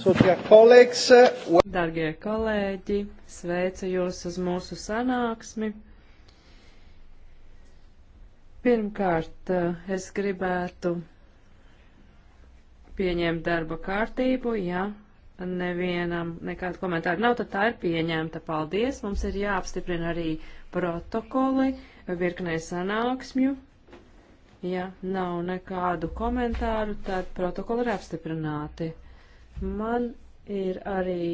So, kolēģis... Uh, Dargie kolēģi, sveicu jūs uz mūsu sanāksmi. Pirmkārt, uh, es gribētu pieņemt darba kārtību, ja nevienam nekādu komentāru nav, tad tā ir pieņemta. Paldies! Mums ir jāapstiprina arī protokoli virknē sanāksmju. Ja nav nekādu komentāru, tad protokoli ir apstiprināti. Man ir arī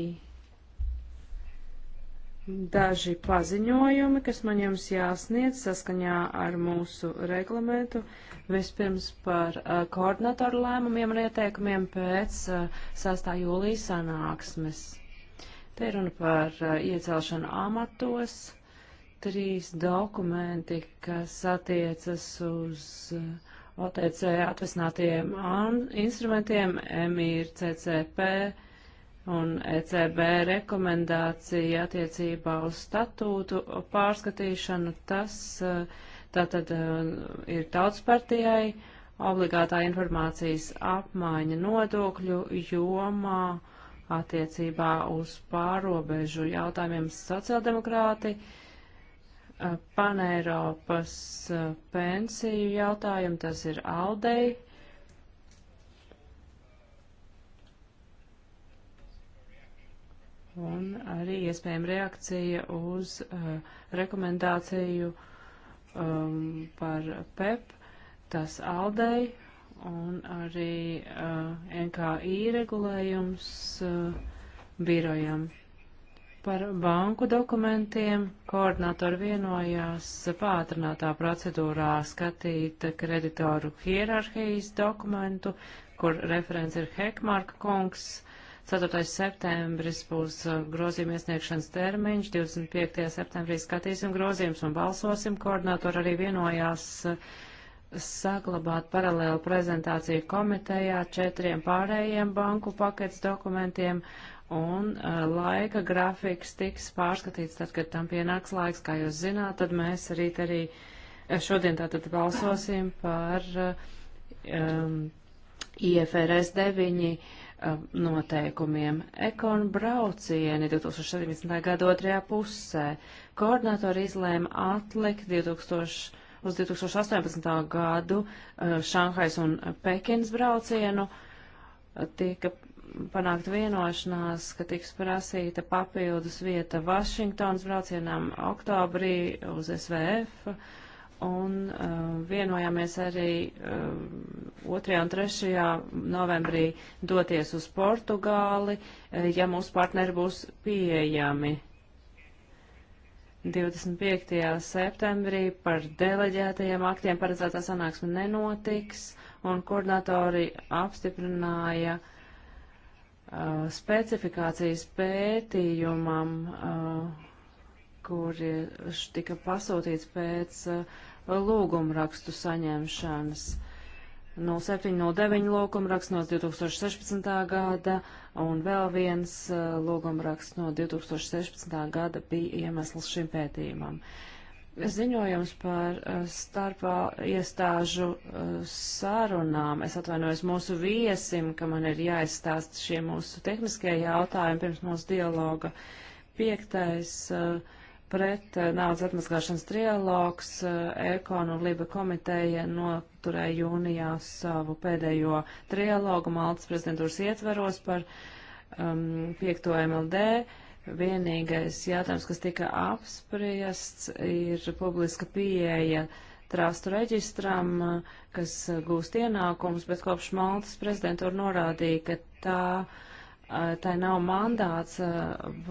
daži paziņojumi, kas man jums jāsniedz saskaņā ar mūsu reglamentu. Vispirms par uh, koordinatoru lēmumiem un ieteikumiem pēc uh, 6. jūlijas sanāksmes. Te ir runa par uh, iecelšanu amatos, trīs dokumenti, kas attiecas uz uh, OTC atvesinātajiem instrumentiem, EMIR, CCP un ECB rekomendācija attiecībā uz statūtu pārskatīšanu. Tas eh, tātad eh, ir tautspartijai obligātā informācijas apmaiņa nodokļu jomā attiecībā uz pārobežu jautājumiem sociāldemokrāti. Uh, Eh, Paneiropas eh, pensiju jautājumu, tas ir Aldei. Un arī iespējama reakcija uz uh, rekomendāciju um, par PEP, e tas Aldei, un arī uh, NKI regulējums uh, birojam. Par banku dokumentiem koordinatori vienojās pātrinātā procedūrā skatīt kreditoru hierarhijas dokumentu, kur referents ir Hekmarka kungs. 4. septembris būs uh, grozījuma iesniegšanas termiņš, 25. septembrī skatīsim grozījumus un balsosim. Koordinatori arī vienojās uh, saglabāt paralēlu prezentāciju komitejā četriem pārējiem banku paketes dokumentiem un uh, laika grafiks tiks pārskatīts tad, kad tam pienāks laiks, kā jūs zināt, tad mēs rīt arī eh, šodien tātad balsosim par eh, um, IFRS 9 um, noteikumiem. Ekon braucieni 2017. gada otrajā pusē. Koordinatori izlēma atlikt 2000, uz 2018. gadu uh, Šanhais un Pekins braucienu. Tika panākt vienošanās, ka tiks prasīta papildus vieta Vašingtonas braucienām oktobrī uz SVF, un uh, vienojāmies arī uh, 2. un 3. novembrī doties uz Portugāli, uh, ja mūsu partneri būs pieejami. 25. septembrī par deleģētajiem aktiem paredzētā sanāksme nenotiks, un koordinatori apstiprināja uh, Uh, specifikācijas pētījumam, uh, kur tika pasūtīts pēc uh, lūgumrakstu saņemšanas. 0709 lūgumraksts no 2016. gada un vēl viens lūgumraksts no 2016. gada bija iemesls šim pētījumam. Uh, Ziņojums par eh, starpā iestāžu eh, sarunām. Es atvainojos mūsu viesim, ka man ir jāizstāst šie mūsu tehniskie jautājumi pirms mūsu dialoga. Piektais eh, pret naudas atmaskāšanas trialogs Ekonu un Liba komiteja noturēja jūnijā savu pēdējo trialogu Maltas prezidentūras ietveros par um, 5. MLD. Uh, Vienīgais jautājums, kas tika apspriests, ir publiska pieeja trāstu reģistram, kas gūst ienākumus, bet kopš Maltas prezidentūra norādīja, ka tā, tā nav mandāts eh,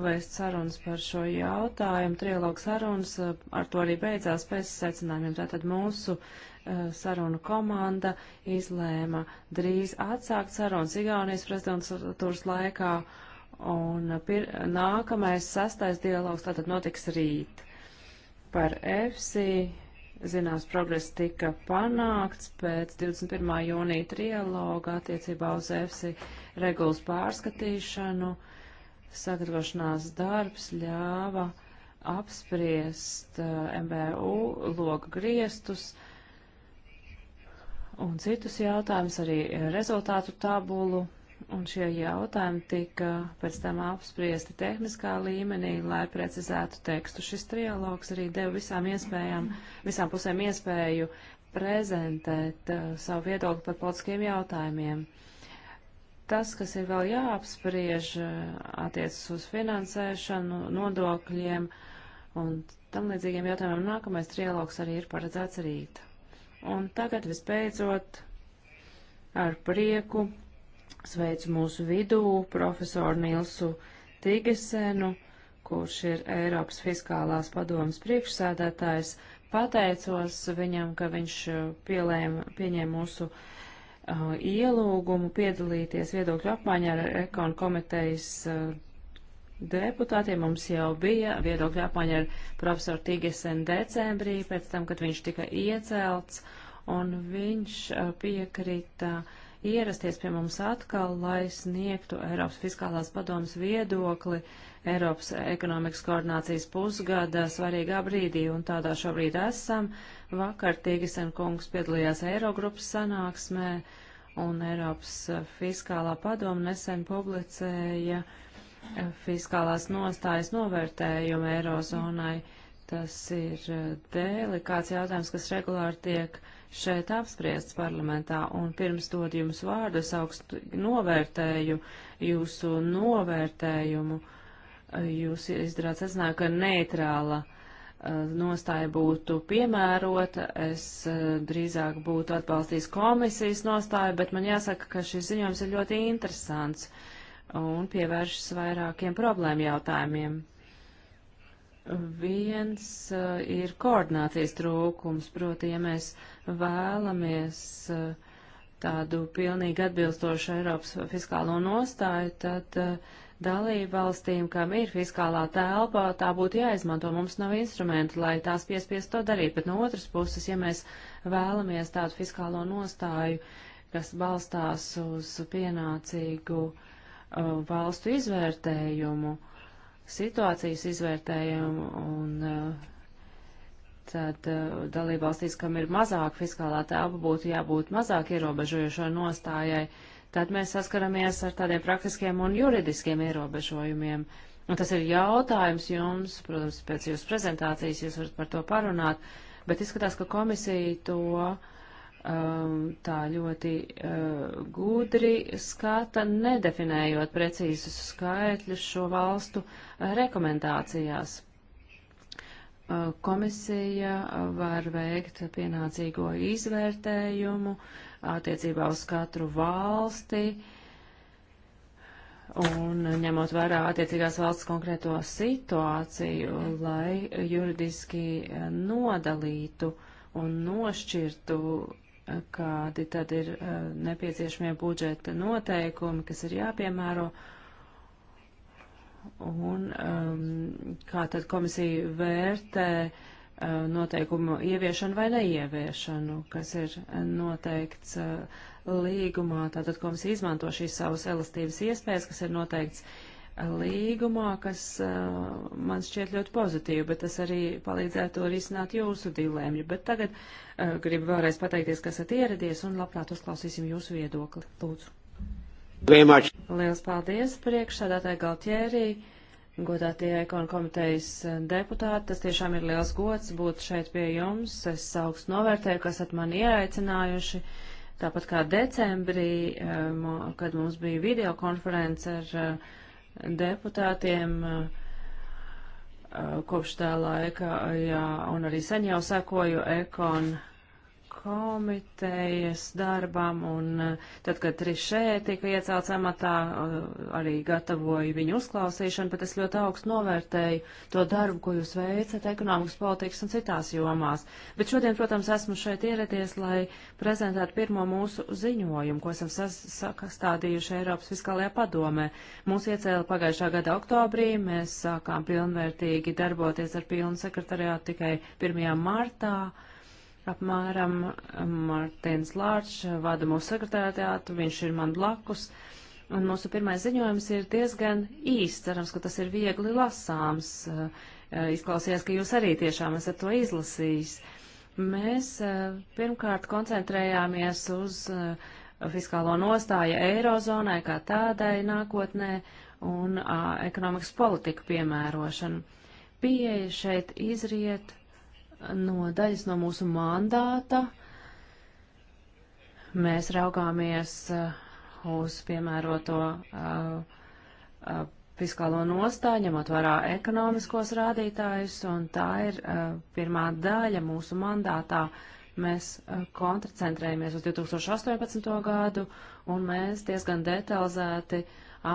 vēst sarunas par šo jautājumu. Trialogu sarunas eh, ar to arī beidzās pēc secinājumiem. Tātad mūsu eh, sarunu komanda izlēma drīz atsākt sarunas Igaunijas prezidentūras laikā. Uh, Un uh, pir, nākamais sastais dialogs tātad notiks rīt. Par EFSI zināms progress tika panākts pēc 21. jūnija trialoga attiecībā uz EFSI regulas pārskatīšanu. Sagatavošanās darbs ļāva apspriest uh, MBU loga griestus un citus jautājumus, arī rezultātu tabulu un šie jautājumi tika pēc tam apspriesti tehniskā līmenī, lai precizētu tekstu. Šis trialogs arī deva visām iespējām, visām pusēm iespēju prezentēt uh, savu viedokli par politiskiem jautājumiem. Tas, kas ir vēl jāapspriež, uh, attiecas uz finansēšanu, nodokļiem un tam līdzīgiem jautājumiem. Nākamais trialogs arī ir paredzēts rīt. Un tagad vispēcot ar prieku apsveicu mūsu vidū profesoru Nilsu Tigesenu, kurš ir Eiropas fiskālās padomas priekšsēdētājs. Pateicos viņam, ka viņš uh, pielēma, pieņēma mūsu uh, ielūgumu piedalīties viedokļu apmaiņā ar ekonu komitejas uh, deputātiem. Mums jau bija viedokļu apmaiņa ar profesoru Tigesenu decembrī, pēc tam, kad viņš tika iecelts, un viņš uh, piekrita uh, ierasties pie mums atkal, lai sniegtu Eiropas fiskālās padomas viedokli Eiropas ekonomikas koordinācijas pusgada svarīgā brīdī, un tādā šobrīd esam. Vakar Tīgisen kungs piedalījās Eirogrupas sanāksmē, un Eiropas fiskālā padoma nesen publicēja fiskālās nostājas novērtējumu Eirozonai. Tas ir delikāts jautājums, kas regulāri tiek uh, šeit apspriests parlamentā, un pirms dod jums vārdu, es augstu novērtēju jūsu novērtējumu. Jūs izdarāt secinājumu, ka neitrāla eh, nostāja būtu piemērota, es eh, drīzāk būtu atbalstījis komisijas nostāju, bet man jāsaka, ka šis ziņojums ir ļoti interesants un pievēršas vairākiem problēmu jautājumiem. Viens eh, ir koordinācijas trūkums, proti, ja mēs vēlamies eh, tādu pilnīgi atbilstošu Eiropas fiskālo nostāju, tad eh, dalību valstīm, kam ir fiskālā telpa, tā būtu jāizmanto. Mums nav instrumentu, lai tās piespiest to darīt, bet no otras puses, ja mēs vēlamies tādu fiskālo nostāju, kas balstās uz pienācīgu uh, valstu izvērtējumu, uh, situācijas izvērtējumu un eh, tad eh, dalībvalstīs, kam ir mazāk fiskālā telpa, būtu jābūt mazāk ierobežojošo nostājai, tad mēs saskaramies ar tādiem praktiskiem un juridiskiem ierobežojumiem. Un tas ir jautājums jums, protams, pēc jūsu prezentācijas jūs varat par to parunāt, bet izskatās, ka komisija to uh, Um, tā ļoti uh, gudri skata, nedefinējot precīzus skaitļus šo valstu uh, rekomendācijās. Uh, komisija var veikt pienācīgo izvērtējumu attiecībā uz katru valsti, uh, un ņemot vērā attiecīgās valsts konkrēto situāciju, lai juridiski nodalītu un nošķirtu kādi tad ir eh, nepieciešamie budžeta noteikumi, kas ir jāpiemēro, un ehm, kā tad komisija vērtē eh, noteikumu ieviešanu vai neieviešanu, kas ir noteikts eh, līgumā. Tātad komisija izmanto šīs savas elastības iespējas, kas ir noteikts līgumā, kas uh, man šķiet ļoti pozitīvi, bet tas arī palīdzētu risināt jūsu dilēmju. Bet tagad uh, gribu vēlreiz pateikties, kas esat ieradies un labprāt uzklausīsim jūsu viedokli. Lūdzu. Liemāči. Liels paldies priekšsādātāji Galtjērī, godātie ikonu komitejas uh, deputāti. Tas tiešām ir liels gods būt šeit pie jums. Es augstu novērtēju, kas esat mani ieaicinājuši. Tāpat kā decembrī, um, kad mums bija videokonference ar uh, deputātiem eh, eh, kopš tā laika, jā, un arī sen jau sekoju ekon komitejas darbam, un eh, tad, kad Trišē tika iecelts amatā, eh, arī gatavoju viņu uzklausīšanu, bet es ļoti augstu novērtēju to darbu, ko jūs veicat ekonomikas politikas un citās jomās. Bet šodien, protams, esmu šeit ieradies, lai prezentētu pirmo mūsu ziņojumu, ko esam sastādījuši Eiropas fiskālajā padomē. Mūs iecēla pagājušā gada oktobrī, mēs sākām pilnvērtīgi darboties ar pilnu sekretariātu tikai 1. martā apmēram. Um, Martins Lārčs vada mūsu sekretariātu, viņš ir man blakus. Un mūsu pirmais ziņojums ir diezgan īsts, cerams, ka tas ir viegli lasāms. Uh, uh, izklausījās, ka jūs arī tiešām esat to izlasījis. Mēs uh, pirmkārt koncentrējāmies uz fiskālo nostāju eirozonai kā tādai nākotnē un ekonomikas politiku piemērošanu. Pieeja šeit izriet no daļas no mūsu mandāta. Mēs raugāmies uh, uz piemēroto uh, uh, fiskālo nostāju, ņemot vērā ekonomiskos rādītājus, un tā ir pirmā daļa mūsu mandātā. Mēs kontracentrējamies uz 2018. gadu, un mēs diezgan detalizēti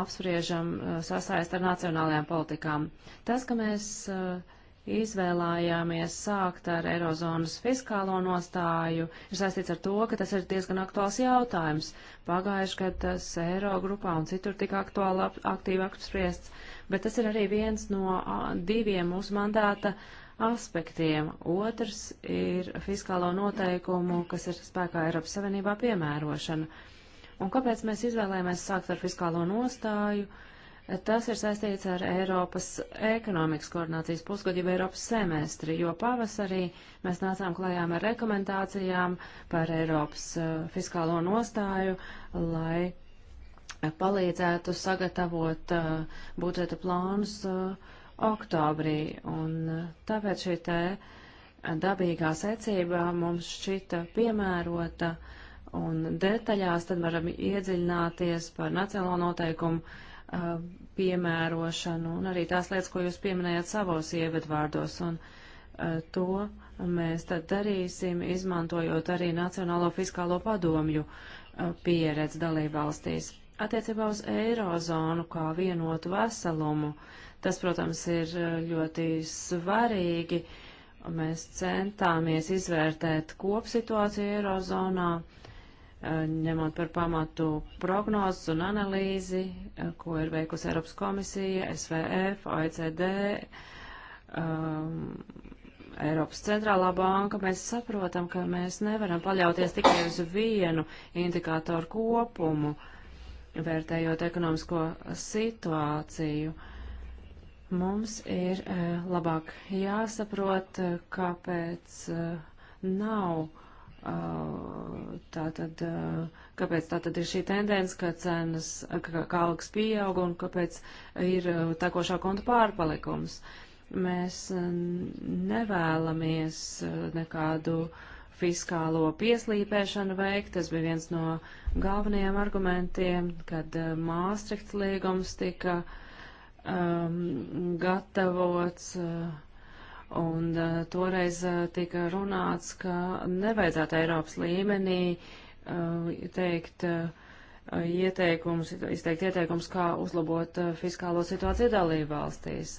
apspriežam sasaist ar nacionālajām politikām. Tas, ka mēs uh, izvēlējāmies sākt ar Eirozonas fiskālo nostāju, ir saistīts ar to, ka tas ir diezgan aktuāls jautājums. Pagājuši, kad tas Eiro grupā un citur tika aktuāli ap, aktīvi apspriests, bet tas ir arī viens no a, diviem mūsu mandāta aspektiem. Otrs ir fiskālo noteikumu, kas ir spēkā Eiropas Savienībā piemērošana. Un kāpēc mēs izvēlējāmies sākt ar fiskālo nostāju? Uh, Tas ir saistīts ar Eiropas ekonomikas koordinācijas pusgadu, jau Eiropas semestri, jo pavasarī mēs nācām klajām ar rekomendācijām par Eiropas uh, fiskālo nostāju, lai palīdzētu sagatavot uh, budžeta plānus uh, oktobrī. Un tāpēc šī te dabīgā secība mums šķita piemērota un detaļās tad varam iedziļināties par nacionālo noteikumu piemērošanu un arī tās lietas, ko jūs pieminējāt savos ievadvārdos. Un to mēs tad darīsim, izmantojot arī Nacionālo fiskālo padomju pieredzi dalībvalstīs. Attiecībā uz eirozonu kā vienotu veselumu, tas, protams, ir ļoti svarīgi. Mēs centāmies izvērtēt kopsituāciju eirozonā ņemot par pamatu prognozes un analīzi, eh, ko ir veikusi Eiropas komisija, SVF, OECD, um, Eiropas centrālā banka, mēs saprotam, ka mēs nevaram paļauties tikai uz vienu indikātoru kopumu, vērtējot ekonomisko situāciju. Mums ir eh, labāk jāsaprot, eh, kāpēc nav Uh, tātad, uh, kāpēc tātad ir šī tendence, ka cenas, uh, ka algas pieauga un kāpēc ir tekošā konta pārpalikums? Mēs nevēlamies nekādu fiskālo pieslīpēšanu veikt. Tas bija viens no galvenajiem argumentiem, kad Māstrihts līgums tika um, gatavots. Uh, Un uh, toreiz uh, tika runāts, ka nevajadzētu Eiropas līmenī uh, teikt uh, ieteikums, izteikt ieteikums, kā uzlabot uh, fiskālo situāciju dalību valstīs.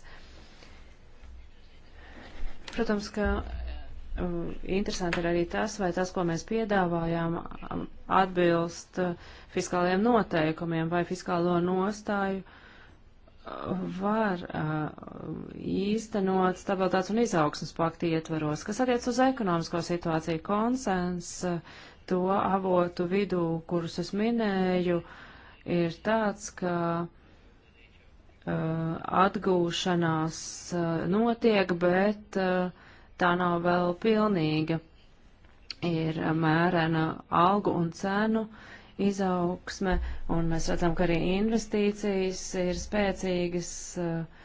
Protams, ka uh, interesanti ir arī tas, vai tas, ko mēs piedāvājām, um, atbilst uh, fiskālajiem noteikumiem vai fiskālo nostāju uh, var uh, īstenot stabilitātes un izaugsmas pakti ietvaros, kas attiec uz ekonomisko situāciju konsens, uh, to avotu vidū, kurus es minēju, ir tāds, ka uh, atgūšanās notiek, bet tā nav vēl pilnīga. Ir mērena algu un cenu uh, izaugsme, un mēs redzam, ka arī investīcijas ir spēcīgas, eh,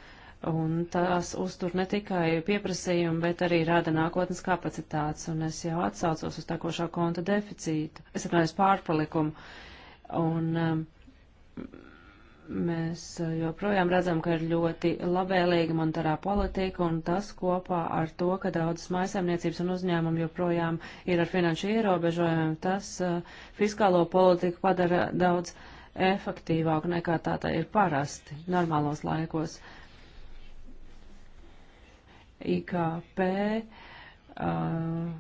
un tās uztur ne tikai pieprasījumu, bet arī rada nākotnes kapacitātes, un es jau atsaucos uz tekošā konta deficītu, es atvainojos pārpalikumu, un um, Mēs uh, joprojām redzam, ka ir ļoti labvēlīga monetārā politika un tas kopā ar to, ka daudzas maisaimniecības un uzņēmumi joprojām ir ar finanšu ierobežojumiem, tas uh, fiskālo politiku padara daudz efektīvāku nekā tā tā ir parasti normālos laikos. IKP. Uh,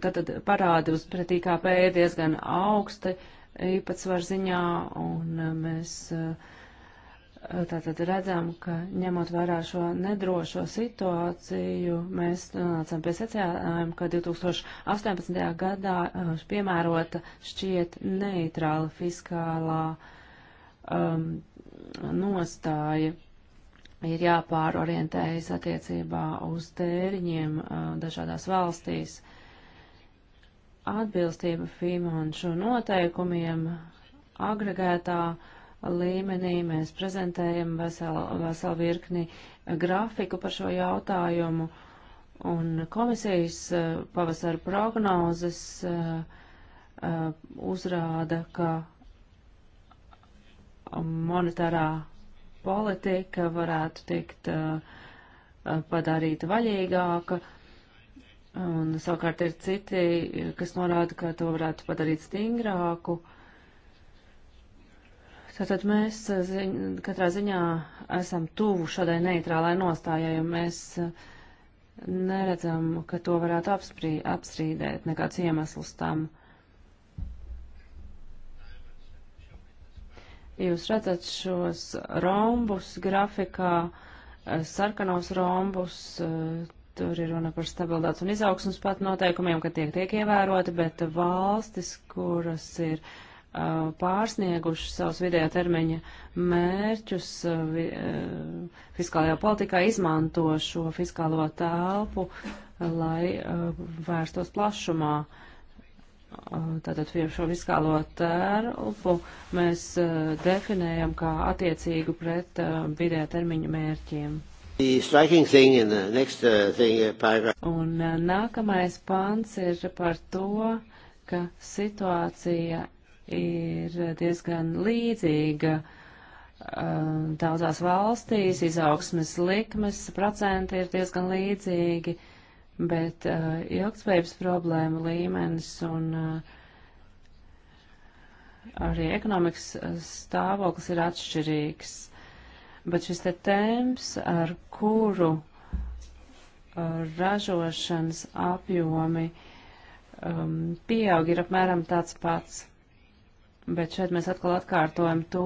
Tātad parādi uz pret IKP ir diezgan augsti, uh, īpatsvaru ziņā, un eh, mēs eh, tātad redzam, ka ņemot vērā šo nedrošo situāciju, mēs nonācam pie secinājuma, ka 2018. gadā eh, piemērota šķiet neitrāla fiskālā um, nostāja ir jāpārorientējas attiecībā uz tēriņiem uh, dažādās valstīs. Uh, atbilstība finanšu noteikumiem agregētā līmenī. Mēs prezentējam veselu, veselu virkni grafiku par šo jautājumu, un komisijas eh, pavasara prognozes eh, eh, uzrāda, ka monetārā politika varētu tikt padarīta vaļīgāka, Un savukārt ir citi, kas norāda, ka to varētu padarīt stingrāku. Tātad mēs eh, ziņ, katrā ziņā esam tuvu šādai neitrālai nostājai, un mēs eh, neredzam, ka to varētu apsprī, apstrīdēt, nekāds iemesls tam. Jūs redzat šos rombus grafikā, eh, sarkanos rombus, Tur ir runa par stabilitātes un izaugsmas pat noteikumiem, ka tiek tiek ievēroti, bet valstis, kuras ir uh, pārsnieguši savus vidējā termiņa mērķus uh, uh, fiskālajā politikā, izmanto šo fiskālo telpu, lai uh, vērstos plašumā. Uh, tātad šo fiskālo telpu mēs uh, definējam kā attiecīgu pret vidējā termiņa mērķiem. Next, uh, thing, uh, Un uh, nākamais pants ir par to, ka situācija ir diezgan līdzīga uh, daudzās valstīs, izaugsmes likmes procenti ir diezgan līdzīgi, bet uh, ilgspējības problēma līmenis un uh, arī ekonomikas stāvoklis ir atšķirīgs bet šis te temps, ar kuru uh, ražošanas apjomi um, pieaug, ir apmēram tāds pats. Bet šeit mēs atkal atkārtojam to,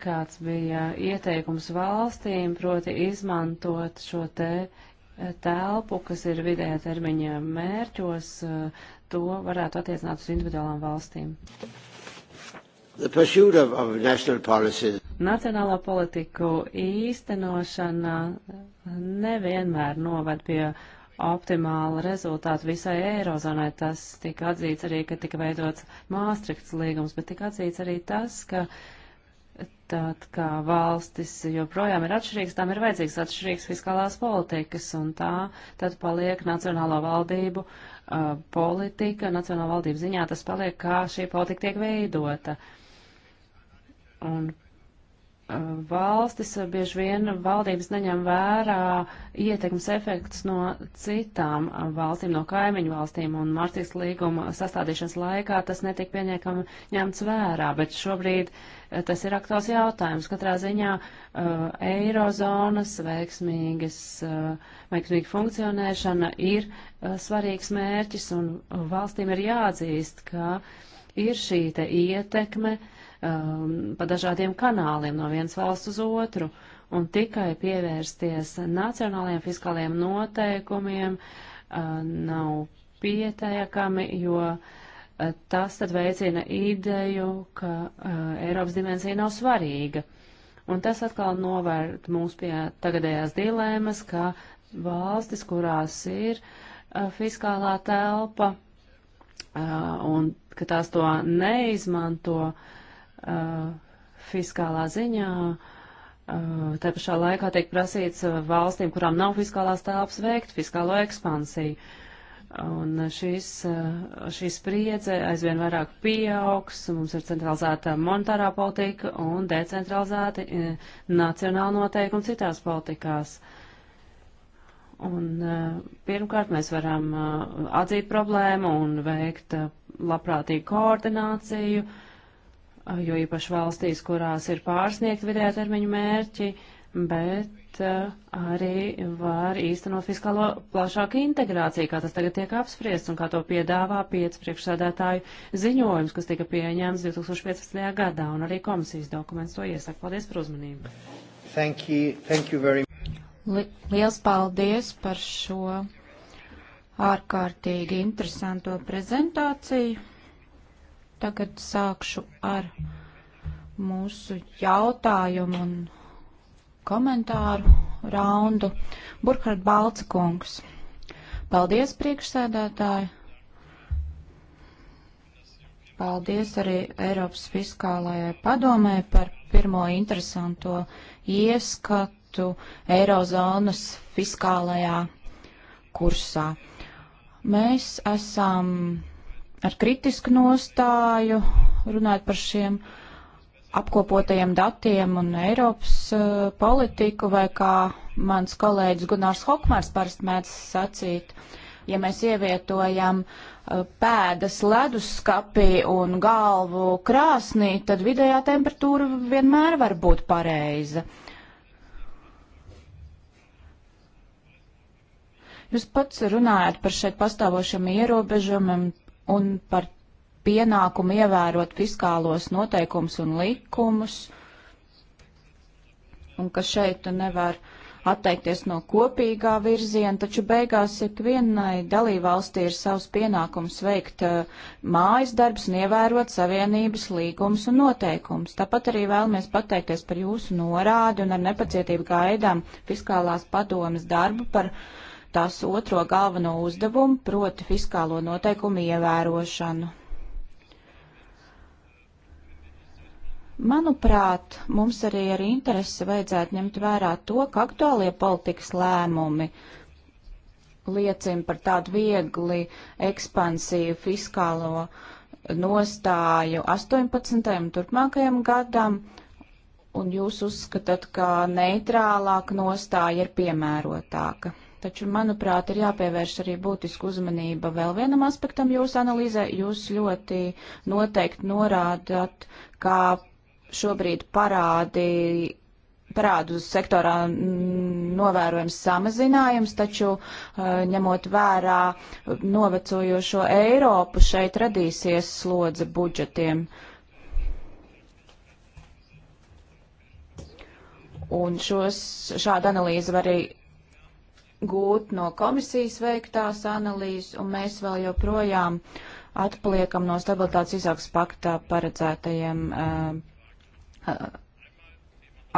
kāds bija ieteikums valstīm, proti izmantot šo te uh, telpu, kas ir vidējā termiņa mērķos, uh, to varētu attiecināt uz individuālām valstīm. The pursuit of, of national policies nacionālo politiku īstenošana nevienmēr novad pie optimāla rezultāta visai Eirozonai. Tas tika atzīts arī, ka tika veidots Māstrikts līgums, bet tika atzīts arī tas, ka tad, kā valstis joprojām ir atšķirīgas, tām ir vajadzīgas atšķirīgas fiskālās politikas, un tā tad paliek nacionālo valdību uh, politika, nacionālo valdību ziņā tas paliek, kā šī politika tiek veidota. Un valstis bieži vien valdības neņem vērā ietekmes efektus no citām valstīm, no kaimiņu valstīm, un Martīs līguma sastādīšanas laikā tas netiek pieņēkami ņemts vērā, bet šobrīd eh, tas ir aktuāls jautājums. Katrā ziņā uh, eirozonas veiksmīgas, uh, veiksmīga funkcionēšana ir uh, svarīgs mērķis, un valstīm ir jāatzīst, ka ir šī te ietekme, uh, um, pa dažādiem kanāliem no vienas valsts uz otru un tikai pievērsties nacionālajiem fiskāliem noteikumiem uh, nav pietiekami, jo uh, tas tad veicina ideju, ka uh, Eiropas dimensija nav svarīga. Un tas atkal novērt mūs pie tagadējās dilēmas, ka valstis, kurās ir uh, fiskālā telpa uh, un ka tās to neizmanto, uh, Uh, fiskālā ziņā. Uh, Tā pašā laikā tiek prasīts uh, valstīm, kurām nav fiskālās tāps, veikt fiskālo ekspansiju. Un šis, šī spriedze aizvien vairāk pieaugs, mums ir centralizēta monetārā politika un decentralizēta nacionāla noteikuma citās politikās. Un pirmkārt mēs varam atzīt problēmu un veikt labprātīgu koordināciju. Uh, jo īpaši valstīs, kurās ir pārsniegt vidējā termiņu mērķi, bet arī var īstenot fiskālo plašāku integrāciju, kā tas tagad tiek apspriests un kā to piedāvā piec priekšsēdētāju ziņojums, kas tika pieņemts 2015. gadā, un arī komisijas dokuments to iesaka. Paldies par uzmanību. Thank you. Thank you very... Li liels paldies par šo ārkārtīgi interesanto prezentāciju. Tagad sākšu ar mūsu jautājumu un komentāru raundu. Burkhard Balca kungs. Paldies, priekšsēdētāji. Paldies arī Eiropas fiskālajai padomē par pirmo interesanto ieskatu Eirozonas fiskālajā kursā. Mēs esam ar kritisku nostāju, runājot par šiem apkopotajiem datiem un Eiropas uh, politiku, vai kā mans kolēģis Gunārs Hokmārs parasti mēdz sacīt, ja mēs ievietojam uh, pēdas leduskapī un galvu krāsnī, tad vidējā temperatūra vienmēr var būt pareiza. Jūs pats runājat par šeit pastāvošiem ierobežojumiem, un par pienākumu ievērot fiskālos noteikumus un likumus, un ka šeit nevar atteikties no kopīgā virziena, taču beigās ik vienai dalībvalstī ir savs pienākums veikt eh, mājas darbs un ievērot savienības līgumus un noteikumus. Tāpat arī vēlamies pateikties par jūsu norādi un ar nepacietību gaidām fiskālās padomas darbu par uh, tās otro galveno uzdevumu, proti fiskālo noteikumu ievērošanu. Manuprāt, mums arī ar interesi vajadzētu ņemt vērā to, ka aktuālie politikas lēmumi liecina par tādu viegli ekspansīvu fiskālo nostāju 18. un turpmākajam gadam, un jūs uzskatāt, ka neitrālāka nostāja ir piemērotāka. Taču, manuprāt, ir jāpievērš arī būtiska uzmanība vēl vienam aspektam jūsu analīzē. Jūs ļoti noteikti norādat, kā šobrīd parādi parādu sektorā novērojams samazinājums, taču eh, ņemot vērā novecojošo Eiropu, šeit radīsies slodze budžetiem. Un šos, šādu analīzi var arī gūt no komisijas veiktās analīzes, un mēs vēl joprojām atpaliekam no stabilitātes izaugs paktā paredzētajiem uh, uh,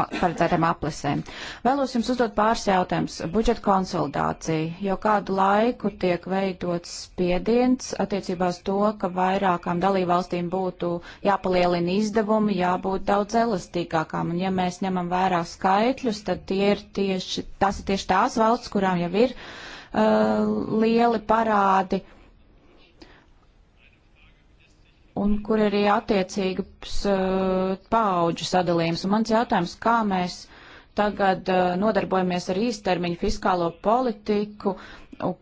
paredzētām aplisēm. Vēlos jums uzdot pāris jautājumus. Budžeta konsolidācija. Jau kādu laiku tiek veidots spiediens attiecībā uz to, ka vairākām dalībvalstīm būtu jāpalielina izdevumi, jābūt daudz elastīgākām. Un ja mēs ņemam vērā skaitļus, tad tie ir tieši, tas ir tieši tās valsts, kurām jau ir uh, lieli parādi. Uh, un kur ir arī attiecīgs uh, eh, paauģu sadalījums. Un mans jautājums, kā mēs tagad uh, nodarbojamies ar īstermiņu fiskālo politiku,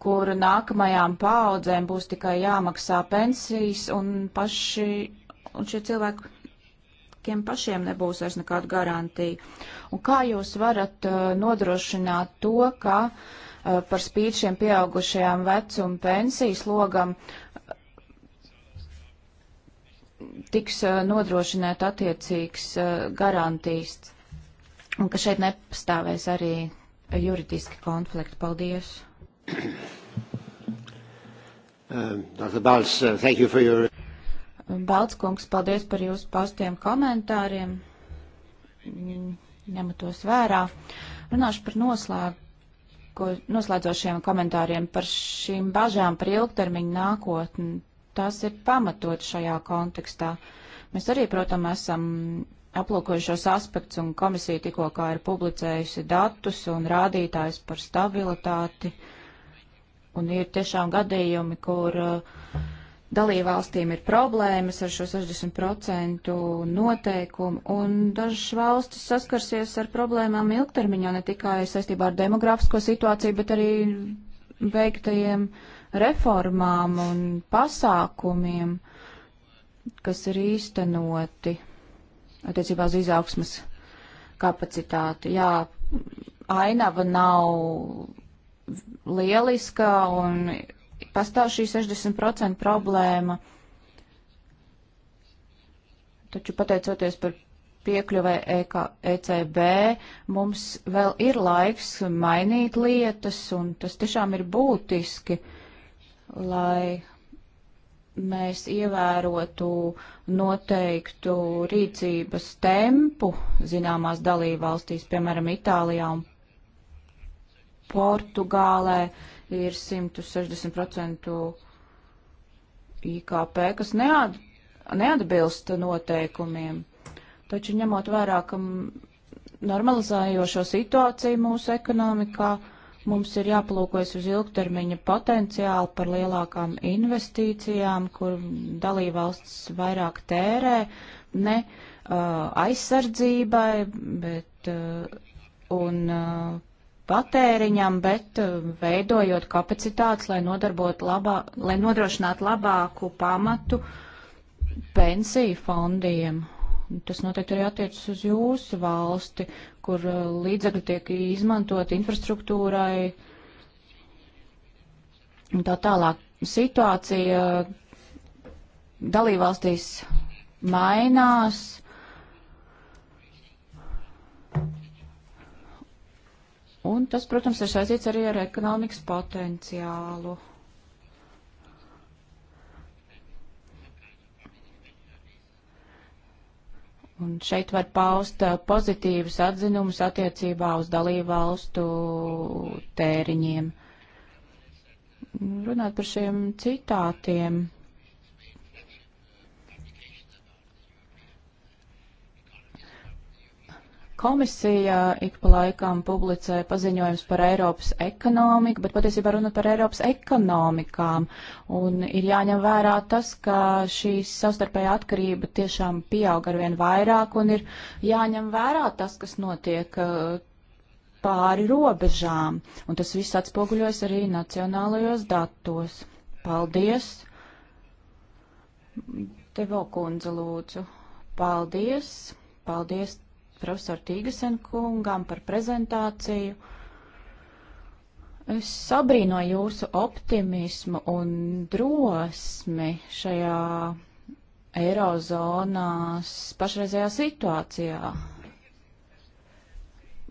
kur nākamajām paaudzēm būs tikai jāmaksā pensijas un paši, un šie cilvēkiem pašiem nebūs vairs nekāda garantija. Un kā jūs varat uh, nodrošināt to, ka par spīti šiem pieaugušajām vecuma pensijas logam uh, tiks nodrošināt attiecīgs garantīs un ka šeit nepastāvēs arī juridiski konflikti. Paldies! Um, Dr. Balts, uh, thank you for your... Balts kungs, paldies par jūsu paustiem komentāriem. Ņemot tos vērā. Runāšu par noslēg... noslēdzošiem komentāriem par šīm bažām par ilgtermiņu nākotni tās ir pamatot šajā kontekstā. Mēs arī, protams, esam aplūkojuši šos aspektus, un komisija tikko kā ir publicējusi datus un rādītājus par stabilitāti, un ir tiešām gadījumi, kur uh, dalībvalstīm ir problēmas ar šo 60% noteikumu, un dažas valstis saskarsies ar problēmām ilgtermiņā, ne tikai saistībā ar demografisko situāciju, bet arī veiktajiem reformām un pasākumiem, kas ir īstenoti attiecībā uz izaugsmas kapacitāti. Jā, ainava nav lieliska un pastāv šī 60% problēma. Taču pateicoties par piekļuvai ECB, e mums vēl ir laiks mainīt lietas, un tas tiešām ir būtiski. Uh, lai mēs ievērotu noteiktu rīcības tempu zināmās dalībvalstīs, piemēram, Itālijā un Portugālē ir 160% IKP, kas neat, neatbilst noteikumiem. Taču ņemot vērā, ka normalizējošo situāciju mūsu ekonomikā, uh, Mums ir jāpalūkojas uz ilgtermiņa potenciālu par lielākām investīcijām, kur dalībvalsts vairāk tērē, ne uh, aizsardzībai, bet uh, un uh, patēriņam, bet uh, veidojot kapacitātes, lai, labā, lai nodrošinātu labāku pamatu pensiju fondiem. Tas noteikti arī attiecas uz jūsu valsti, kur uh, līdzekļi tiek izmantot infrastruktūrai un tā tālāk. Situācija uh, dalībvalstīs mainās. Un tas, protams, ir saistīts arī ar ekonomikas potenciālu. Un šeit var paust uh, pozitīvus atzinumus attiecībā uz dalību valstu tēriņiem. Runāt par šiem citātiem. Komisija ik pa laikam publicē paziņojums par Eiropas ekonomiku, bet patiesībā runa par Eiropas ekonomikām. Un ir jāņem vērā tas, ka šī savstarpējā atkarība tiešām pieaug arvien vairāk un ir jāņem vērā tas, kas notiek uh, pāri robežām. Un tas viss atspoguļojas arī nacionālajos datos. Paldies! Tevo kundze lūdzu. Paldies! Paldies profesoru Tīgasen kungam par prezentāciju. Es sabrīnoju jūsu optimismu un drosmi šajā eirozonas pašreizējā situācijā.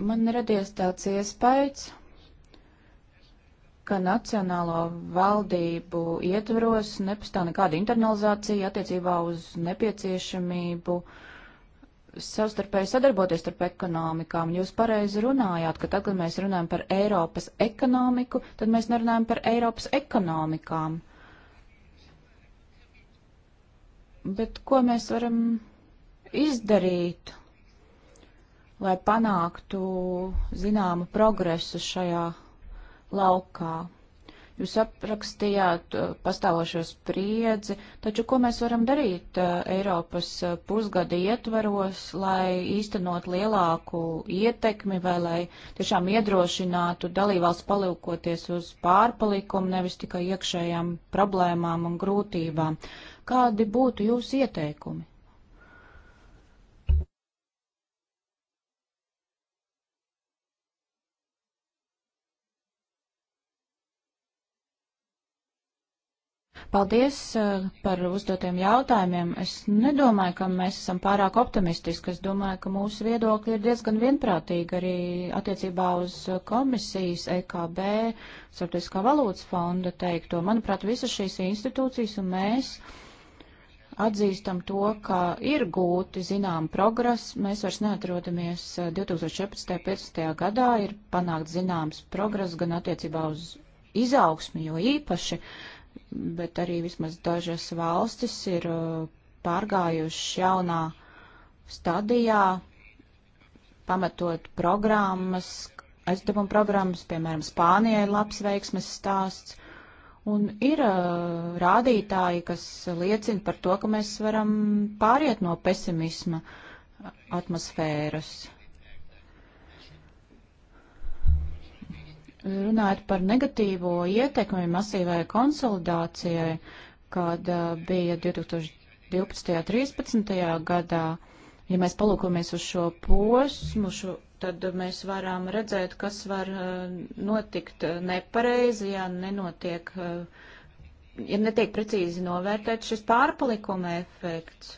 Man radies tāds iespējas, ka nacionālo valdību ietvaros nepastāv nekāda internalizācija attiecībā uz nepieciešamību uh, savstarpēji sadarboties starp ekonomikām. Jūs pareizi runājāt, ka tad, kad mēs runājam par Eiropas ekonomiku, tad mēs nerunājam par Eiropas ekonomikām. Bet ko mēs varam izdarīt, lai panāktu zināmu progresu šajā laukā? Jūs aprakstījāt uh, pastāvošo spriedzi, taču ko mēs varam darīt uh, Eiropas uh, pusgada ietvaros, lai īstenot lielāku ietekmi vai lai tiešām iedrošinātu dalībvalsts palūkoties uz pārpalikumu, nevis tikai iekšējām problēmām un grūtībām? Kādi būtu jūsu ieteikumi? Paldies eh, par uzdotiem jautājumiem. Es nedomāju, ka mēs esam pārāk optimistiski. Es domāju, ka mūsu viedokļi ir diezgan vienprātīgi arī attiecībā uz komisijas, EKB, Sartiskā valūtas fonda teikto. Manuprāt, visas šīs institūcijas un mēs atzīstam to, ka ir gūti zinām progress. Mēs vairs neatrodamies 2014. un 2015. gadā, ir panākt zināms progress gan attiecībā uz izaugsmi, jo īpaši bet arī vismaz dažas valstis ir uh, pārgājušas jaunā stadijā, pametot programmas, aizdevuma programmas, piemēram, Spānijai labs veiksmes stāsts. Un ir uh, rādītāji, kas liecina par to, ka mēs varam pāriet no pesimisma atmosfēras. Runājot par negatīvo ietekmi masīvai konsolidācijai, kāda uh, bija 2012. un 2013. gadā, ja mēs palūkojamies uz šo posmu, šo, tad mēs varam redzēt, kas var uh, notikt uh, nepareizi, ja nenotiek, ja netiek precīzi novērtēt šis pārpalikuma efekts.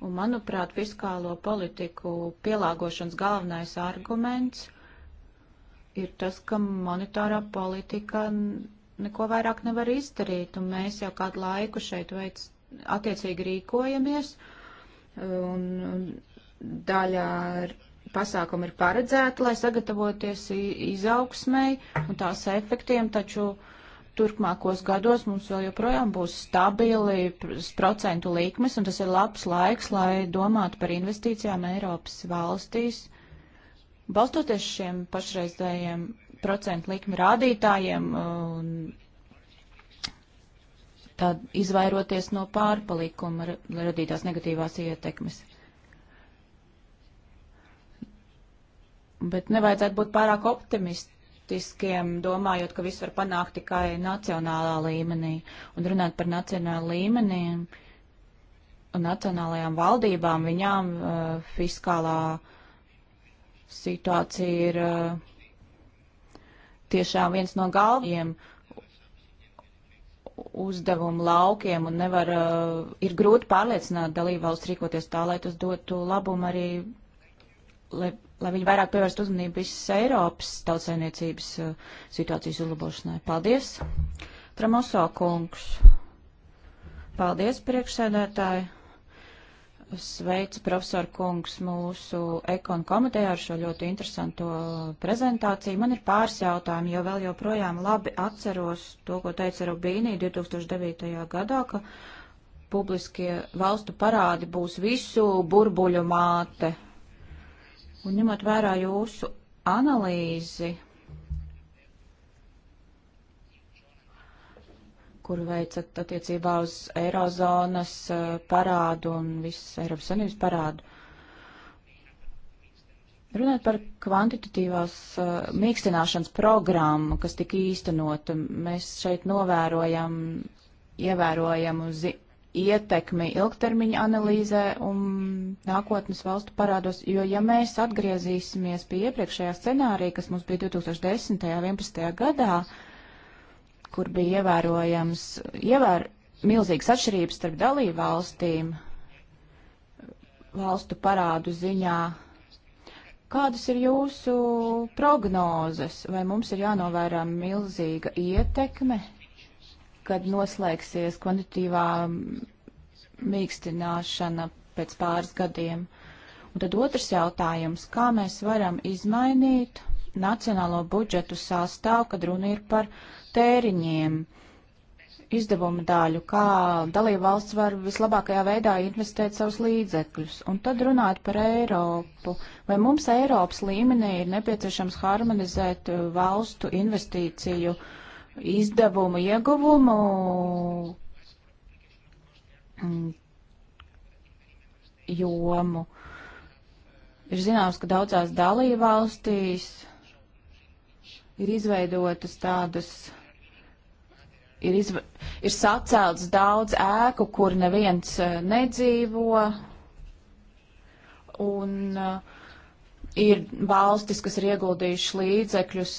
Un, manuprāt, fiskālo politiku pielāgošanas galvenais arguments ir tas, ka monetārā politika neko vairāk nevar izdarīt, un mēs jau kādu laiku šeit veic, attiecīgi rīkojamies, un daļā pasākumi ir paredzēti, lai sagatavoties izaugsmai un tās efektiem, taču turpmākos gados mums vēl joprojām būs stabili procentu likmes, un tas ir labs laiks, lai domātu par investīcijām Eiropas valstīs Balstoties šiem pašreizējiem procentu likmi rādītājiem, uh, tad izvairoties no pārpalikuma radītās negatīvās ietekmes. Bet nevajadzētu būt pārāk optimistiskiem, domājot, ka viss var panākt tikai nacionālā līmenī. Un runāt par nacionālu līmenī un nacionālajām valdībām, viņām uh, fiskālā uh, situācija ir eh, tiešām viens no galvenajiem uzdevumu laukiem un nevar, eh, ir grūti pārliecināt dalībvalsts rīkoties tā, lai tas dotu labumu arī, lai, lai viņi vairāk pievērst uzmanību visas Eiropas tautsainiecības eh, situācijas uzlabošanai. Paldies, Tramoso kungs! Paldies, priekšsēdētāji! sveicu profesoru kungs mūsu ekonu komitejā ar šo ļoti interesanto prezentāciju. Man ir pāris jautājumi, jo vēl joprojām labi atceros to, ko teica Rubīnī 2009. gadā, ka publiskie valstu parādi būs visu burbuļu māte. Un ņemot vērā jūsu analīzi, kuru veicat attiecībā uz Eirozonas eh, parādu un visas Eiropas Savienības parādu. Runājot par kvantitatīvās uh, mīkstināšanas programmu, kas tika īstenota, mēs šeit novērojam ievērojamu ietekmi ilgtermiņa analīzē un nākotnes valstu parādos, jo ja mēs atgriezīsimies pie iepriekšējā scenārija, kas mums bija 2010. un 2011. gadā, uh, kur bija ievērojams, ievēr milzīgas atšķirības starp dalību valstīm, valstu parādu ziņā. Kādas ir jūsu prognozes? Vai mums ir jānovērā milzīga ietekme, kad noslēgsies kvantitīvā mīkstināšana pēc pāris gadiem? Un tad otrs jautājums, kā mēs varam izmainīt nacionālo budžetu sastāvu, kad runa ir par uh, tēriņiem, izdevumu daļu, kā dalība valsts var vislabākajā veidā investēt savus līdzekļus. Un tad runāt par Eiropu. Vai mums Eiropas līmenī ir nepieciešams harmonizēt uh, valstu investīciju izdevumu ieguvumu? Mm. jomu. Ir zināms, ka daudzās dalībvalstīs ir izveidotas tādas ir, izv... ir sacelts daudz ēku, kur neviens eh, nedzīvo, un eh, ir valstis, kas ir ieguldījuši līdzekļus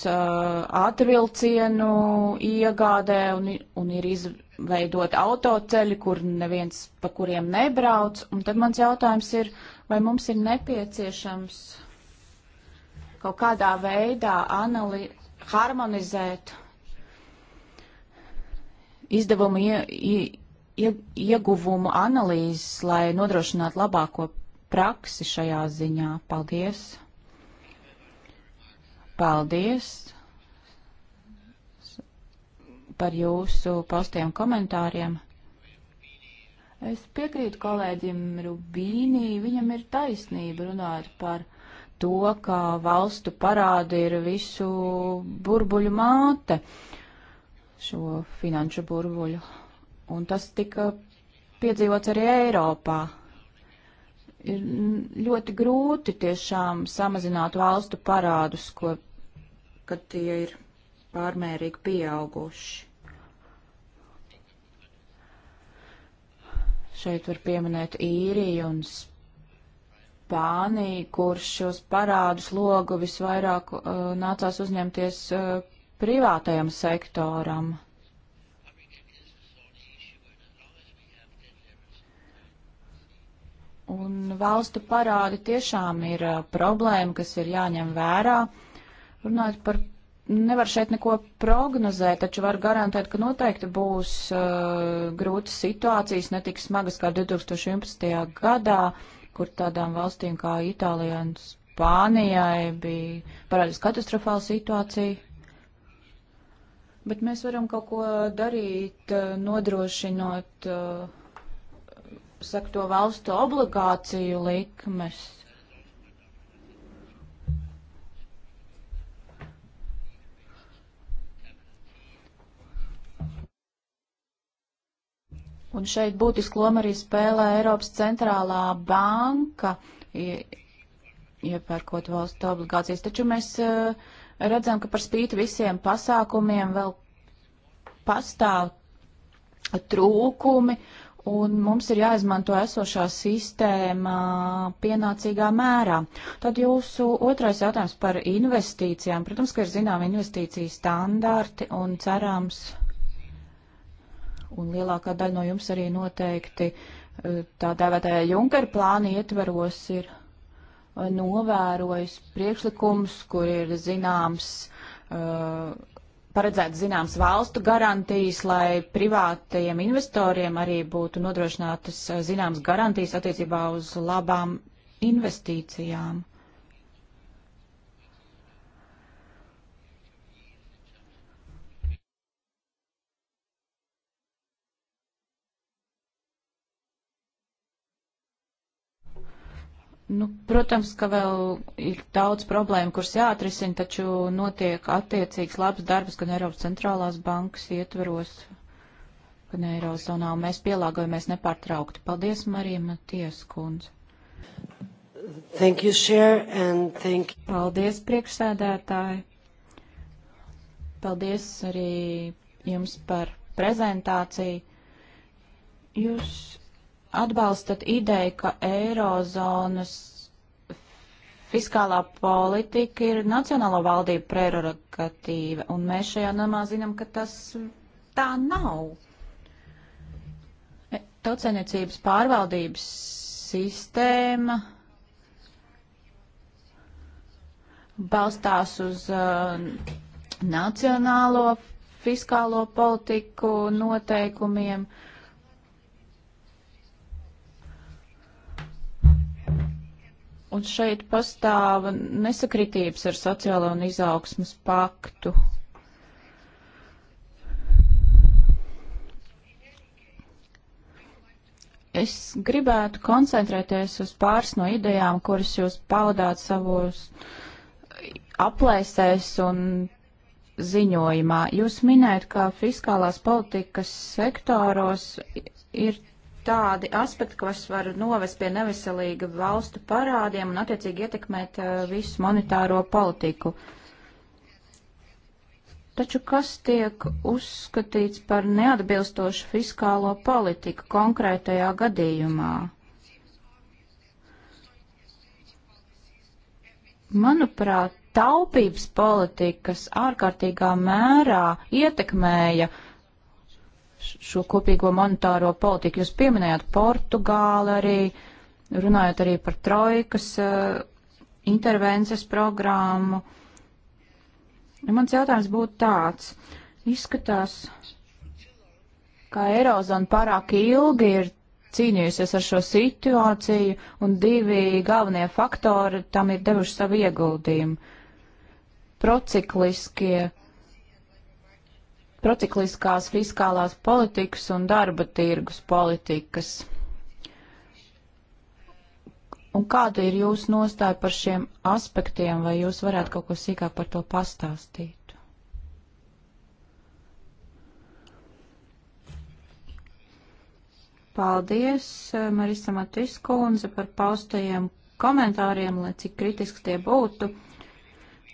atvilcienu eh, iegādē, un, un ir izveidot autoceļi, kur neviens pa kuriem nebrauc, un tad mans jautājums ir, vai mums ir nepieciešams kaut kādā veidā anali harmonizēt izdevumu ie, ie, ieguvumu analīzes, lai nodrošinātu labāko praksi šajā ziņā. Paldies! Paldies par jūsu postiem komentāriem. Es piekrītu kolēģim Rubīnī, viņam ir taisnība runāt par to, ka valstu parādi ir visu burbuļu māte. Uh, šo finanšu burbuļu. Un tas tika piedzīvots arī Eiropā. Ir ļoti grūti tiešām samazināt valstu parādus, ko, kad tie ir pārmērīgi pieauguši. Šeit var pieminēt īriju un Spāniju, kur šos parādus logu visvairāk uh, nācās uzņemties uh, privātajam sektoram. Un valstu parādi tiešām ir uh, problēma, kas ir jāņem vērā. Runājot par nevar šeit neko prognozēt, taču var garantēt, ka noteikti būs uh, grūtas situācijas, netiks smagas kā 2011. gadā, kur tādām valstīm kā Itālijai un Spānijai bija parādījusi katastrofāla situācija. Bet mēs varam kaut ko darīt, eh, nodrošinot, eh, saka, to valstu obligāciju likmes. Un šeit būtisku lomu arī spēlē Eiropas centrālā banka, iepērkot valstu obligācijas. Taču mēs uh, redzam, ka par spīti visiem pasākumiem vēl pastāv trūkumi, un mums ir jāizmanto esošā sistēma pienācīgā mērā. Tad jūsu otrais jautājums par investīcijām. Protams, ka ir zinām investīciju standarti un cerams, un lielākā daļa no jums arī noteikti eh, tā dēvētajā Junkera plāna ietvaros ir Uh, novērojis priekšlikums, kur ir zināms, uh, paredzēts zināms valstu garantijas, lai privātajiem investoriem arī būtu nodrošinātas uh, zināmas garantijas attiecībā uz labām investīcijām. Nu, protams, ka vēl ir daudz problēmu, kuras jāatrisina, taču notiek attiecīgs labs darbs gan Eiropas centrālās bankas ietveros, gan Eirozonā, un mēs pielāgojamies nepārtraukti. Paldies, Marija Matijas kundze. Thank you, Chair, and thank you. Paldies, priekšsēdētāji. Paldies arī jums par prezentāciju. Jūs atbalstat ideju, ka eirozonas fiskālā politika ir nacionālo valdību prerogatīva, un mēs šajā namā zinām, ka tas tā nav. E, Tautsēniecības pārvaldības sistēma balstās uz uh, nacionālo fiskālo politiku noteikumiem. Uh, Un šeit pastāv nesakritības ar sociālo un izaugsmas paktu. Es gribētu koncentrēties uz pāris no idejām, kuras jūs paudāt savos aplēsēs un ziņojumā. Jūs minējat, ka fiskālās politikas sektoros ir tādi aspekti, kas var novest pie neveselīga valstu parādiem un attiecīgi ietekmēt uh, visu monetāro politiku. Taču kas tiek uzskatīts par neatbilstošu fiskālo politiku konkrētajā gadījumā? Manuprāt, taupības politikas ārkārtīgā mērā ietekmēja uh, šo kopīgo monetāro politiku. Jūs pieminējāt Portugāli arī, runājot arī par trojkas eh, intervences programmu. Mans jautājums būtu tāds. Izskatās, ka Eirozona pārāk ilgi ir cīnījusies ar šo situāciju, un divi galvenie faktori tam ir devuši savu ieguldījumu. Procikliskie procikliskās fiskālās politikas un darba tirgus politikas. Un kāda ir jūsu nostāja par šiem aspektiem, vai jūs varētu kaut ko sīkāk par to pastāstīt? Paldies, eh, Marisa Matiskundze, par paustajiem komentāriem, lai cik kritiski tie būtu.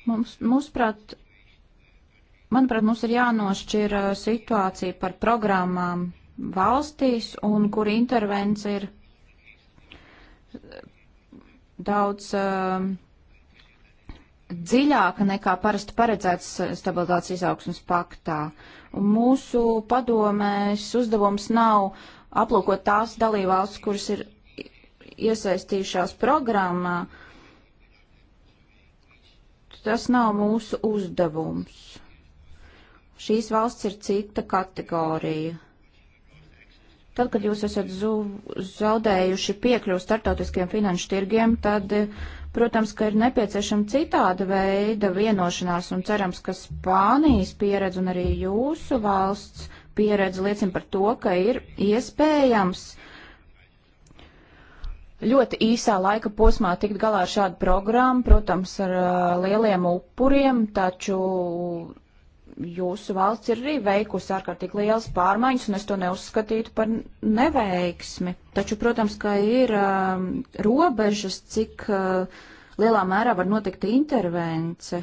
Mums, mūsuprāt, Manuprāt, mums ir jānošķir uh, situācija par programmām valstīs un kur intervence ir uh, daudz uh, dziļāka nekā parasti paredzēts stabilitātes izaugsmas paktā. Un mūsu padomēs uzdevums nav aplūkot tās dalībvalsts, kuras ir iesaistījušās programmā. Tas nav mūsu uzdevums. Šīs valsts ir cita kategorija. Tad, kad jūs esat zaudējuši piekļuvu startautiskiem finanšu tirgiem, tad, protams, ka ir nepieciešama citāda veida vienošanās un cerams, ka Spānijas pieredze un arī jūsu valsts pieredze liecina par to, ka ir iespējams ļoti īsā laika posmā tikt galā ar šādu programmu, protams, ar lieliem upuriem, taču jūsu valsts ir arī veikusi ārkārtīgi liels pārmaiņas, un es to neuzskatītu par neveiksmi. Taču, protams, ka ir um, robežas, cik uh, lielā mērā var notikt intervence.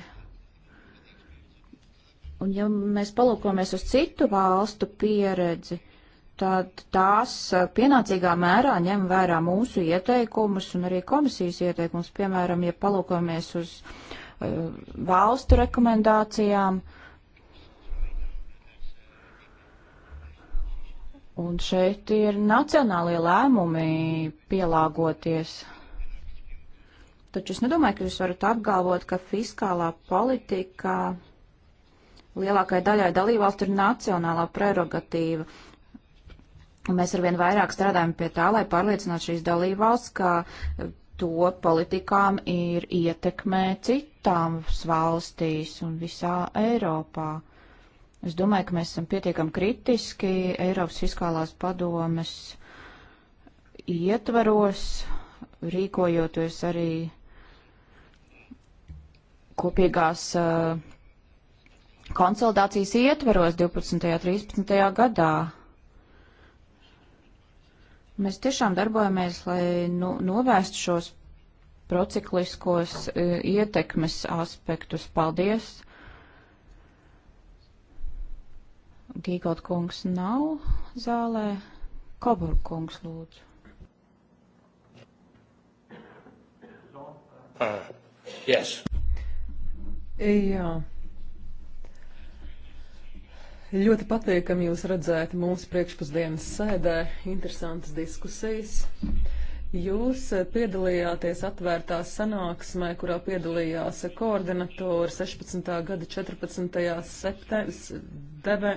Un ja mēs palūkojamies uz citu valstu pieredzi, tad tās uh, pienācīgā mērā ņem vērā mūsu ieteikumus un arī komisijas ieteikumus. Piemēram, ja palūkojamies uz uh, valstu rekomendācijām, uh, Un šeit ir nacionālie lēmumi pielāgoties. Taču es nedomāju, ka jūs varat apgalvot, ka fiskālā politika lielākai daļai dalībvalstu ir nacionālā prerogatīva. Un mēs arvien vairāk strādājam pie tā, lai pārliecinātu šīs dalībvalsts, ka to politikām ir ietekmē citām valstīs un visā Eiropā. Es domāju, ka mēs esam pietiekami kritiski Eiropas fiskālās padomes ietvaros, rīkojoties arī kopīgās uh, konsolidācijas ietvaros 12. un 13. gadā. Mēs tiešām darbojamies, lai nu, novērstu šos procikliskos uh, ietekmes aspektus. Paldies Gīgot kungs nav zālē. Kobur kungs lūdzu. Uh, yes. Jā. Ļoti patīkami jūs redzēt mūsu priekšpusdienas sēdē, interesantas diskusijas. Jūs piedalījāties atvērtā sanāksmē, kurā piedalījās koordinatori 16. gada 14. Septem... Deve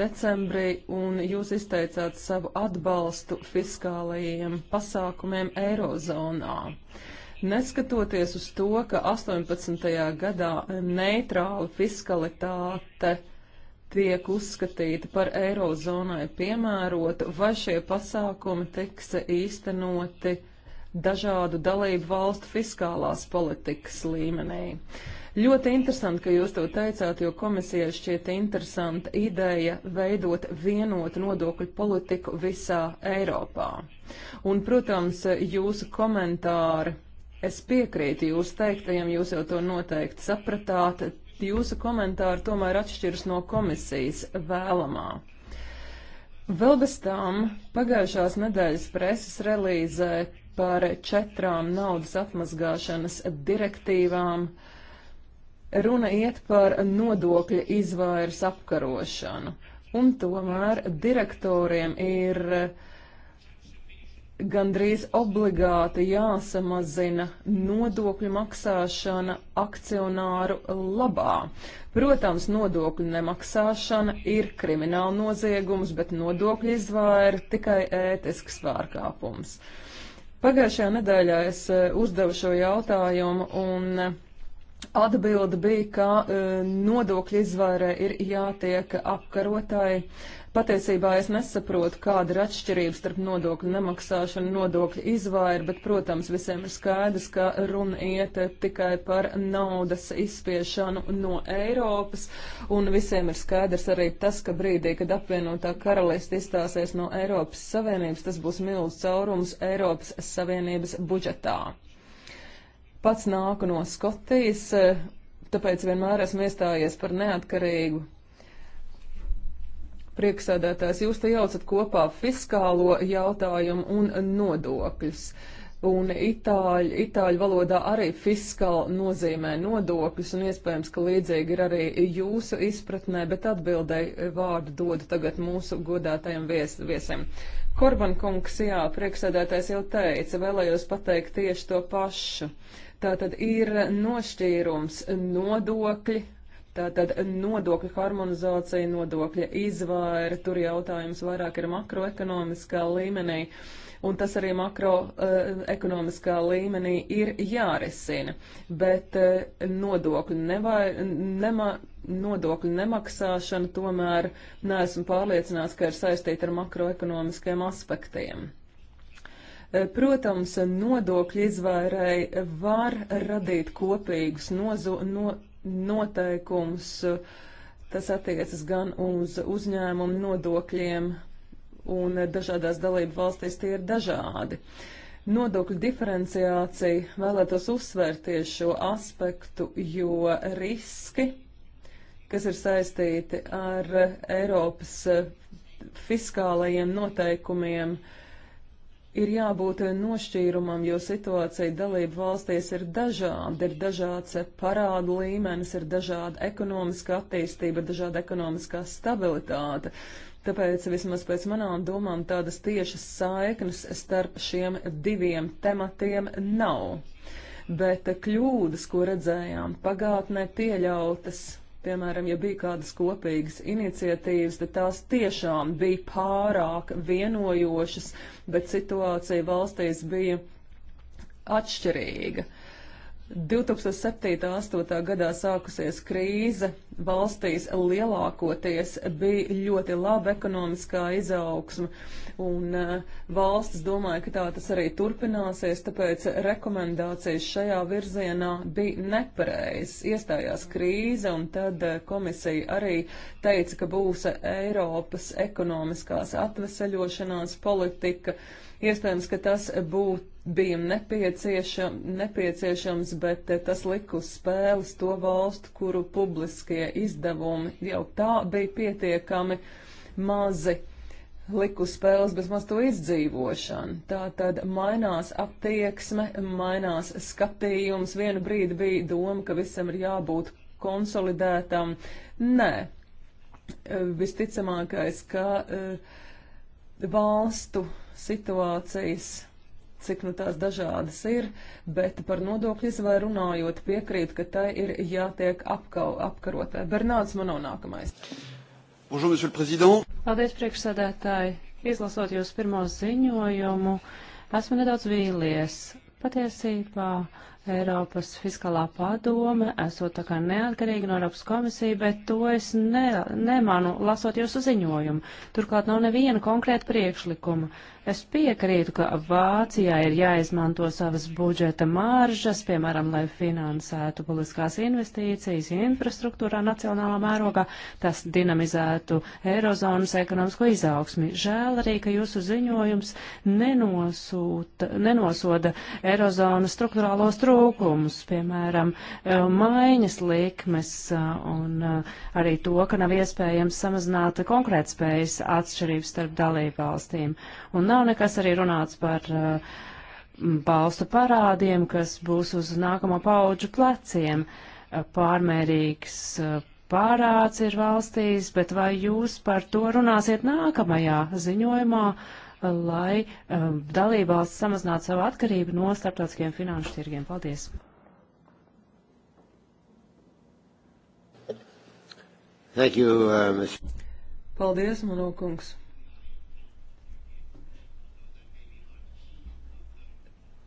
decembrī, un jūs izteicāt savu atbalstu fiskālajiem pasākumiem Eirozonā. Neskatoties uz to, ka 18. gadā neitrāla fiskalitāte tiek uzskatīta par Eirozonai piemērotu, vai šie pasākumi tiks īstenoti dažādu dalību valstu fiskālās politikas līmenī. Uh, Ļoti interesanti, ka jūs to teicāt, jo komisijai šķiet interesanta ideja veidot vienotu nodokļu politiku visā Eiropā. Un, protams, jūsu komentāri. Es piekrītu jūsu teiktajam, jūs jau to noteikti sapratāt. Jūsu komentāri tomēr atšķiras no komisijas vēlamā. Vēl bez tām pagājušās nedēļas preses relīzē par četrām naudas atmazgāšanas direktīvām uh, Runa iet par nodokļa izvairas apkarošanu, un tomēr direktoriem ir eh, gandrīz obligāti jāsamazina nodokļu maksāšana akcionāru labā. Protams, nodokļu nemaksāšana ir krimināla noziegums, bet nodokļu izvaira tikai ētisks pārkāpums. Pagājušajā nedēļā es eh, uzdevu šo jautājumu un Atbilde bija, ka e, nodokļu izvairē ir jātiek apkarotai. Patiesībā es nesaprotu, kāda ir atšķirība starp nodokļu nemaksāšanu un nodokļu izvairu, bet, protams, visiem ir skaidrs, ka runa iet tikai par naudas izspiešanu no Eiropas, un visiem ir skaidrs arī tas, ka brīdī, kad apvienotā karalista izstāsies no Eiropas Savienības, tas būs milz caurums Eiropas Savienības budžetā. Pats nāku no Skotijas, eh, tāpēc vienmēr esmu iestājies par neatkarīgu. Prieksēdētājs, jūs te jaucat kopā fiskālo jautājumu un nodokļus. Un itāļu, itāļu valodā arī fiskāli nozīmē nodokļus, un iespējams, ka līdzīgi ir arī jūsu izpratnē, bet atbildēji eh, vārdu dodu tagad mūsu godātajam vies, viesim. Korban kungs, jā, priekšsēdētājs jau teica, vēlējos pateikt tieši to pašu. Tātad ir nošķīrums nodokļi, tātad nodokļu harmonizācija, nodokļa izvaira, tur jautājums vairāk ir makroekonomiskā līmenī, un tas arī makroekonomiskā eh, uh, līmenī ir jārisina, bet uh, nodokļu, nevai, nema, nodokļu nemaksāšana tomēr neesmu pārliecināts, ka ir saistīta ar makroekonomiskiem aspektiem. Protams, nodokļu izvairai var radīt kopīgus nozo, no, noteikumus. Tas attiecas gan uz uzņēmumu nodokļiem, un dažādās dalību valstīs tie ir dažādi. Nodokļu diferenciācija vēlētos uzsvērt tieši šo aspektu, jo riski, kas ir saistīti ar Eiropas fiskālajiem noteikumiem, uh, ir jābūt nošķīrumam, jo situācija dalību valstīs ir dažāda. Ir dažāds parādu līmenis, ir dažāda ekonomiska attīstība, ir dažāda ekonomiskā stabilitāte. Tāpēc vismaz pēc manām domām tādas tiešas saiknes starp šiem diviem tematiem nav. Bet kļūdas, ko redzējām pagātnē, pieļautas Piemēram, ja bija kādas kopīgas iniciatīvas, tad tās tiešām bija pārāk vienojošas, bet situācija valstīs bija atšķirīga. 2007.-2008. gadā sākusies krīze valstīs lielākoties bija ļoti laba ekonomiskā izaugsma, un eh, valsts domāja, ka tā tas arī turpināsies, tāpēc rekomendācijas šajā virzienā bija nepareizas. Iestājās krīze, un tad eh, komisija arī teica, ka būs Eiropas ekonomiskās atveseļošanās politika. Uh, Iespējams, ka tas būtu bija nepieciešam, nepieciešams, bet eh, tas lika uz spēles to valstu, kuru publiskie izdevumi jau tā bija pietiekami mazi, lika uz spēles bezmaz to izdzīvošanu. Tā tad mainās attieksme, mainās skatījums. Vienu brīdi bija doma, ka visam ir jābūt konsolidētam. Nē, eh, visticamākais, ka. Uh, valstu situācijas, cik nu tās dažādas ir, bet par nodokļu izvēlu runājot piekrīt, ka tai ir jātiek apkau, apkarotē. Bernāds Mano nākamais. Bonjour, monsieur le président. Paldies, priekšsēdētāji. Izlasot jūsu pirmo ziņojumu, esmu nedaudz vīlies. Patiesībā Eiropas fiskālā padome, esot tā kā neatkarīga no Eiropas komisija, bet to es ne, nemanu, lasot jūsu ziņojumu. Turklāt nav neviena konkrēta priekšlikuma. Es piekrītu, ka Vācijā ir jāizmanto savas budžeta maržas, piemēram, lai finansētu publiskās investīcijas infrastruktūrā nacionālā mērogā, tas dinamizētu Eirozonas ekonomisko izaugsmi. Žēl arī, ka jūsu ziņojums nenosūta, nenosoda Eirozonas struktūrālo struktūru trūkumus, piemēram, e, maiņas likmes e, un e, arī to, ka nav iespējams samazināt konkurētspējas atšķirības starp dalībvalstīm. Un nav nekas arī runāts par balstu parādiem, kas būs uz nākamo pauģu pleciem. Pārmērīgs pārāds ir valstīs, bet vai jūs par to runāsiet nākamajā ziņojumā? lai um, dalībvalsts samazinātu savu atkarību no starptautiskajiem finanšu tirgiem. Paldies! Thank you, uh, Ms. Paldies, Manokungs!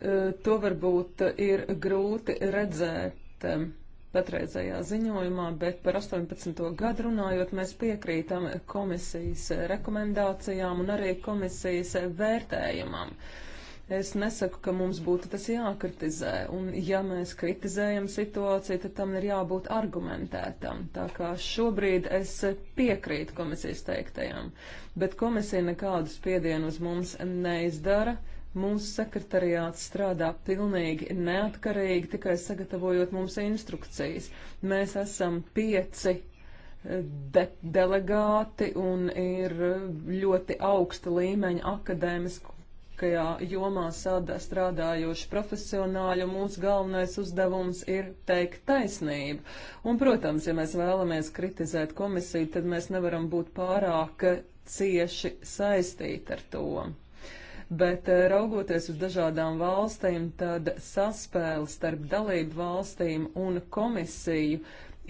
Uh, to varbūt ir grūti redzēt um, patreizējā ziņojumā, bet par 18. gadu runājot, mēs piekrītam komisijas rekomendācijām un arī komisijas vērtējumam. Es nesaku, ka mums būtu tas jākritizē, un ja mēs kritizējam situāciju, tad tam ir jābūt argumentētam. Tā kā šobrīd es piekrītu komisijas teiktajam, bet komisija nekādu spiedienu uz mums neizdara. Uh, Mūsu sekretariāts strādā pilnīgi neatkarīgi, tikai sagatavojot mums instrukcijas. Mēs esam pieci eh, de delegāti un ir ļoti augsta līmeņa akadēmisku akadēmiskajā jomā sādā strādājoši profesionāļi, un mūsu galvenais uzdevums ir teikt taisnību. Un, protams, ja mēs vēlamies kritizēt komisiju, tad mēs nevaram būt pārāk cieši saistīti ar to bet eh, raugoties uz dažādām valstīm, tad saspēle starp dalību valstīm un komisiju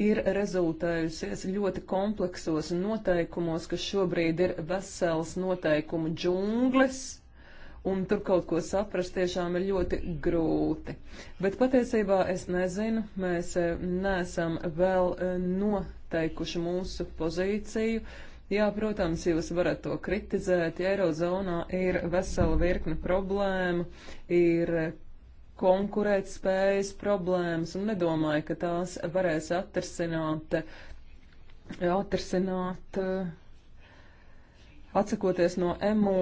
ir rezultējusies ļoti kompleksos noteikumos, kas šobrīd ir vesels noteikumu džungles. Un tur kaut ko saprast tiešām ir ļoti grūti. Bet patiesībā es nezinu, mēs eh, neesam vēl eh, noteikuši mūsu pozīciju. Jā, protams, jūs varat to kritizēt. Ja Eirozonā ir vesela virkne problēmu, ir konkurētspējas problēmas, un nedomāju, ka tās varēs atrisināt, atrisināt atsakoties no emu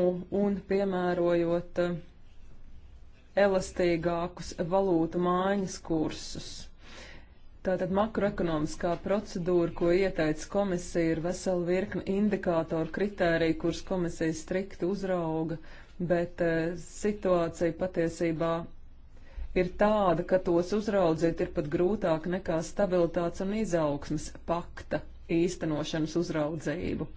un piemērojot elastīgākus valūtu mājas kursus. Tātad makroekonomiskā procedūra, ko ieteica komisija, ir vesela virkne indikātoru kritēriju, kurus komisija strikti uzrauga, bet e, situācija patiesībā ir tāda, ka tos uzraudzīt ir pat grūtāk nekā stabilitātes un izaugsmas pakta īstenošanas uzraudzību.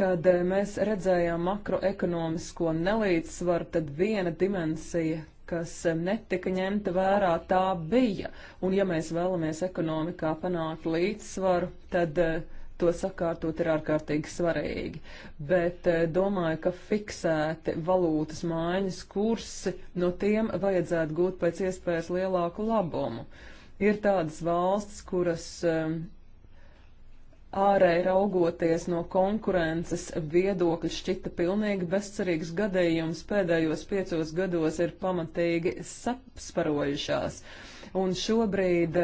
Kad e, mēs redzējām makroekonomisko nelīdzsvaru, tad viena dimensija, kas netika ņemta vērā, tā bija. Un ja mēs vēlamies ekonomikā panākt līdzsvaru, tad eh, to sakārtot ir ārkārtīgi svarīgi. Bet eh, domāju, ka fiksēti valūtas maiņas kursi no tiem vajadzētu gūt pēc iespējas lielāku labumu. Ir tādas valstis, kuras ārēji raugoties no konkurences viedokļa šķita pilnīgi bezcerīgs gadījums pēdējos piecos gados ir pamatīgi sapsparojušās. Un šobrīd,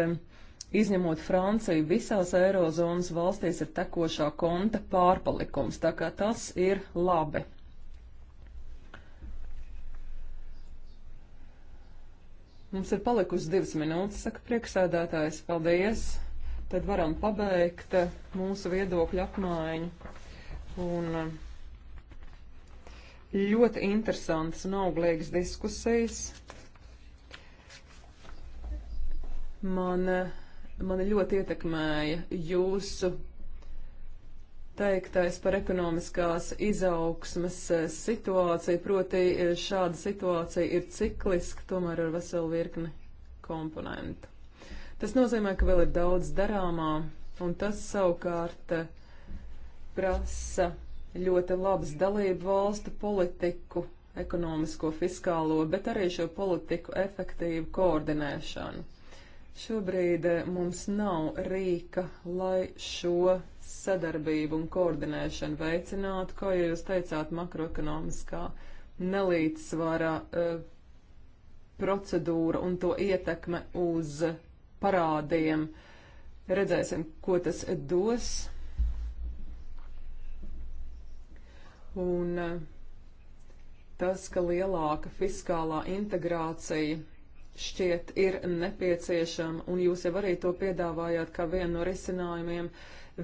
izņemot Franciju, visās Eirozonas valstīs ir tekošā konta pārpalikums, tā kā tas ir labi. Mums ir palikusi divas minūtes, saka priekšsēdētājs. Paldies! tad varam pabeigt eh, mūsu viedokļu apmaiņu. Un eh, ļoti interesants un auglīgs diskusijas. Man, eh, man ļoti ietekmēja jūsu teiktais par ekonomiskās izaugsmes situāciju, proti šāda situācija ir cikliska, tomēr ar veselu virkni komponentu. Tas nozīmē, ka vēl ir daudz darāmā, un tas savukārt eh, prasa ļoti labas dalību valstu politiku, ekonomisko, fiskālo, bet arī šo politiku efektīvu koordinēšanu. Šobrīd eh, mums nav rīka, lai šo sadarbību un koordinēšanu veicinātu, kā jau jūs teicāt, makroekonomiskā nelīdzsvara e, eh, procedūra un to ietekme uz parādiem. Redzēsim, ko tas dos. Un eh, tas, ka lielāka fiskālā integrācija šķiet ir nepieciešama, un jūs jau arī to piedāvājāt kā vienu no risinājumiem,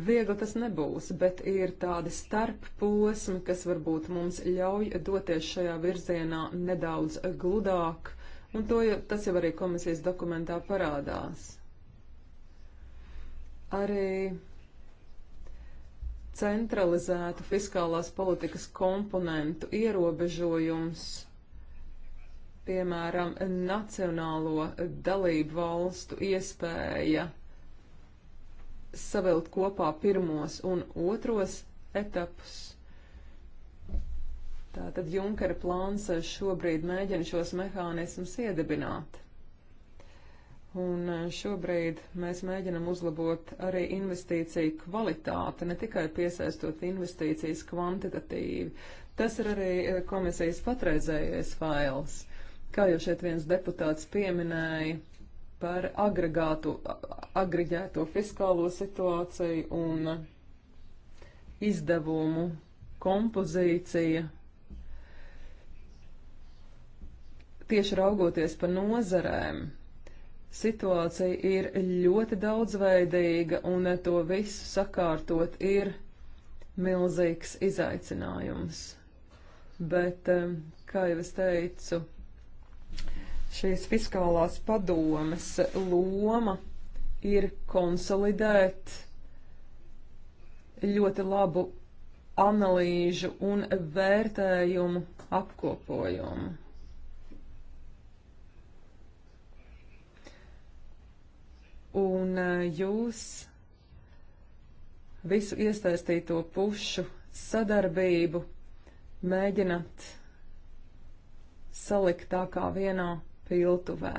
Viegli tas nebūs, bet ir tādi starpposmi, kas varbūt mums ļauj doties šajā virzienā nedaudz gludāk Un to, tas jau arī komisijas dokumentā parādās. Arī centralizētu fiskālās politikas komponentu ierobežojums, piemēram, nacionālo dalību valstu iespēja savilkt kopā pirmos un otros etapus. Tātad Junkera plāns šobrīd mēģina šos mehānismus iedibināt. Un e, šobrīd mēs mēģinam uzlabot arī investīciju kvalitāti, ne tikai piesaistot investīcijas kvantitatīvi. Tas ir arī e, komisijas patreizējais fails. Kā jau šeit viens deputāts pieminēja par agregātu, agreģēto fiskālo situāciju un izdevumu kompozīcija tieši raugoties pa nozarēm, situācija ir ļoti daudzveidīga un to visu sakārtot ir milzīgs izaicinājums. Bet, kā jau es teicu, šīs fiskālās padomes loma ir konsolidēt ļoti labu analīžu un vērtējumu apkopojumu. un e, jūs visu iesaistīto pušu sadarbību mēģinat salikt tā kā vienā piltuvē.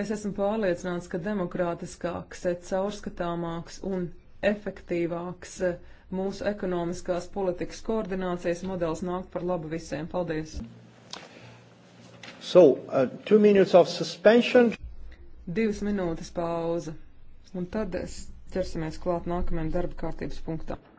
Es esmu pārliecināts, ka demokrātiskāks, e, caurskatāmāks un efektīvāks e, mūsu ekonomiskās politikas koordinācijas modelis nāk par labu visiem. Paldies! So, uh, two minutes of suspension divas minūtes pauze, un tad ķersimies klāt nākamajam darba kārtības punktam.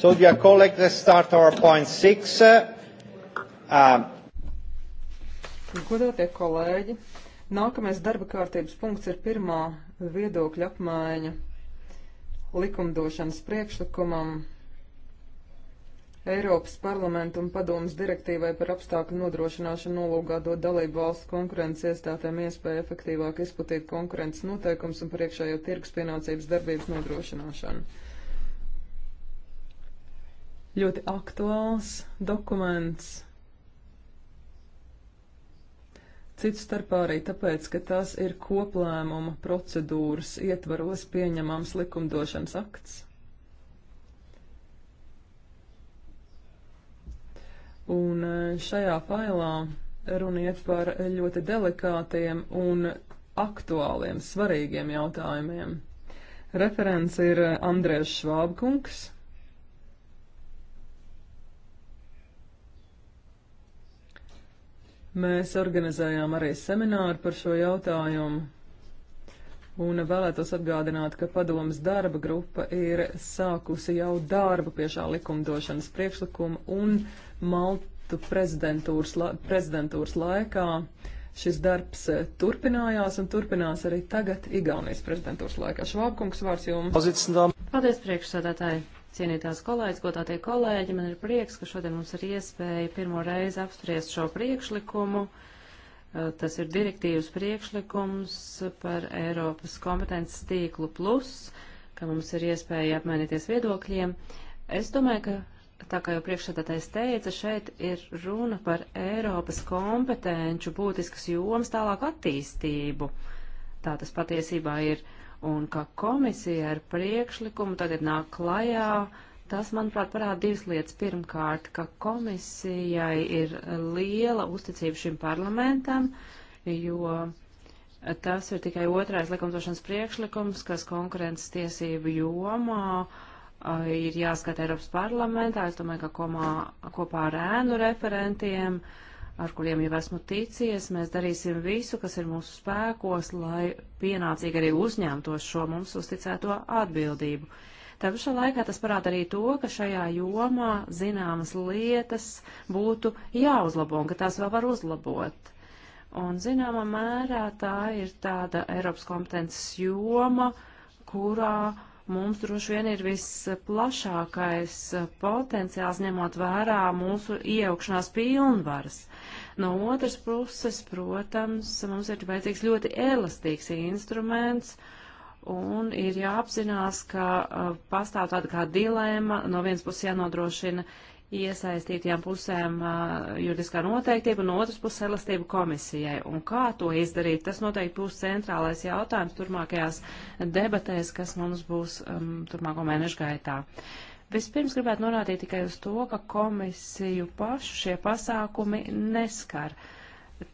So, dear colleagues, let's start our point six. Uh, um, Godātie kolēģi, nākamais darba kārtības punkts ir pirmā viedokļa apmaiņa likumdošanas priekšlikumam Eiropas parlamentu un padomas direktīvai par apstākļu nodrošināšanu nolūgā dot dalību valsts konkurences iestātēm iespēju efektīvāk izplatīt konkurences noteikums un priekšējo tirgus pienācības darbības nodrošināšanu ļoti aktuāls dokuments. Citu starpā arī tāpēc, ka tas ir koplēmuma procedūras ietvaros pieņemams likumdošanas akts. Un eh, šajā failā runiet par ļoti delikātiem un aktuāliem, svarīgiem jautājumiem. Referents ir Andrēs Švābkungs. Mēs organizējām arī semināru par šo jautājumu. Un vēlētos atgādināt, ka padomas darba grupa ir sākusi jau darbu pie šā likumdošanas priekšlikuma un Maltu prezidentūras, la prezidentūras laikā šis darbs eh, turpinājās un turpinās arī tagad Igaunijas prezidentūras laikā. Švābkungs vārds jums. Paldies priekšsādātāji. Cienītās kolēģis, godātie kolēģi, man ir prieks, ka šodien mums ir iespēja pirmo reizi apspriest šo priekšlikumu. Eh, tas ir direktīvas priekšlikums par Eiropas kompetences tīklu plus, ka mums ir iespēja apmainīties viedokļiem. Es domāju, ka tā kā jau priekšsēdētājs teica, šeit ir runa par Eiropas kompetenču būtiskas jomas tālāk attīstību. Tā tas patiesībā ir. Uh, un ka komisija ar priekšlikumu tagad nāk klajā, tas, manuprāt, parāda divas lietas. Pirmkārt, ka komisijai ir liela uzticība šim parlamentam, jo tas ir tikai otrais likumdošanas priekšlikums, kas konkurences tiesību jomā ir jāskata Eiropas parlamentā. Es domāju, ka komā, kopā ar ēnu referentiem. Uh, ar kuriem jau esmu ticies. Mēs darīsim visu, kas ir mūsu spēkos, lai pienācīgi arī uzņemtos šo mums uzticēto atbildību. Tā pašā laikā tas parāda arī to, ka šajā jomā zināmas lietas būtu jāuzlabo un ka tās vēl var uzlabot. Un zināmā mērā tā ir tāda Eiropas kompetences joma, kurā uh, Mums droši vien ir visplašākais eh, potenciāls ņemot vērā mūsu iejaukšanās pilnvaras. No otras puses, protams, mums ir vajadzīgs ļoti elastīgs instruments, un ir jāapzinās, ka eh, pastāv tāda kā dilēma, no vienas puses jānodrošina uh, iesaistītajām pusēm juridiskā noteiktība un otras puses elastība komisijai. Un kā to izdarīt, tas noteikti būs centrālais jautājums turmākajās debatēs, kas mums būs um, turmāko mēnešu gaitā. Vispirms gribētu norādīt tikai uz to, ka komisiju pašu šie pasākumi neskar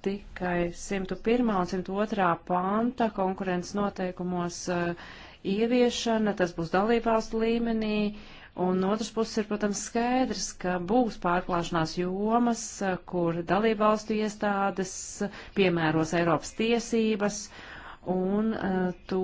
tikai 101. un 102. panta konkurences noteikumos uh, ieviešana, tas būs dalībvalstu līmenī, uh, Un otrs puses ir, protams, skaidrs, ka būs pārklāšanās jomas, kur dalībvalstu iestādes piemēros Eiropas tiesības, un uh, to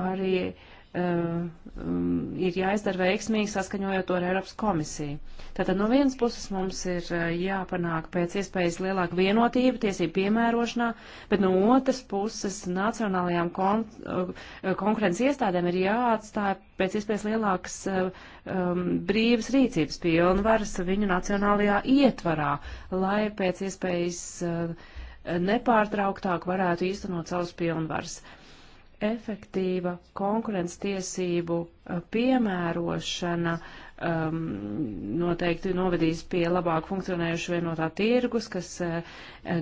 arī uh, Eh, um, ir jāizdara veiksmīgi saskaņojot to ar Eiropas komisiju. Tātad no vienas puses mums ir eh, jāpanāk pēc iespējas lielāka vienotība tiesību piemērošanā, bet no otras puses nacionālajām kon eh, konkurences iestādēm ir jāatstāja pēc iespējas lielākas um, brīvas rīcības pilnvaras viņu nacionālajā ietvarā, lai pēc iespējas uh, nepārtrauktāk varētu īstenot savus pilnvaras. Uh, efektīva konkurences tiesību eh, piemērošana um, noteikti novedīs pie labāk funkcionējuša vienotā tirgus, kas uh,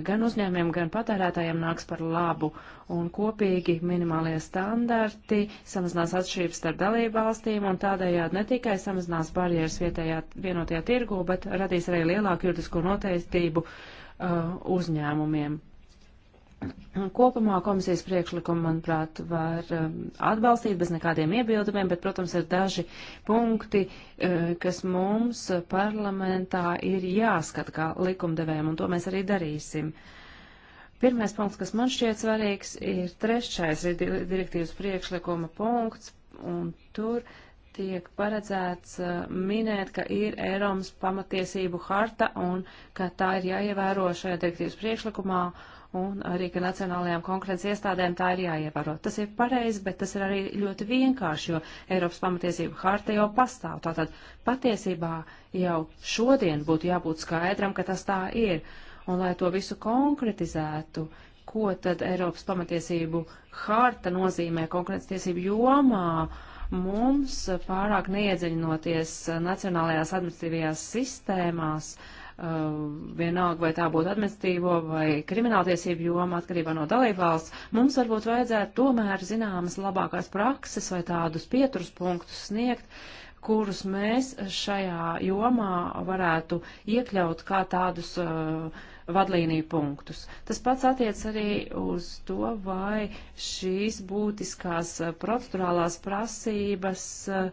gan uzņēmiem, gan patērētājiem nāks par labu. Un kopīgi minimālie standarti samazinās atšķirības starp dalību valstīm un tādējādi ne tikai samazinās barjeras vietējā vienotajā tirgu, bet radīs arī lielāku juridisko noteistību uh, eh, uzņēmumiem. Kopumā komisijas priekšlikumu, manuprāt, var um, atbalstīt bez nekādiem iebildumiem, bet, protams, ir daži punkti, uh, kas mums parlamentā ir jāskat kā likumdevējiem, un to mēs arī darīsim. Pirmais punkts, kas man šķiet svarīgs, ir trešais direktīvas priekšlikuma punkts, un tur tiek paredzēts uh, minēt, ka ir Eiropas pamatiesību harta un ka tā ir jāievēro šajā direktīvas priekšlikumā un arī, ka nacionālajām konkurences iestādēm tā ir jāievēro. Tas ir pareizi, bet tas ir arī ļoti vienkārši, jo Eiropas pamatiesību harta jau pastāv. Tātad patiesībā jau šodien būtu jābūt skaidram, ka tas tā ir. Un lai to visu konkretizētu, ko tad Eiropas pamatiesību harta nozīmē konkurences tiesību jomā, mums pārāk neiedziļinoties nacionālajās administratīvajās sistēmās, uh, Uh, vienalga, vai tā būtu administratīvo vai krimināltiesību joma, atkarībā no dalībvalsts, mums varbūt vajadzētu tomēr zināmas labākās prakses vai tādus pieturus punktus sniegt, kurus mēs šajā jomā varētu iekļaut kā tādus uh, vadlīniju punktus. Tas pats attiec arī uz to, vai šīs būtiskās uh, procedurālās prasības uh,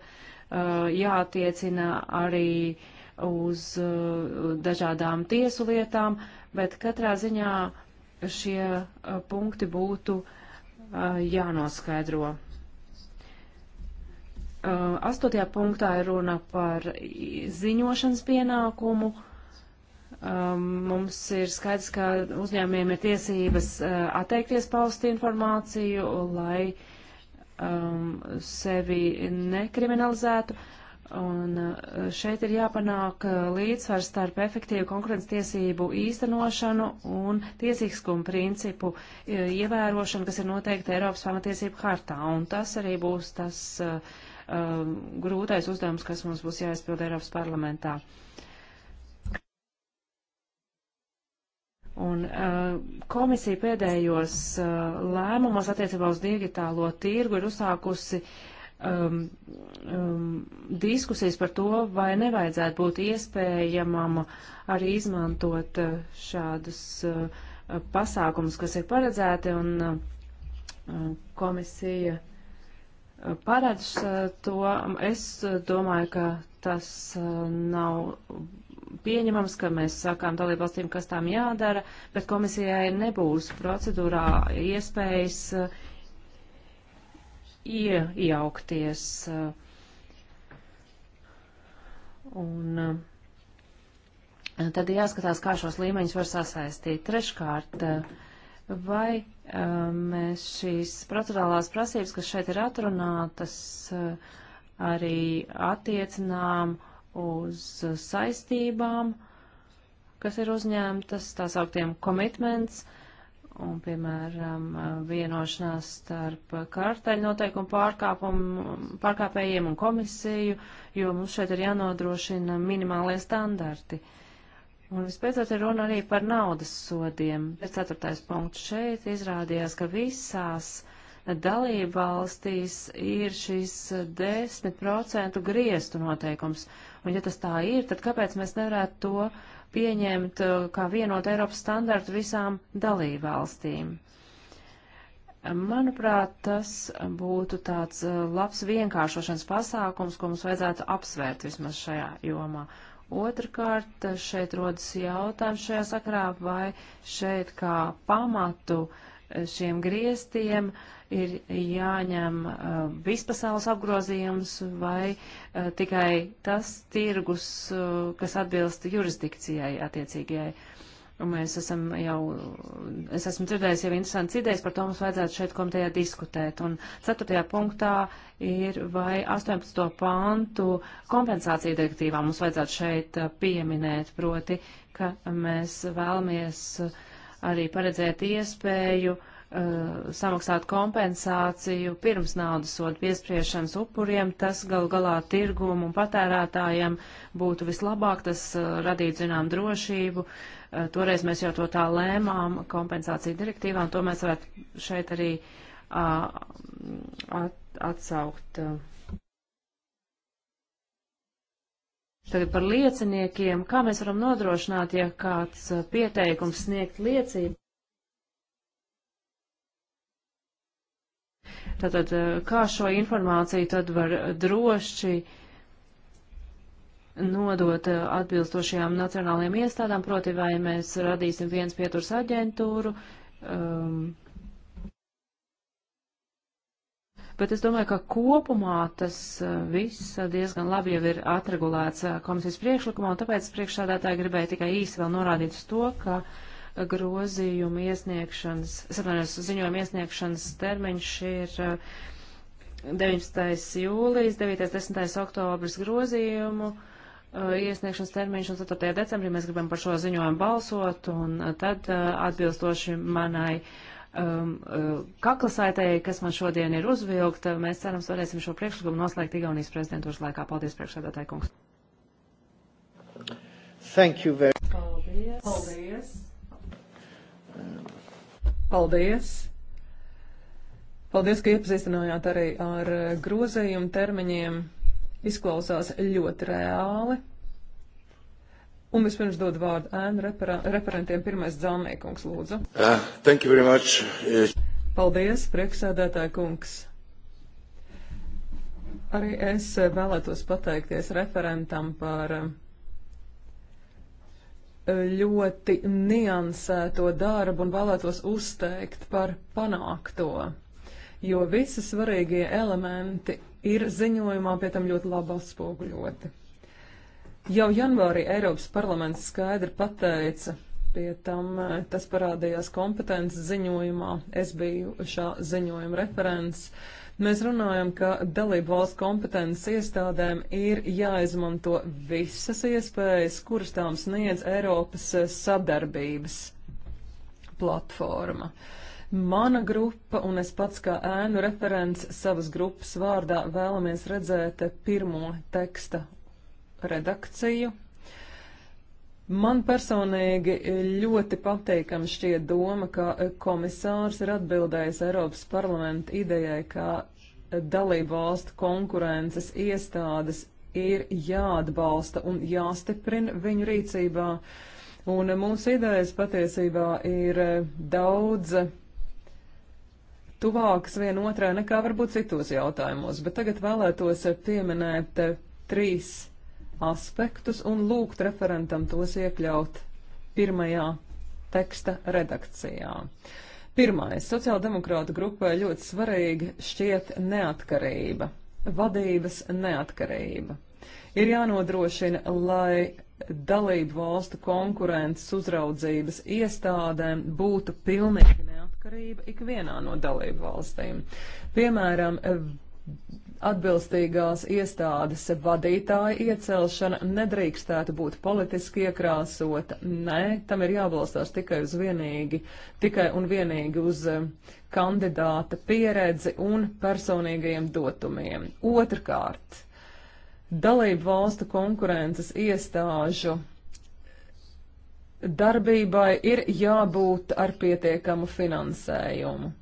uh jātiecina arī uh, uz uh, dažādām tiesu lietām, bet katrā ziņā šie uh, punkti būtu uh, jānoskaidro. Astotajā punktā ir runa par ziņošanas pienākumu. Um, mums ir skaidrs, ka uzņēmiem ir tiesības atteikties paust informāciju, lai um, sevi nekriminalizētu. Un e, šeit ir jāpanāk e, līdzsvars starp efektīvu konkurences tiesību īstenošanu un tiesīgskumu principu e, ievērošanu, kas ir noteikti Eiropas pamatiesību hartā. Un tas arī būs tas uh, grūtais uzdevums, kas mums būs jāizpild Eiropas parlamentā. Un uh, komisija pēdējos uh, lēmumos attiecībā uz digitālo tirgu ir uzsākusi uh, um, um, diskusijas par to, vai nevajadzētu būt iespējamam arī izmantot uh, šādus uh, pasākumus, kas ir paredzēti, un uh, uh komisija uh, paredz uh, to. Es domāju, ka tas uh, nav pieņemams, ka mēs sakām dalībvalstīm, kas tām jādara, bet komisijai nebūs procedūrā iespējas iejaukties. Un tad jāskatās, kā šos līmeņus var sasaistīt. Treškārt, vai um, mēs šīs procedurālās prasības, kas šeit ir atrunātas, arī attiecinām uz saistībām, kas ir uzņemtas, tās augtiem komitments, uh, un, piemēram, vienošanās starp kārtaļu noteikumu pārkāpējiem un komisiju, jo mums šeit ir jānodrošina minimālie standarti. Un vispēcot ir runa arī par naudas sodiem. Ceturtais punkts šeit izrādījās, ka visās dalību valstīs ir šis 10% griestu noteikums. Un ja tas tā ir, tad kāpēc mēs nevarētu to pieņemt uh, kā vienot Eiropas standartu visām dalībvalstīm. Manuprāt, tas būtu tāds uh, labs vienkāršošanas pasākums, ko mums vajadzētu apsvērt vismaz šajā jomā. Otrakārt, šeit rodas jautājums šajā sakrā, vai šeit kā pamatu uh, šiem griestiem ir jāņem uh, vispasaules apgrozījums vai uh, tikai tas tirgus, uh, kas atbilst jurisdikcijai attiecīgajai. Un mēs esam jau, es esmu dzirdējis jau interesants idejas, par to mums vajadzētu šeit komitejā diskutēt. Un ceturtajā punktā ir vai 18. pantu kompensācija direktīvā mums vajadzētu šeit uh, pieminēt, proti, ka mēs vēlamies uh, arī paredzēt iespēju uh, samaksāt kompensāciju pirms naudas sodu piespriešanas upuriem, tas gal galā tirgumu un patērētājiem būtu vislabāk, tas uh, radītu zinām drošību. Uh, toreiz mēs jau to tā lēmām kompensāciju direktīvā, un to mēs varētu šeit arī uh, at, atsaukt. Uh, Tagad par lieciniekiem, kā mēs varam nodrošināt, ja kāds uh, pieteikums sniegt liecību. Tātad, uh, kā šo informāciju tad var droši nodot uh, atbilstošajām nacionālajām iestādām, proti vai mēs radīsim viens pieturs aģentūru, um, bet es domāju, ka kopumā tas eh, viss eh, diezgan labi jau ir atregulēts eh, komisijas priekšlikumā, un tāpēc priekšsādātāji gribēja tikai īsi vēl norādīt uz to, ka grozījumu iesniegšanas, sapranies, ziņojumu iesniegšanas termiņš ir 19. jūlijas, 9. 10. oktobris grozījumu iesniegšanas termiņš un 4. decembrī mēs gribam par šo ziņojumu balsot, un tad atbilstoši manai uh, um, uh, kaklasaitēji, kas man šodien ir uzvilkta. Mēs cerams, varēsim šo priekšlikumu noslēgt Igaunijas prezidentūras laikā. Paldies, priekšsēdētāji kungs. Thank you very much. Paldies. Paldies. Uh, paldies. Paldies, ka iepazīstinājāt arī ar uh, grozījumu termiņiem. Izklausās ļoti reāli. Un vispirms dod vārdu ēnu reperen referentiem. Pirmais dzāmniekungs, lūdzu. Uh, thank you very much. Yes. Uh, Paldies, prieksēdētāja kungs. Arī es uh, vēlētos pateikties referentam par um, ļoti niansēto darbu un vēlētos uzteikt par panākto, jo visi svarīgie elementi ir ziņojumā pie tam ļoti labi atspoguļoti. Jau janvārī Eiropas parlaments skaidri pateica, pie tam eh, tas parādījās kompetences ziņojumā, es biju šā ziņojuma referents. Mēs runājam, ka dalību valsts kompetences iestādēm ir jāizmanto visas iespējas, kuras tām sniedz Eiropas eh, sadarbības platforma. Mana grupa un es pats kā ēnu referents savas grupas vārdā vēlamies redzēt eh, pirmo teksta redakciju. Man personīgi ļoti pateikami šķiet doma, ka komisārs ir atbildējis Eiropas parlamenta idejai, ka dalību valstu konkurences iestādes ir jāatbalsta un jāstiprina viņu rīcībā. Un mūsu idejas patiesībā ir daudz tuvākas vienotrai nekā varbūt citos jautājumos, bet tagad vēlētos pieminēt trīs aspektus un lūgt referentam tos iekļaut pirmajā teksta redakcijā. Pirmais, sociāldemokrāta grupai ļoti svarīgi šķiet neatkarība, vadības neatkarība. Ir jānodrošina, lai dalību valstu konkurences uzraudzības iestādēm būtu pilnīgi neatkarība ikvienā no dalību valstīm. Piemēram, atbilstīgās iestādes vadītāja iecelšana nedrīkstētu būt politiski iekrāsota. Nē, tam ir jābalstās tikai, uz vienīgi, tikai un vienīgi uz eh, kandidāta pieredzi un personīgajiem dotumiem. Otrkārt, dalību valstu konkurences iestāžu darbībai ir jābūt ar pietiekamu finansējumu.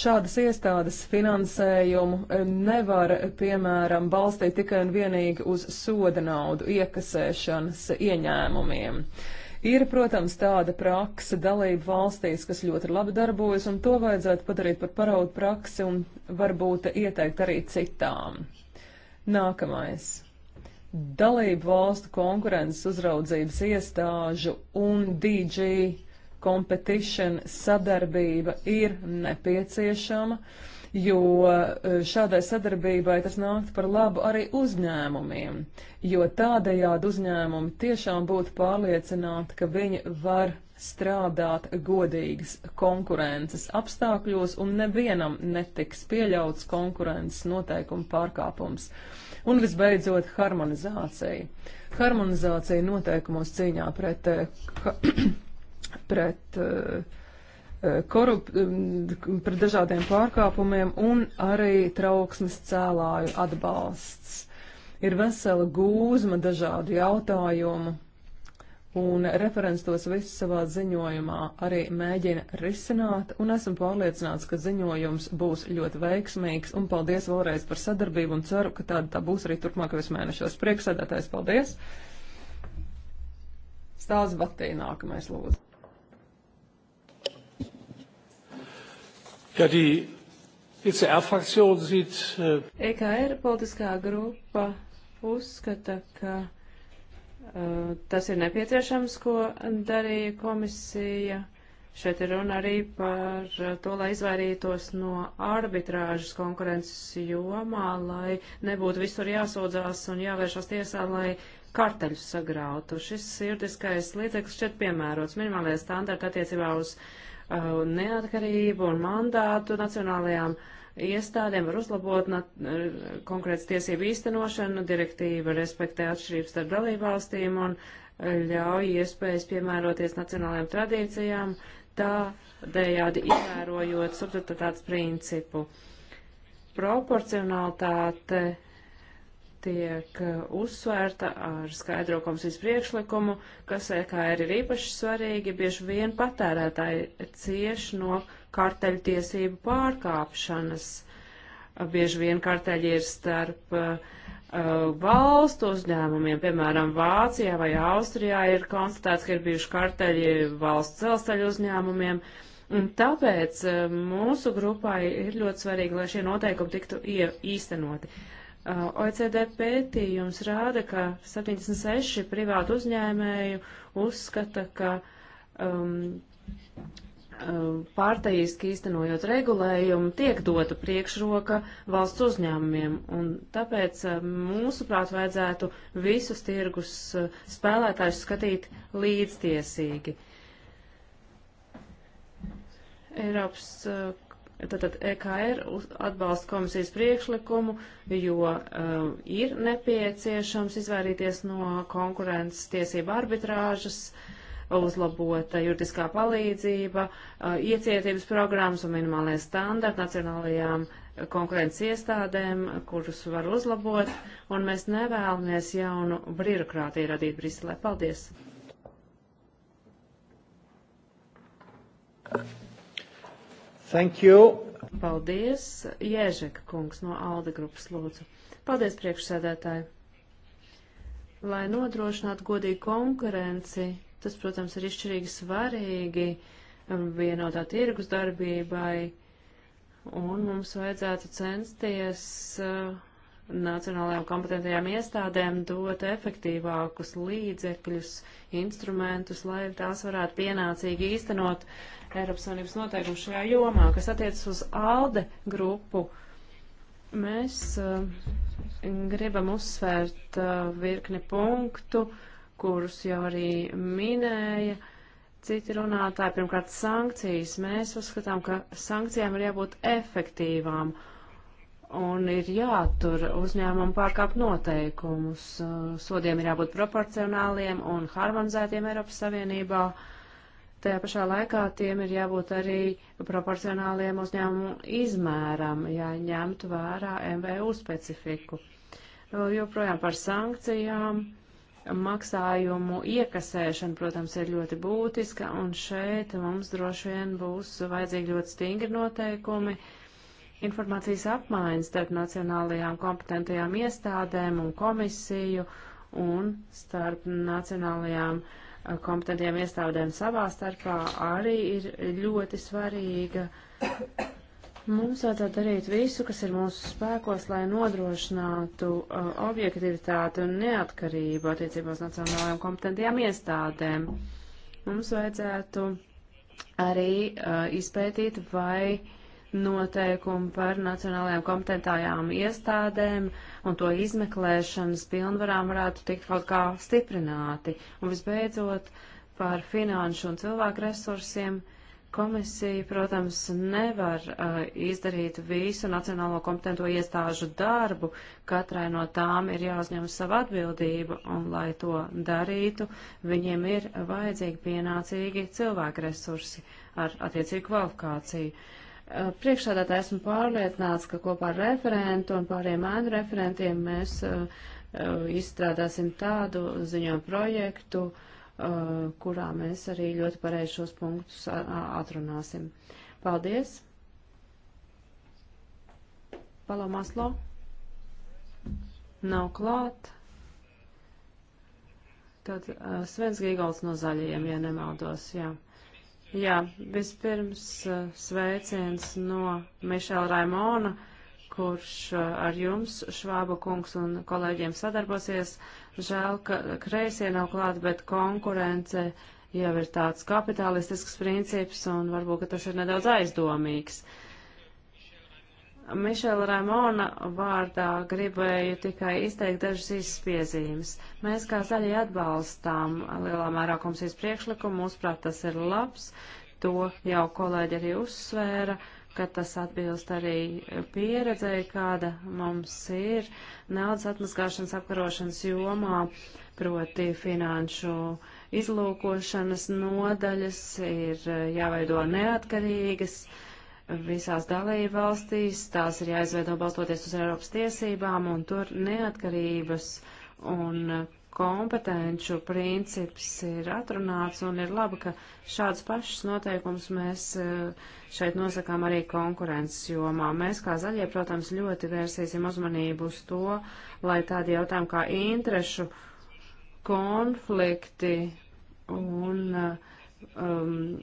Šādas iestādes finansējumu e, nevar, piemēram, balstīt tikai un vienīgi uz soda naudu iekasēšanas ieņēmumiem. Ir, protams, tāda praksa dalība valstīs, kas ļoti labi darbojas, un to vajadzētu padarīt par paraudu praksi un varbūt ieteikt arī citām. Nākamais. Dalību valstu konkurences uzraudzības iestāžu un DG competition sadarbība ir nepieciešama, jo eh, šādai sadarbībai tas nākt par labu arī uzņēmumiem, jo tādējādi uzņēmumi tiešām būtu pārliecināti, ka viņi var strādāt godīgas konkurences apstākļos un nevienam netiks pieļauts konkurences noteikumu pārkāpums. Un visbeidzot, harmonizācija. Harmonizācija noteikumos cīņā pret eh, pret, eh, eh, korup, mm, pret dažādiem pārkāpumiem un arī trauksmes cēlāju atbalsts. Ir vesela gūzma dažādu jautājumu, un referents tos visus savā ziņojumā arī mēģina risināt, un esmu pārliecināts, ka ziņojums būs ļoti veiksmīgs, un paldies vēlreiz par sadarbību, un ceru, ka tāda tā būs arī turpmākajos mēnešos. Prieksēdētājs, paldies! Stāsts Batī nākamais lūdzu. Ja, die ECR-fraktion sieht. Uh... Eh, EKR politiskā grupa uzskata, ka uh, tas ir nepieciešams, ko darīja komisija. Šeit ir runa arī par eh, to, lai izvairītos no arbitrāžas konkurences jomā, lai nebūtu visur jāsūdzās un jāvēršas tiesā, lai karteļus sagrautu. Šis sirdiskais līdzeklis šķiet piemērots minimālajā standarta attiecībā uz uh, Uh, neatkarību un mandātu nacionālajām iestādēm var uzlabot uh, konkrētas tiesību īstenošanu, direktīva respektē atšķirības starp dalībvalstīm un uh, ļauj iespējas piemēroties nacionālajām tradīcijām, tādējādi ievērojot subsidiaritātes principu. Proporcionalitāte tiek uh, uzsvērta ar skaidro komisijas priekšlikumu, kas EKR eh, ir īpaši svarīgi, bieži vien patērētāji cieš no karteļtiesību pārkāpšanas. Uh, bieži vien karteļi ir starp uh, uh, valstu uzņēmumiem, piemēram, Vācijā vai Austrijā ir konstatēts, ka ir bijuši karteļi valsts dzelzceļu uzņēmumiem. Un tāpēc mūsu grupai ir ļoti svarīgi, lai šie noteikumi tiktu īstenoti. Uh, Uh, OECD pētījums rāda, ka 76 privātu uzņēmēju uzskata, ka um, uh, pārtaiski īstenojot regulējumu tiek dota priekšroka valsts uzņēmumiem, un tāpēc uh, mūsuprāt vajadzētu visus tirgus spēlētājus skatīt līdztiesīgi. Eiropas Tātad EKR atbalsta komisijas priekšlikumu, jo um, ir nepieciešams izvairīties no konkurences tiesība arbitrāžas, uzlabota juridiskā palīdzība, uh, iecietības programmas un minimālie standarti nacionālajām konkurences iestādēm, kurus var uzlabot, un mēs nevēlamies jaunu birokrātiju radīt Briselē. Paldies! Thank you. Thank you. Paldies, Jēžeka kungs no Alda grupas lūdzu. Paldies, priekšsēdētāji. Lai nodrošinātu godīgu konkurenci, tas, protams, ir izšķirīgi svarīgi um, vienotā tirgus darbībai, un mums vajadzētu censties uh, nacionālajām kompetentajām iestādēm dot efektīvākus līdzekļus, instrumentus, lai tās varētu pienācīgi īstenot Eiropas Savienības noteikumu šajā jomā, kas attiecas uz ALDE grupu. Mēs uh, gribam uzsvērt uh, virkni punktu, kurus jau arī minēja citi runātāji. Pirmkārt, sankcijas. Mēs uzskatām, ka sankcijām ir jābūt efektīvām un ir jātur uzņēmumu pārkāpt noteikumus. Eh, sodiem ir jābūt proporcionāliem un harmonizētiem Eiropas Savienībā. Uh, Tajā pašā laikā tiem ir jābūt arī proporcionāliem uzņēmumu izmēram, ja ņemtu vērā MVU specifiku. Vēl joprojām par sankcijām. Maksājumu iekasēšana, protams, ir ļoti būtiska, un šeit mums droši vien būs vajadzīgi ļoti stingri noteikumi. Informācijas apmaiņas starp nacionālajām kompetentajām iestādēm un komisiju un starp nacionālajām uh, kompetentiem iestādēm savā starpā arī ir ļoti svarīga. Mums vajadzētu darīt visu, kas ir mūsu spēkos, lai nodrošinātu uh, objektivitāti un neatkarību attiecībās nacionālajām kompetentajām iestādēm. Mums vajadzētu arī uh, izpētīt, vai uh, noteikumi par nacionālajām kompetentajām iestādēm un to izmeklēšanas pilnvarām varētu tikt kaut kā stiprināti. Un visbeidzot, par finanšu un cilvēku resursiem komisija, protams, nevar uh, izdarīt visu nacionālo kompetento iestāžu darbu. Katrai no tām ir jāuzņem savu atbildību, un lai to darītu, viņiem ir vajadzīgi pienācīgi cilvēku resursi ar attiecīgu kvalifikāciju. Uh, Eh, Priekšsādātā esmu pārliecināts, ka kopā ar referentu un pāriem ēnu referentiem mēs uh, izstrādāsim tādu ziņojumu projektu, uh, kurā mēs arī ļoti pareizi šos punktus atrunāsim. Paldies! Palo Maslo nav klāt. Tad uh, Svens Gīgals no zaļajiem, ja nemaldos, jā. Jā, vispirms uh, sveiciens no Mišela Raimona, kurš uh, ar jums, Švāba kungs un kolēģiem sadarbosies. Žēl, ka kreisie nav klāt, bet konkurence jau ir tāds kapitalistisks princips un varbūt, ka tas ir nedaudz aizdomīgs. Uh, Mišela Ramona vārdā gribēju tikai izteikt dažas izspiezīmes. Mēs kā zaļie atbalstām lielā mērā komisijas priekšlikumu, mūsuprāt tas ir labs, to jau kolēģi arī uzsvēra, ka tas atbilst arī pieredzei, kāda mums ir naudas atmaskāšanas apkarošanas jomā, proti finanšu izlūkošanas nodaļas ir jāveido neatkarīgas. Uh, visās dalība valstīs, tās ir jāizveido balstoties uz Eiropas tiesībām, un tur neatkarības un kompetenču princips ir atrunāts, un ir labi, ka šāds pašs noteikums mēs e, šeit nosakām arī konkurences jomā. Mēs kā zaļie, protams, ļoti vērsīsim uzmanību uz to, lai tādi jautājumi kā interešu konflikti un uh, um,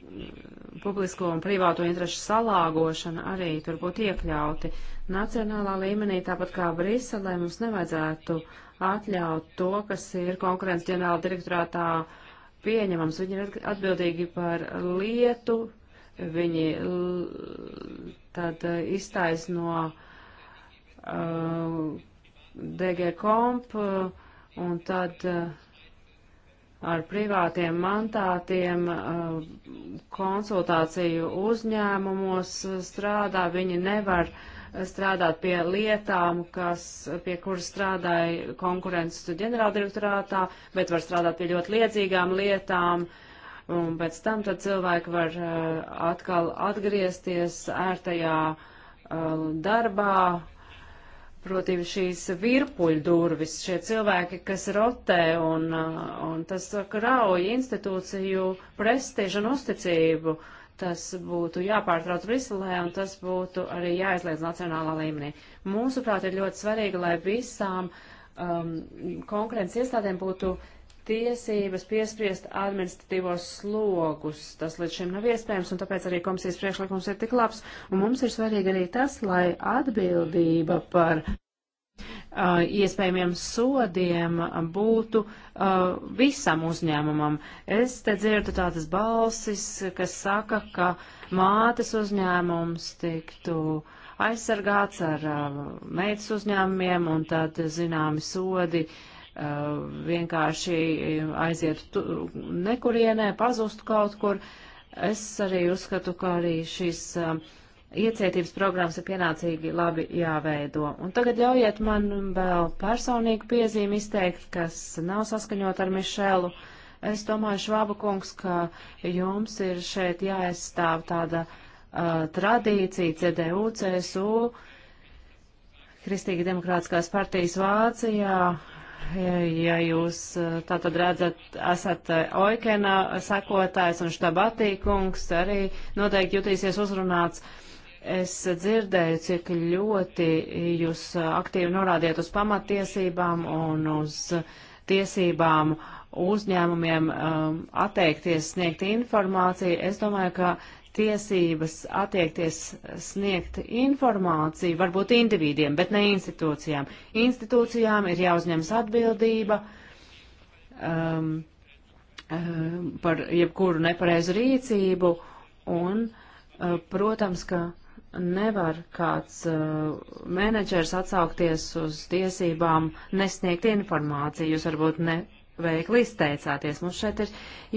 publisko un privāto interešu salāgošana arī tur būtu iekļauti. Nacionālā līmenī, tāpat kā Briselē, mums nevajadzētu atļaut to, kas ir konkurences ģenerāla direktorātā pieņemams. Viņi ir atbildīgi par lietu, viņi tad iztaisno uh, DG komp un tad. Uh, ar privātiem mantātiem eh, konsultāciju uzņēmumos strādā, viņi nevar strādāt pie lietām, kas, pie kuras strādāja konkurences ģenerāldirektorātā, bet var strādāt pie ļoti liedzīgām lietām, un pēc tam tad cilvēki var eh, atkal atgriezties ērtajā eh, darbā, proti šīs virpuļdurvis, šie cilvēki, kas rotē un, uh, un tas krauj institūciju prestižu un uzticību, tas būtu jāpārtrauc Briselē un tas būtu arī jāizliedz nacionālā līmenī. Mūsuprāt, ir ļoti svarīgi, lai visām um, konkurences iestādēm būtu uh, tiesības piespriest administratīvos slogus. Tas līdz šim nav iespējams, un tāpēc arī komisijas priekšlikums ir tik labs. Un mums ir svarīgi arī tas, lai atbildība par uh, iespējamiem sodiem būtu uh, visam uzņēmumam. Es te dzirdu tādas balsis, kas saka, ka mātes uzņēmums tiktu aizsargāts ar uh, meitas uzņēmumiem un tad zināmi sodi uh, Eh, vienkārši aizietu nekurienē, pazustu kaut kur. Es arī uzskatu, ka arī šīs eh, iecietības programmas ir pienācīgi labi jāveido. Un tagad ļaujiet man vēl personīgu piezīmi izteikt, kas nav saskaņot ar Mišelu. Es domāju, Švaba kungs, ka jums ir šeit jāaizstāv tāda uh, tradīcija CDU, CSU, Kristīgi demokrātiskās partijas Vācijā, ja jūs tā tad redzat, esat Oikena sekotājs un štabatīkungs, arī noteikti jutīsies uzrunāts. Es dzirdēju, cik ļoti jūs aktīvi norādiet uz pamatiesībām un uz tiesībām uzņēmumiem um, atteikties sniegt informāciju. Es domāju, ka tiesības attiekties sniegt informāciju, varbūt individiem, bet ne institūcijām. Institūcijām ir jāuzņemas atbildība um, um, par jebkuru nepareizu rīcību, un, uh, protams, ka nevar kāds uh, menedžers atsaukties uz tiesībām nesniegt informāciju. Jūs varbūt ne veikli izteicāties. Mums šeit ir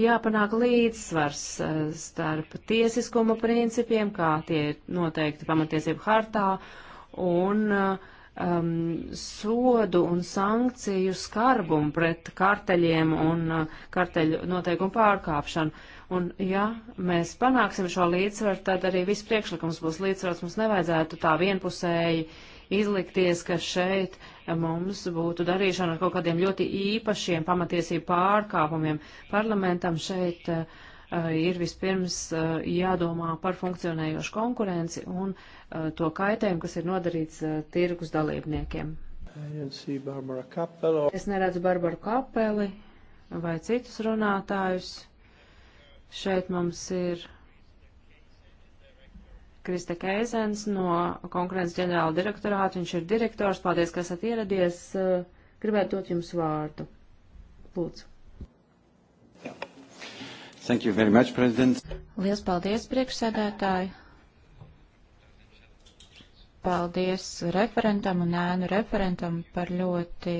jāpanāk līdzsvars eh, starp tiesiskuma principiem, kā tie ir noteikti pamatiesību hartā, un eh, um, sodu un sankciju skarbumu pret karteļiem un uh, karteļu noteikumu pārkāpšanu. Un, ja mēs panāksim šo līdzsvaru, tad arī viss priekšlikums būs līdzsvarots. Mums nevajadzētu tā vienpusēji izlikties, ka šeit mums būtu darīšana ar kaut kādiem ļoti īpašiem pamatiesību pārkāpumiem. Parlamentam šeit uh, ir vispirms uh, jādomā par funkcionējošu konkurenci un uh, to kaitējumu, kas ir nodarīts tirgus dalībniekiem. Es neredzu Barbaru Kapeli vai citus runātājus. Šeit mums ir Krista Keizens no konkurences ģenerāla direktorāta. Viņš ir direktors. Paldies, ka esat ieradies. Eh, gribētu dot jums vārdu. Lūdzu. Thank you very much, President. Lielas paldies, priekšsēdētāji. Paldies referentam un ēnu referentam par ļoti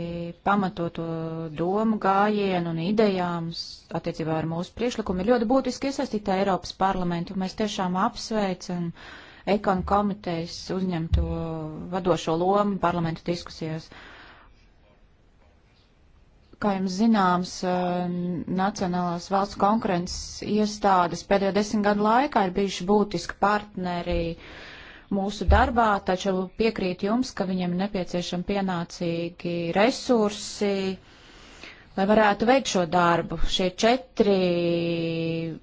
pamatoto domu gājienu un idejām attiecībā ar mūsu priekšlikumu. Ir ļoti būtiski iesaistīt Eiropas parlamentu. Mēs tiešām apsveicam ekonu komitejas uzņemto vadošo lomu parlamentu diskusijās. Kā jums zināms, Nacionālās valsts konkurences iestādes pēdējo desmit gadu laikā ir bijuši būtiski partneri uh, mūsu darbā, taču piekrīt jums, ka viņiem nepieciešami pienācīgi resursi, lai varētu veikt šo darbu. Šie četri uh,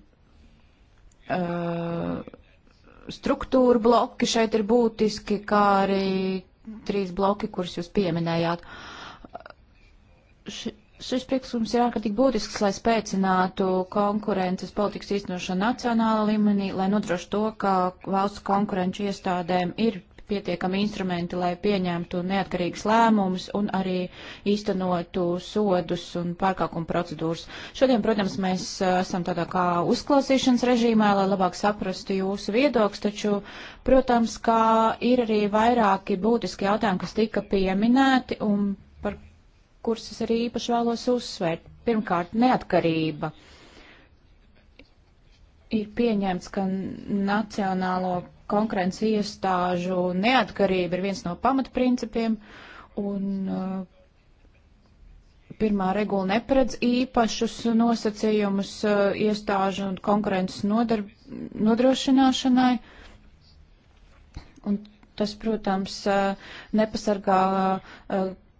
struktūra bloki šeit ir būtiski, kā arī trīs bloki, kurus jūs pieminējāt. Ši, Šis priekšlikums ir ārkārtīgi būtisks, lai spēcinātu konkurences politikas īstenošanu nacionāla līmenī, lai nodrošu to, ka valsts konkurenču iestādēm ir pietiekami instrumenti, lai pieņemtu neatkarīgus lēmumus un arī īstenotu sodus un pārkākumu procedūras. Šodien, protams, mēs uh, esam tādā kā uzklausīšanas režīmā, lai labāk saprastu jūsu viedokstu, taču, protams, kā ir arī vairāki būtiski jautājumi, kas tika pieminēti un kurus es arī īpaši vēlos uzsvērt. Pirmkārt, neatkarība. Ir pieņemts, ka nacionālo konkurences iestāžu neatkarība ir viens no pamatprincipiem, un uh, pirmā regula neparedz īpašus nosacījumus uh, iestāžu un konkurences nodar, nodrošināšanai. Un tas, protams, uh, nepasargā uh,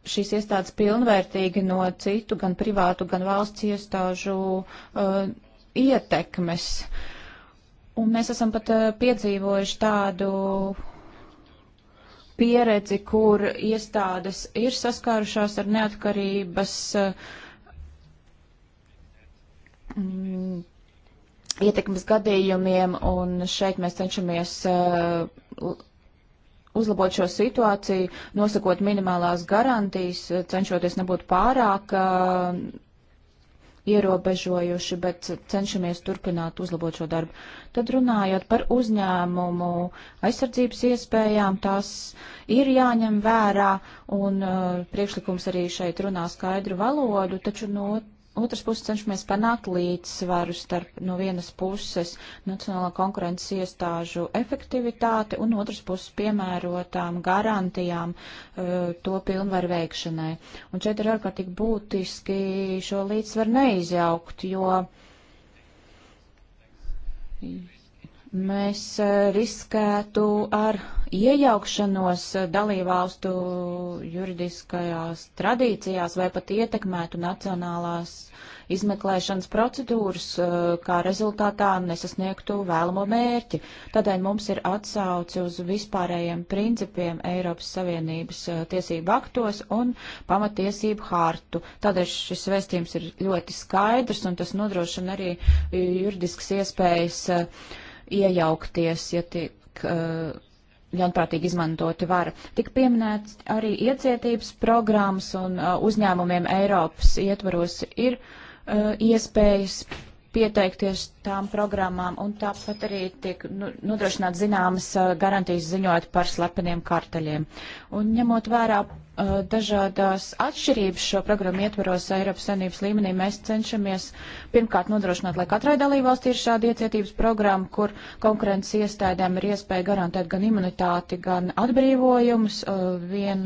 šīs iestādes pilnvērtīgi no citu, gan privātu, gan valsts iestāžu uh, ietekmes. Un mēs esam pat uh, piedzīvojuši tādu pieredzi, kur iestādes ir saskārušās ar neatkarības uh, mm, ietekmes gadījumiem, un šeit mēs cenšamies uh, uzlabot šo situāciju, nosakot minimālās garantijas, cenšoties nebūt pārāk uh, ierobežojuši, bet cenšamies turpināt uzlabot šo darbu. Tad runājot par uzņēmumu aizsardzības iespējām, tās ir jāņem vērā, un uh, priekšlikums arī šeit runā skaidru valodu, taču no otras puses cenšamies panākt līdzsvaru starp no vienas puses nacionālā konkurences iestāžu efektivitāti un otras puses piemērotām garantijām uh, to pilnvaru veikšanai. Un šeit ir ārkārtīgi būtiski šo līdzsvaru neizjaukt, jo mēs e, riskētu ar iejaukšanos e, dalībvalstu juridiskajās tradīcijās vai pat ietekmētu nacionālās izmeklēšanas procedūras, e, kā rezultātā nesasniegtu vēlamo mērķi. Tādēļ mums ir atsauci uz vispārējiem principiem Eiropas Savienības tiesību aktos un pamatiesību hārtu. Tādēļ šis vēstījums ir ļoti skaidrs un tas nodrošina arī juridiskas iespējas uh, iejaukties, ja tiek uh, ļaunprātīgi izmantoti vara. Tik pieminēts arī iecietības programmas un uh, uzņēmumiem Eiropas ietvaros ir uh, iespējas pieteikties tām programmām, un tāpat arī tiek nu, nodrošināt zināmas uh, garantijas ziņot par slepeniem karteļiem. Un ņemot vērā uh, dažādās atšķirības šo programmu ietvaros Eiropas Savienības līmenī, mēs cenšamies pirmkārt nodrošināt, lai katrai dalībvalstī ir šāda iecietības programma, kur konkurences iestādēm ir iespēja garantēt gan imunitāti, gan atbrīvojumus, uh, vien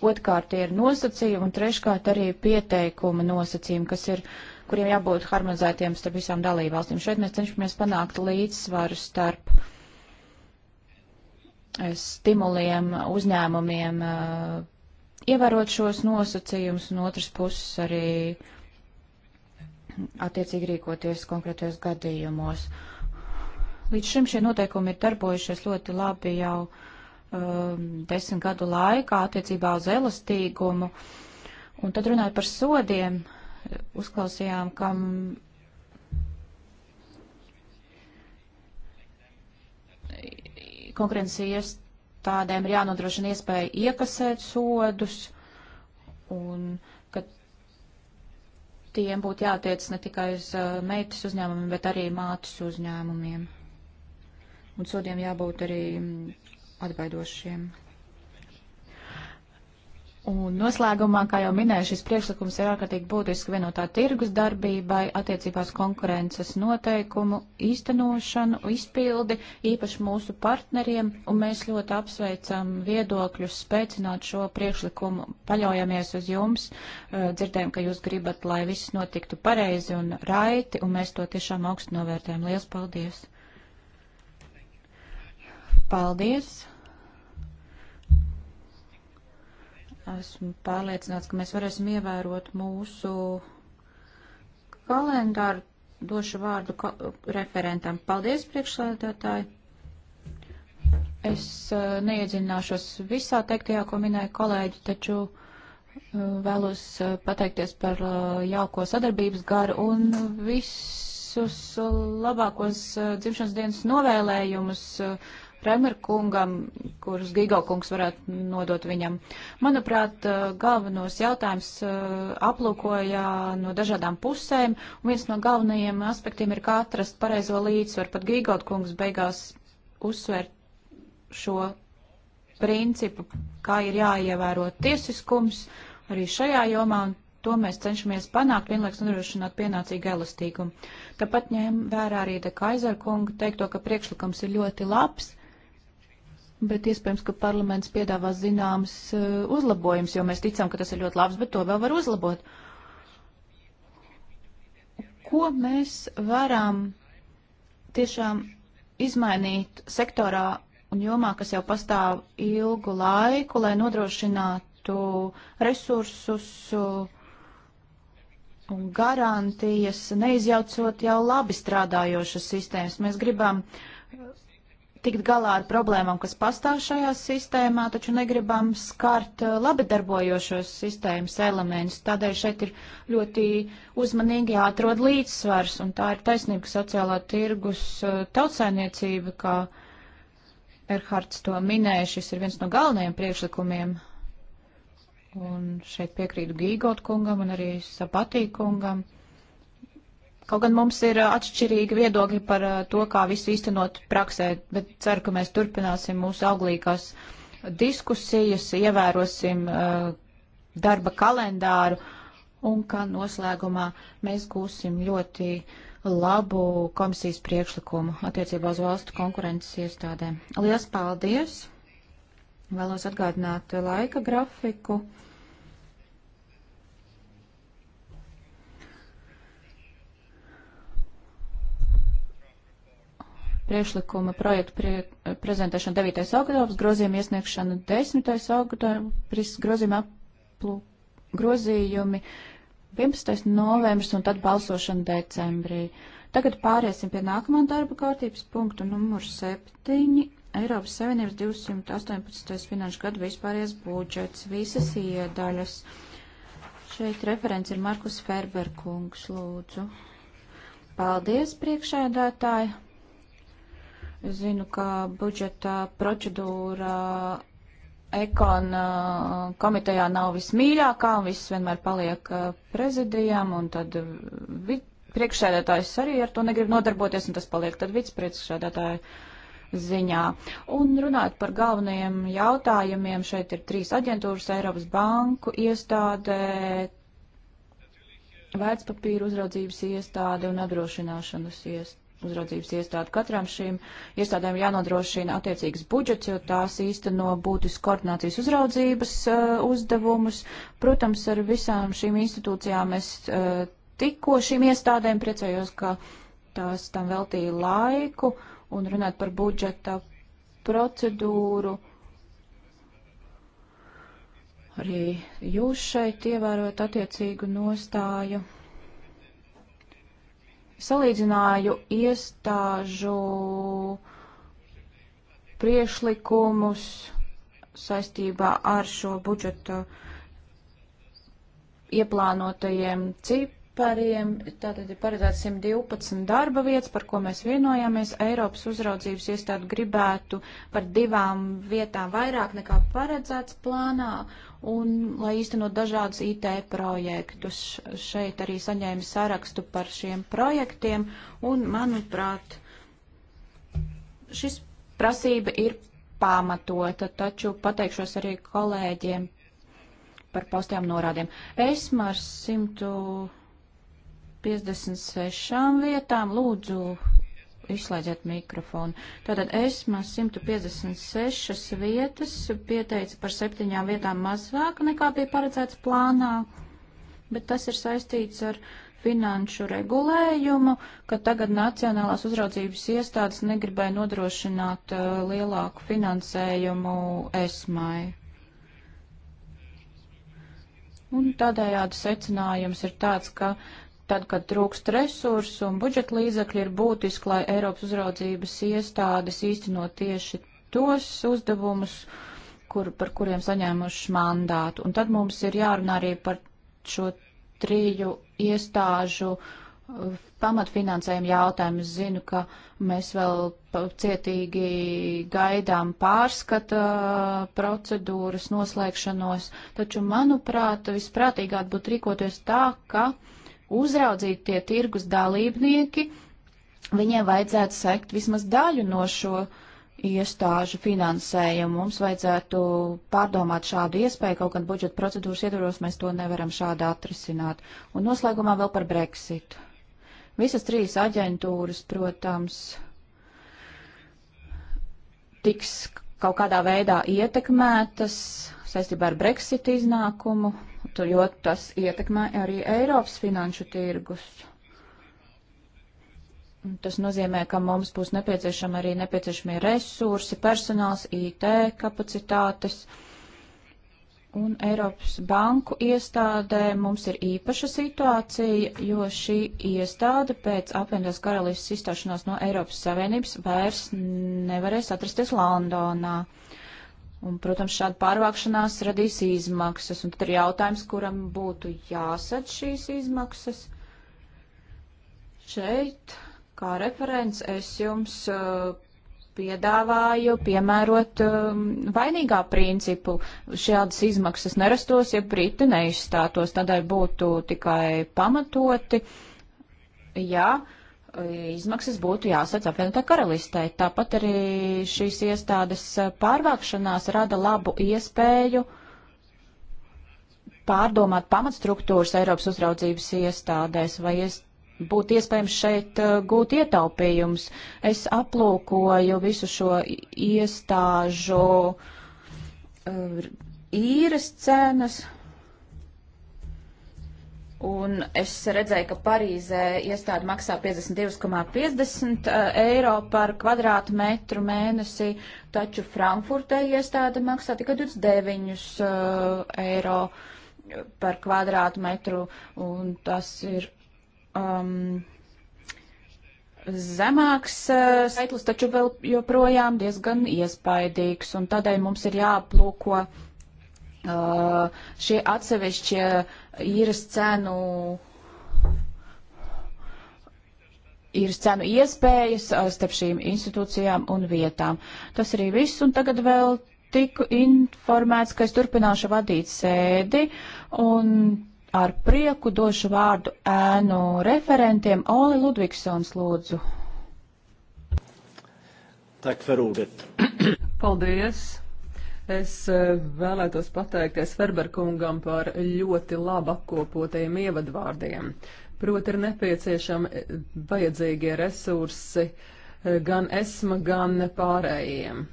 otrkārt ir nosacījumi, un treškārt arī pieteikuma nosacījumi, kas ir uh, kuriem jābūt harmonizētiem starp visām dalībvalstīm. Šeit mēs cenšamies panākt līdzsvaru starp eh, stimuliem uzņēmumiem eh, ievērot šos nosacījumus un otras puses arī attiecīgi rīkoties konkrētos gadījumos. Līdz šim šie noteikumi ir darbojušies ļoti labi jau um, desmit gadu laikā attiecībā uz elastīgumu. Un tad runājot par sodiem, uh, uzklausījām, kam konkurences iestādēm ir jānodrošina iespēja iekasēt sodus un ka tiem būtu jātiec ne tikai uz uh, meitas uzņēmumiem, bet arī mātes uzņēmumiem. Un sodiem jābūt arī mm, atbaidošiem. Un noslēgumā, kā jau minēju, šis priekšlikums ir ārkārtīgi būtiski vienotā tirgus darbībai, attiecībās konkurences noteikumu īstenošanu, izpildi, īpaši mūsu partneriem, un mēs ļoti apsveicam viedokļus spēcināt šo priekšlikumu, paļaujamies uz jums, eh, dzirdējam, ka jūs gribat, lai viss notiktu pareizi un raiti, un mēs to tiešām augstu novērtējam. Lielas paldies! Paldies! Esmu pārliecināts, ka mēs varēsim ievērot mūsu kalendāru. Došu vārdu referentam. Paldies, priekšsēdētāji! Es eh, neiedzināšos visā teiktajā, ko minēja kolēģi, taču eh, vēlos eh, pateikties par jauko sadarbības garu un visus labākos dzimšanas dienas novēlējumus Remer kungam, kurus Gigalkungs varētu nodot viņam. Manuprāt, eh, galvenos jautājums eh, aplūkoja no dažādām pusēm, un viens no galvenajiem aspektiem ir kā atrast pareizo līdzsvaru. Pat Gigalkungs beigās uzsver šo principu, kā ir jāievēro tiesiskums arī šajā jomā, un to mēs cenšamies panākt, vienlaiks nodrošināt pienācīgu elastīgumu. Tāpat ņēma vērā arī de Kaizerkunga teikto, ka priekšlikums ir ļoti labs, bet iespējams, ka parlaments piedāvā zināmas uh, uzlabojumus, jo mēs ticam, ka tas ir ļoti labs, bet to vēl var uzlabot. Ko mēs varam tiešām izmainīt sektorā un jomā, kas jau pastāv ilgu laiku, lai nodrošinātu resursus uh, un garantijas, neizjaucot jau labi strādājošas sistēmas. Mēs gribam uh, tikt galā ar problēmām, kas pastāv šajā sistēmā, taču negribam skart eh, labi darbojošos sistēmas elementus. Tādēļ šeit ir ļoti uzmanīgi jāatrod līdzsvars, un tā ir taisnība, ka sociālā tirgus eh, tautsainiecība, kā Erhards to minēja, šis ir viens no galvenajiem priekšlikumiem. Un šeit piekrītu Gīgot kungam un arī Sapatī kungam. Mm Kaut gan mums ir uh, atšķirīgi viedokļi par uh, to, kā visu īstenot praksē, bet ceru, ka mēs turpināsim mūsu auglīgās diskusijas, ievērosim uh, darba kalendāru un ka noslēgumā mēs gūsim ļoti labu komisijas priekšlikumu attiecībā uz valstu konkurences iestādēm. Lielas paldies! Vēlos atgādināt laika grafiku. priešlikuma projektu prie, eh, prezentēšana 9. oktobrs, grozījuma iesniegšana 10. oktobris, grozījuma aplu, grozījumi 11. novembris un tad balsošana decembrī. Tagad pāriesim pie nākamā darba kārtības punktu numur 7. Eiropas Savienības 218. finanšu gadu vispārējais budžets, visas iedaļas. Šeit referents ir Markus Ferberkungs, lūdzu. Paldies, priekšēdētāji! Zinu, ka budžeta procedūra ekona uh, komitejā nav vismīļākā un viss vienmēr paliek uh, prezidijām un tad priekšsēdētājs arī ar to negrib nodarboties un tas paliek tad vicepriekšsēdētāja ziņā. Un runājot par galvenajiem jautājumiem, šeit ir trīs aģentūras Eiropas banku iestādē, vērtspapīra uzraudzības iestāde un apdrošināšanas iestāde uzraudzības iestādi. Katram šīm iestādēm jānodrošina attiecīgs budžets, jo tās īsteno būtisku koordinācijas uzraudzības uh, uzdevumus. Protams, ar visām šīm institūcijām es uh, tikko šīm iestādēm priecājos, ka tās tam veltīja laiku un runāt par budžeta procedūru. Arī jūs šeit ievērojat attiecīgu nostāju salīdzināju iestāžu priešlikumus saistībā ar šo budžeta ieplānotajiem cip, Pariem, tātad ir paredzēts 112 darba vietas, par ko mēs vienojāmies. Eiropas uzraudzības iestādi gribētu par divām vietām vairāk nekā paredzēts plānā, un lai īstenot dažādas IT projektus. Šeit arī saņēma sarakstu par šiem projektiem, un, manuprāt, šis prasība ir pamatota, taču pateikšos arī kolēģiem par paustajām norādēm. Esmars 100. 56 vietām. Lūdzu, izslēdziet mikrofonu. Tātad ESMA 156 vietas pieteica par septiņām vietām mazāk nekā bija paredzēts plānā, bet tas ir saistīts ar finanšu regulējumu, ka tagad Nacionālās uzraudzības iestādes negribēja nodrošināt uh, lielāku finansējumu ESMAI. Un tādējādi secinājums ir tāds, ka Tad, kad trūkst resursu un budžeta līdzekļi, ir būtiski, lai Eiropas uzraudzības iestādes īstenot tieši tos uzdevumus, kur, par kuriem saņēmuši mandātu. Un tad mums ir jārunā arī par šo triju iestāžu uh, pamatfinansējumu jautājumu. Es zinu, ka mēs vēl cietīgi gaidām pārskata uh, procedūras noslēgšanos, taču, manuprāt, visprātīgāk būtu rīkoties tā, ka uzraudzīt tie tirgus dalībnieki, viņiem vajadzētu sekt vismaz daļu no šo iestāžu finansējumu. Mums vajadzētu pārdomāt šādu iespēju, kaut gan budžeta procedūras ietvaros mēs to nevaram šādi atrisināt. Un noslēgumā vēl par Brexitu. Visas trīs aģentūras, protams, tiks kaut kādā veidā ietekmētas saistībā ar Brexit iznākumu, tu, jo tas ietekmē arī Eiropas finanšu tirgus. Tas nozīmē, ka mums būs nepieciešami arī nepieciešamie resursi, personāls, IT kapacitātes. Un Eiropas banku iestādē mums ir īpaša situācija, jo šī iestāde pēc apvienotās karalistas izstāšanās no Eiropas Savienības vairs nevarēs atrasties Londonā. Uh, Un, protams, šāda pārvākšanās radīs izmaksas, un tad ir jautājums, kuram būtu jāsadz šīs izmaksas. Šeit, kā referents, es jums uh, piedāvāju piemērot um, vainīgā principu. Šādas izmaksas nerastos, ja Briti neizstātos, tādai būtu tikai pamatoti. Jā. Ja, izmaksas būtu jāsadz apvienotā karalistē. Tāpat arī šīs iestādes pārvākšanās rada labu iespēju pārdomāt pamatstruktūras Eiropas uzraudzības iestādēs, vai es būtu iespējams šeit uh, gūt ietaupījums. Es aplūkoju visu šo iestāžu uh, īres cenas, Un es redzēju, ka Parīzē iestāde maksā 52,50 eh, eiro par kvadrātu metru mēnesī, taču Frankfurtē iestāde maksā tikai 29 uh, eh, eiro par kvadrātu metru, un tas ir um, zemāks uh, skaitlis, taču vēl joprojām diezgan iespaidīgs, un tādēļ mums ir jāaplūko. Uh, šie atsevišķie īres cenu ir cenu iespējas uh, starp šīm institūcijām un vietām. Tas arī viss, un tagad vēl tiku informēts, ka es turpināšu vadīt sēdi, un ar prieku došu vārdu ēnu referentiem. Oli Ludvigsons, lūdzu. Tak, Ferūdet. Paldies. Es eh, vēlētos pateikties Ferberkungam par ļoti labi apkopotajiem ievadvārdiem. Proti ir nepieciešami eh, vajadzīgie resursi eh, gan esma, gan pārējiem.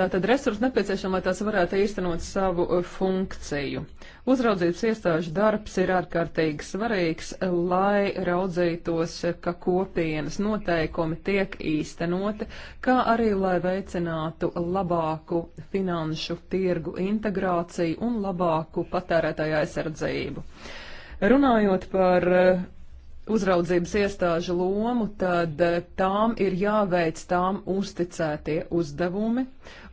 Tātad resursi nepieciešami, lai tās varētu īstenot savu funkciju. Uzraudzības iestāžu darbs ir ārkārtīgi svarīgs, lai raudzītos, ka kopienas noteikumi tiek īstenoti, kā arī lai veicinātu labāku finanšu tirgu integrāciju un labāku patērētāju aizsardzību. Runājot par eh, uzraudzības iestāžu lomu, tad eh, tām ir jāveic tām uzticētie uzdevumi,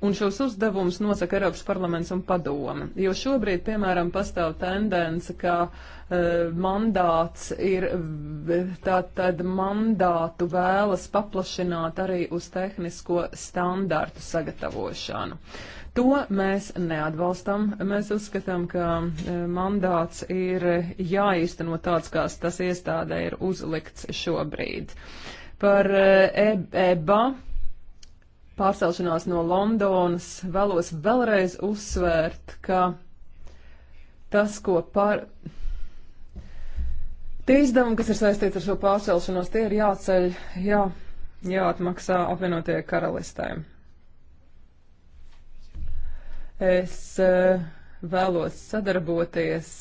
Un šos uzdevumus nosaka Eiropas parlaments un padome. Jo šobrīd, piemēram, pastāv tendence, ka uh, mandāts ir, tātad mandātu vēlas paplašināt arī uz tehnisko standārtu sagatavošanu. To mēs neatbalstam. Mēs uzskatām, ka e, mandāts ir jāīsteno tāds, kāds tas iestādē ir uzlikts šobrīd. Par EBA e pārcelšanās no Londonas vēlos vēlreiz uzsvērt, ka tas, ko par. Tie izdevumi, kas ir saistīti ar šo pārcelšanos, tie ir jāceļ, jā, jāatmaksā apvienotie karalistēm. Es eh, vēlos sadarboties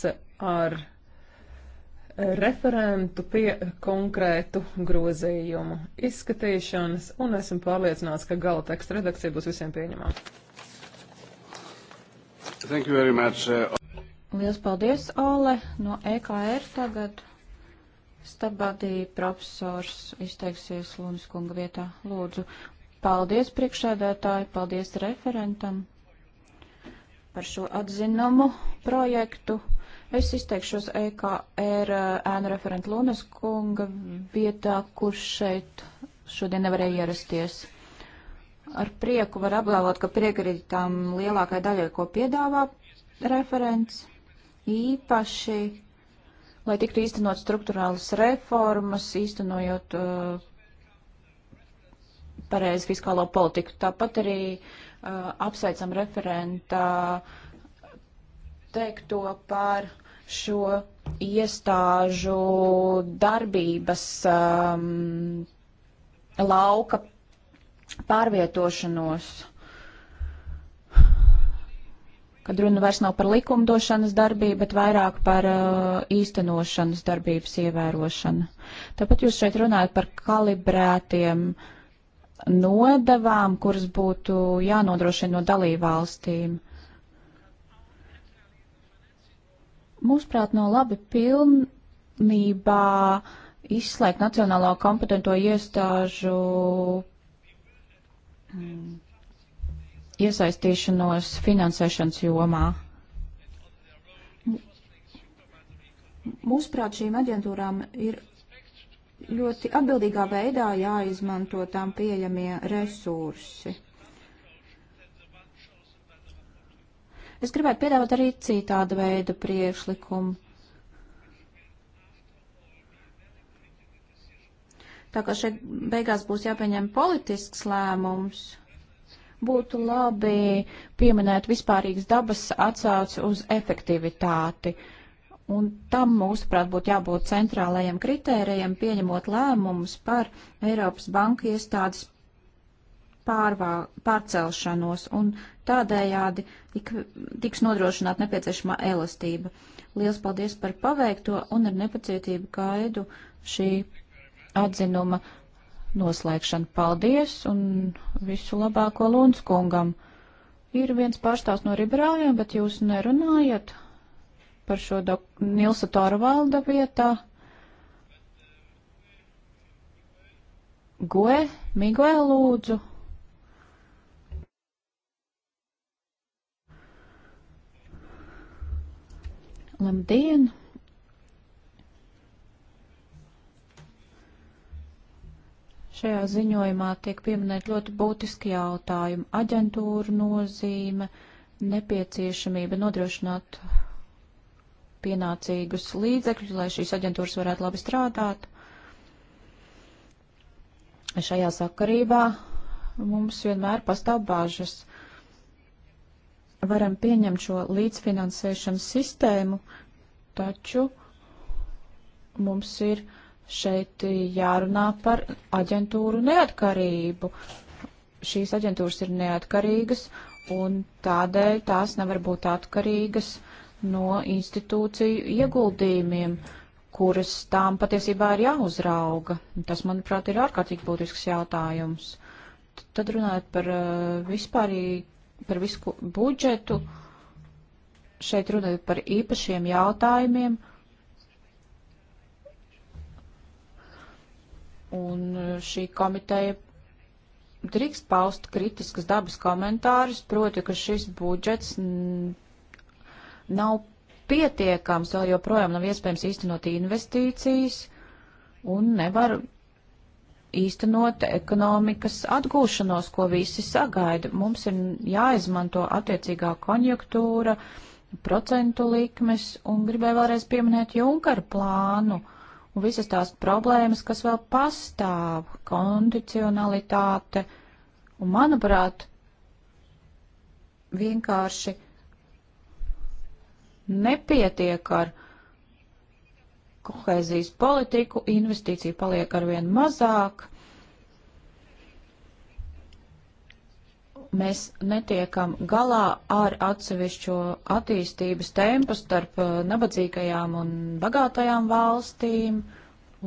ar referentu pie konkrētu grozījumu izskatīšanas, un esmu pārliecināts, ka gala teksta redakcija būs visiem pieņemama. Uh, Lielas paldies, Ole, no EKR tagad. Stabadī profesors izteiksies Lūnas kunga vietā. Lūdzu, paldies priekšēdētāji, paldies referentam par šo atzinumu projektu Es izteikšos EKR eh, ēnu referentu Lunas kunga vietā, kurš šeit šodien nevarēja ierasties. Ar prieku var apgalvot, ka piekrītām lielākai daļai, ko piedāvā referents, īpaši, lai tiktu īstenot struktūrālas reformas, īstenojot uh, pareizi fiskālo politiku. Tāpat arī uh, apsveicam referenta uh, teikto par šo iestāžu darbības um, lauka pārvietošanos, kad runa vairs nav par likumdošanas darbību, bet vairāk par uh, īstenošanas darbības ievērošanu. Tāpat jūs šeit runājat par kalibrētiem nodavām, kuras būtu jānodrošina no dalībvalstīm. Mūsuprāt, no labi pilnībā izslēgt nacionālā kompetento iestāžu mm, iesaistīšanos finansēšanas jomā. Mūsuprāt, šīm aģentūrām ir ļoti atbildīgā veidā jāizmanto tām pieejamie resursi. Es gribētu piedāvāt arī citādu veidu priekšlikumu. Tā kā šeit beigās būs jāpieņem politisks lēmums, būtu labi pieminēt vispārīgas dabas atsauci uz efektivitāti. Un tam, mūsuprāt, būtu jābūt centrālajiem kritērijiem, pieņemot lēmumus par Eiropas banku iestādes pārvā, pārcelšanos un Tādējādi ik, tiks nodrošināt nepieciešamā elastība. Liels paldies par paveikto un ar nepacietību gaidu šī atzinuma noslēgšanu. Paldies un visu labāko Lūnskungam. Ir viens pārstāvs no liberāļiem, bet jūs nerunājat par šo Nilsa Torvalda vietā. Goe, Miguel lūdzu. Labdien! Šajā ziņojumā tiek pieminēt ļoti būtiski jautājumi - aģentūra nozīme, nepieciešamība nodrošināt pienācīgus līdzekļus, lai šīs aģentūras varētu labi strādāt. Šajā sakarībā mums vienmēr pastāv bāžas varam pieņemt šo līdzfinansēšanas sistēmu, taču mums ir šeit jārunā par aģentūru neatkarību. Šīs aģentūras ir neatkarīgas un tādēļ tās nevar būt atkarīgas no institūciju ieguldījumiem, kuras tām patiesībā ir jāuzrauga. Tas, manuprāt, ir ārkārtīgi būtisks jautājums. Tad runājot par eh, vispārīgi par visu budžetu. Šeit runājot par īpašiem jautājumiem. Un šī komiteja drīkst paust kritiskas dabas komentārus, proti, ka šis budžets nav pietiekams, vēl joprojām nav iespējams īstenot investīcijas un nevar īstenot ekonomikas atgūšanos, ko visi sagaida. Mums ir jāizmanto attiecīgā konjunktūra, procentu likmes un gribēju vēlreiz pieminēt Junkara plānu un visas tās problēmas, kas vēl pastāv, kondicionalitāte. Un manuprāt, vienkārši nepietiek ar uh, kohēzijas politiku, investīcija paliek arvien mazāk. Mēs netiekam galā ar atsevišķo attīstības tempu starp uh, nabadzīgajām un bagātajām valstīm.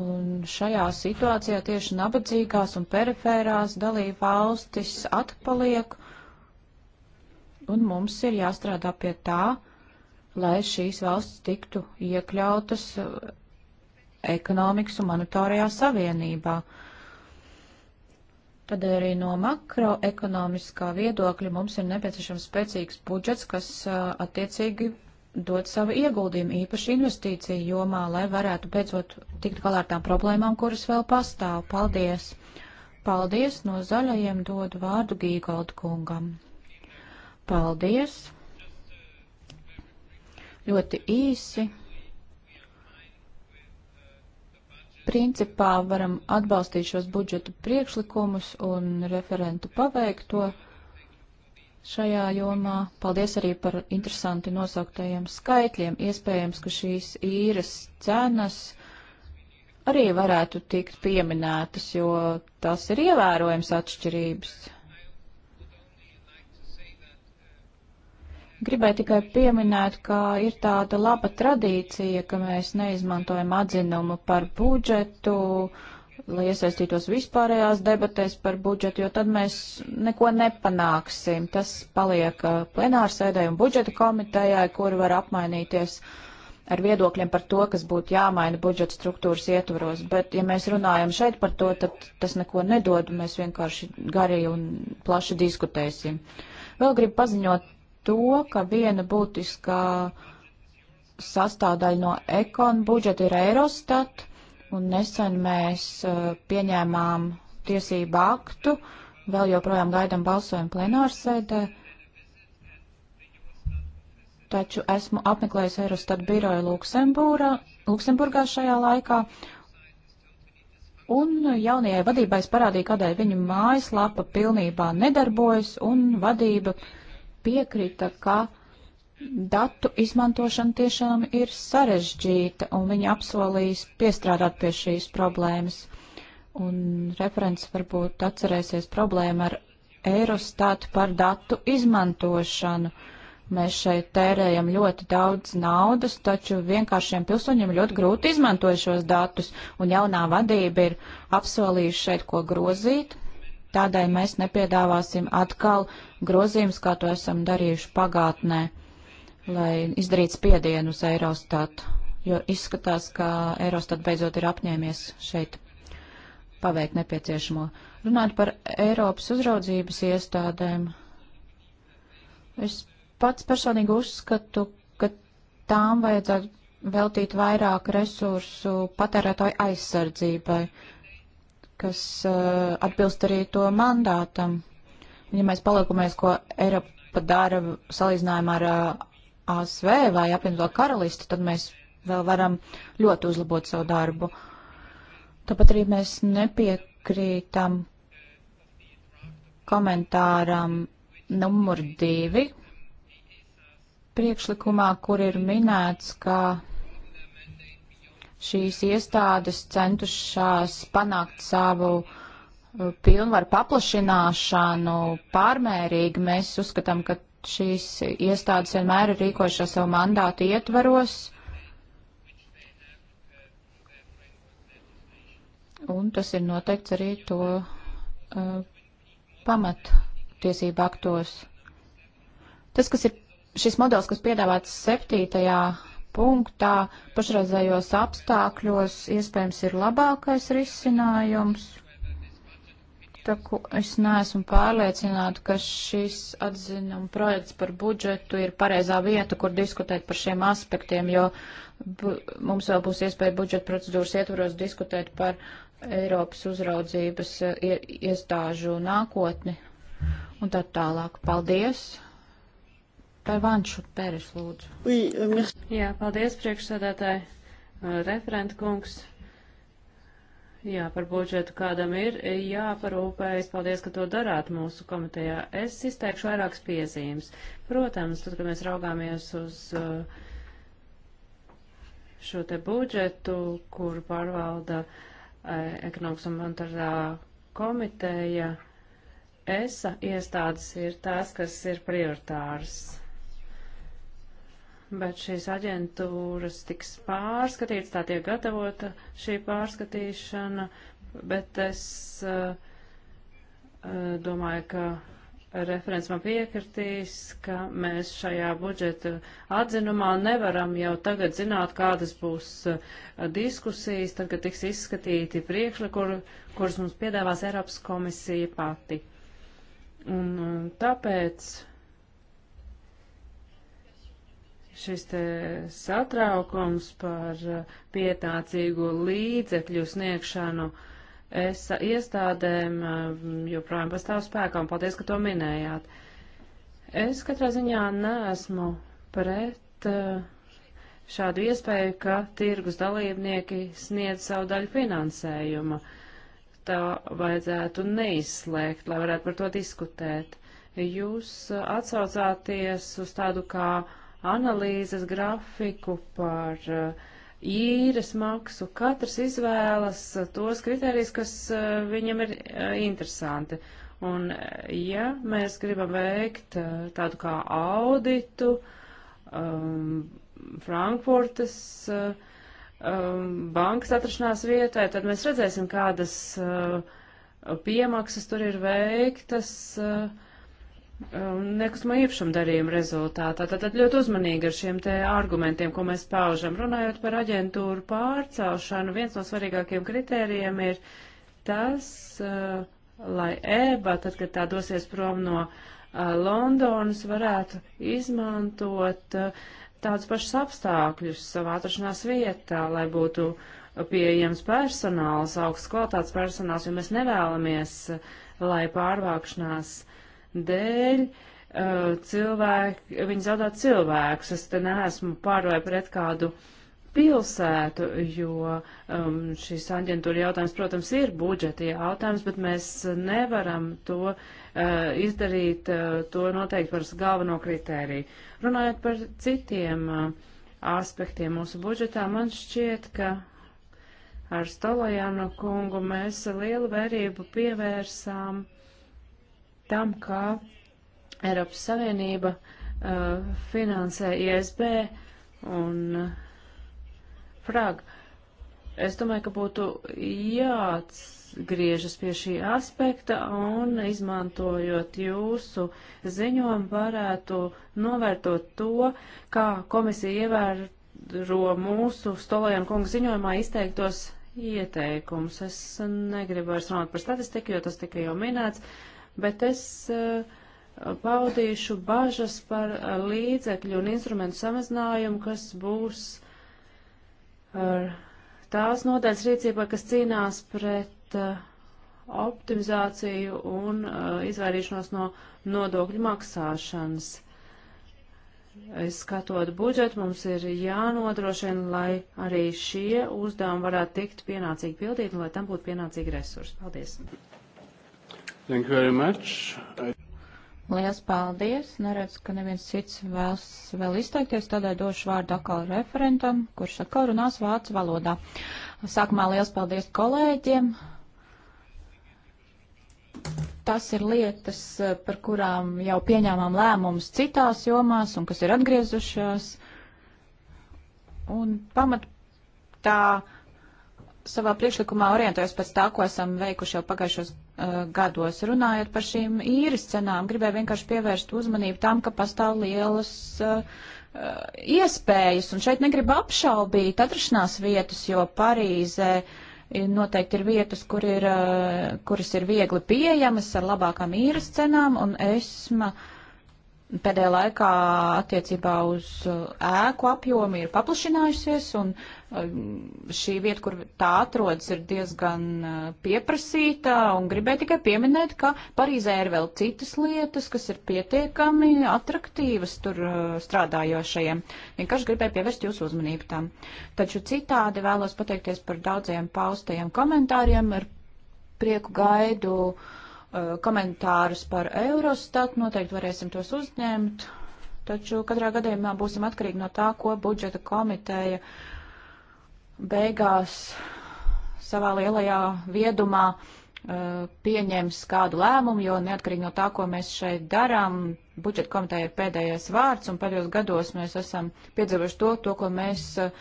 Un šajā situācijā tieši nabadzīgās un perifērās dalība valstis atpaliek, un mums ir jāstrādā pie tā, lai šīs valsts tiktu iekļautas uh, ekonomikas un monetārajā savienībā. Tad arī no makroekonomiskā viedokļa mums ir nepieciešams spēcīgs budžets, kas attiecīgi dod savu ieguldījumu īpaši investīciju jomā, lai varētu beidzot tikt galā ar tām problēmām, kuras vēl pastāv. Paldies! Paldies no zaļajiem dodu vārdu Gīgolda kungam. Paldies! Ļoti īsi principā varam atbalstīt šos budžetu priekšlikumus un referentu paveikto šajā jomā. Paldies arī par interesanti nosauktajiem skaitļiem. Iespējams, ka šīs īres cenas arī varētu tikt pieminētas, jo tas ir ievērojams atšķirības Gribēju tikai pieminēt, ka ir tāda laba tradīcija, ka mēs neizmantojam atzinumu par budžetu, lai iesaistītos vispārējās debatēs par budžetu, jo tad mēs neko nepanāksim. Tas paliek uh, plenārsēdē un budžeta komitejai, kur var apmainīties ar viedokļiem par to, kas būtu jāmaina budžeta struktūras ietvaros. Bet, ja mēs runājam šeit par to, tad tas neko nedod, mēs vienkārši gari un plaši diskutēsim. Vēl gribu paziņot to, ka viena būtiskā sastāvdaļa no ekonu budžeta ir Eurostat, un nesen mēs uh, pieņēmām tiesību aktu, vēl joprojām gaidam balsojumu plenārsēdē. Taču esmu apmeklējis Eurostat biroju Luksemburā, Luksemburgā šajā laikā, un jaunajai vadībai es parādīju, kādēļ viņu mājaslapa pilnībā nedarbojas, un vadība uh, piekrita, ka datu izmantošana tiešām ir sarežģīta, un viņi apsolīs piestrādāt pie šīs problēmas. Un referents varbūt atcerēsies problēmu ar Eirostatu par datu izmantošanu. Mēs šeit tērējam ļoti daudz naudas, taču vienkāršiem pilsoņiem ļoti grūti izmantot šos datus, un jaunā vadība ir apsolījusi šeit ko grozīt, tādēļ mēs nepiedāvāsim atkal grozījums, kā to esam darījuši pagātnē, lai izdarītu spiedienu uz Eirostatu, jo izskatās, ka Eirostat beidzot ir apņēmies šeit paveikt nepieciešamo. Runāt par Eiropas uzraudzības iestādēm. Es pats personīgi uzskatu, ka tām vajadzētu veltīt vairāk resursu patērētāju aizsardzībai. Uh, kas uh, atbilst arī to mandātam. Un, ja mēs paliekamies, ko Eiropa dara salīdzinājumā ar uh, eh, ASV vai apvienoto karalisti, tad mēs vēl varam ļoti uzlabot savu darbu. Tāpat arī mēs nepiekrītam komentāram numur divi priekšlikumā, kur ir minēts, ka šīs iestādes centušās panākt savu uh, pilnvaru paplašināšanu pārmērīgi. Mēs uzskatām, ka šīs iestādes vienmēr ir rīkojušās savu mandātu ietvaros. Un tas ir noteikts arī to uh, pamattiesību aktos. Tas, kas ir šis modelis, kas piedāvāts septītajā punktā pašreizējos apstākļos iespējams ir labākais risinājums. Taku es neesmu pārliecināta, ka šis atzinuma projekts par budžetu ir pareizā vieta, kur diskutēt par šiem aspektiem, jo mums vēl būs iespēja budžeta procedūras ietvaros diskutēt par Eiropas uzraudzības iestāžu nākotni un tā tālāk. Paldies! Par Vanšu Pēriš lūdzu. Euh, Jā, paldies priekšsēdētāji. Referenta kungs. Jā, par budžetu kādam ir jāparūpējas. Paldies, ka to darāt mūsu komitejā. Es izteikšu vairākas piezīmes. Protams, tad, kad mēs raugāmies uz šo te budžetu, kur pārvalda ekonomikas un monetārā komiteja, ESA iestādes ir tās, kas ir prioritāras bet šīs aģentūras tiks pārskatītas, tā tiek gatavota šī pārskatīšana, bet es uh, domāju, ka referents man piekritīs, ka mēs šajā budžeta atzinumā nevaram jau tagad zināt, kādas būs eh, diskusijas, tad, kad tiks izskatīti priekšlikumi, kur, kurus mums piedāvās Eiropas komisija pati. Un tāpēc šis te satraukums par uh, pietācīgo līdzekļu sniegšanu es, iestādēm uh, joprojām pastāv spēkā, un paldies, ka to minējāt. Es katrā ziņā neesmu pret uh, šādu iespēju, ka tirgus dalībnieki sniedz savu daļu finansējuma. Tā vajadzētu neizslēgt, lai varētu par to diskutēt. Jūs atsaucāties uz tādu kā uh, analīzes grafiku, par uh, īres maksu. Katrs izvēlas uh, tos kriterijus, kas uh, viņam ir interesanti. Un ja mēs gribam veikt tādu kā auditu, um, Frankfurtas uh, um, bankas atrašanās vietai, tad mēs redzēsim, kādas uh, piemaksas tur ir veiktas. Uh, Um, nekustamā īpašuma darījuma rezultātā. Tātad ļoti uzmanīgi ar šiem te argumentiem, ko mēs paužam. Runājot par aģentūru pārcelšanu, viens no svarīgākiem kritērijiem ir tas, uh, lai EBA, tad, kad tā dosies prom no uh, Londonas, varētu izmantot uh, tādus pašus apstākļus savā atrašanās vietā, lai būtu pieejams personāls, augsts kvalitātes personāls, jo mēs nevēlamies, lai pārvākšanās uh, dēļ uh, cilvēki, viņi zaudē cilvēkus. Es te neesmu pār vai pret kādu pilsētu, jo um, šīs aģentūra jautājums, protams, ir budžeta jautājums, bet mēs nevaram to uh, izdarīt, uh, to noteikti par galveno kritēriju. Runājot par citiem uh, aspektiem mūsu budžetā, man šķiet, ka ar Stolojanu kungu mēs lielu vērību pievērsām tam, kā Eiropas Savienība uh, finansē ISB un uh, frag. Es domāju, ka būtu jāatgriežas pie šī aspekta un, izmantojot jūsu ziņojumu, varētu novērtot to, kā komisija ievēro mūsu Stolojana kungu ziņojumā izteiktos ieteikumus. Es negribu vairs runāt par statistiku, jo tas tika jau minēts, bet es eh, paudīšu bažas par eh, līdzekļu un instrumentu samazinājumu, kas būs eh, tās nodaļas rīcībā, kas cīnās pret optimizāciju un izvairīšanos no nodokļu maksāšanas. Skatot budžetu, mums ir jānodrošina, lai arī šie uzdevumi varētu tikt pienācīgi pildīti un lai tam būtu pienācīgi resursi. Paldies! Thank you very much. I... Liels paldies! Neredzu, ka neviens cits vēlas vēl izteikties, tādēļ došu vārdu atkal referentam, kurš atkal runās vācu valodā. Sākumā liels paldies kolēģiem! Tas ir lietas, par kurām jau pieņēmām lēmumus citās jomās un kas ir atgriezušās. Un pamat tā savā priekšlikumā orientējos pēc tā, ko esam veikuši jau pagājušos Uh, gados. Runājot par šīm īres cenām, gribēju vienkārši pievērst uzmanību tam, ka pastāv lielas uh, uh iespējas, un šeit negribu apšaubīt atrašanās vietas, jo Parīzē noteikti ir vietas, kur ir, uh, kuras ir viegli pieejamas ar labākām īres cenām, un esma pēdējā laikā attiecībā uz uh, ēku apjomu ir paplašinājusies, un uh, Ehm, šī vieta, kur tā atrodas, ir diezgan eh, pieprasīta, un gribēju tikai pieminēt, ka Parīzē ir vēl citas lietas, kas ir pietiekami atraktīvas tur eh, strādājošajiem. Vienkārši gribēju pievērst jūsu uzmanību tam. Taču citādi vēlos pateikties par daudziem paustajiem komentāriem, ar prieku gaidu eh, komentārus par Eurostat, noteikti varēsim tos uzņemt. Taču katrā gadījumā būsim atkarīgi no tā, ko budžeta komiteja uh, beigās savā lielajā viedumā eh, pieņems kādu lēmumu, jo neatkarīgi no tā, ko mēs šeit darām, budžeta komiteja ir pēdējais vārds, un pēdējos gados mēs esam piedzīvojuši to, to ko mēs eh,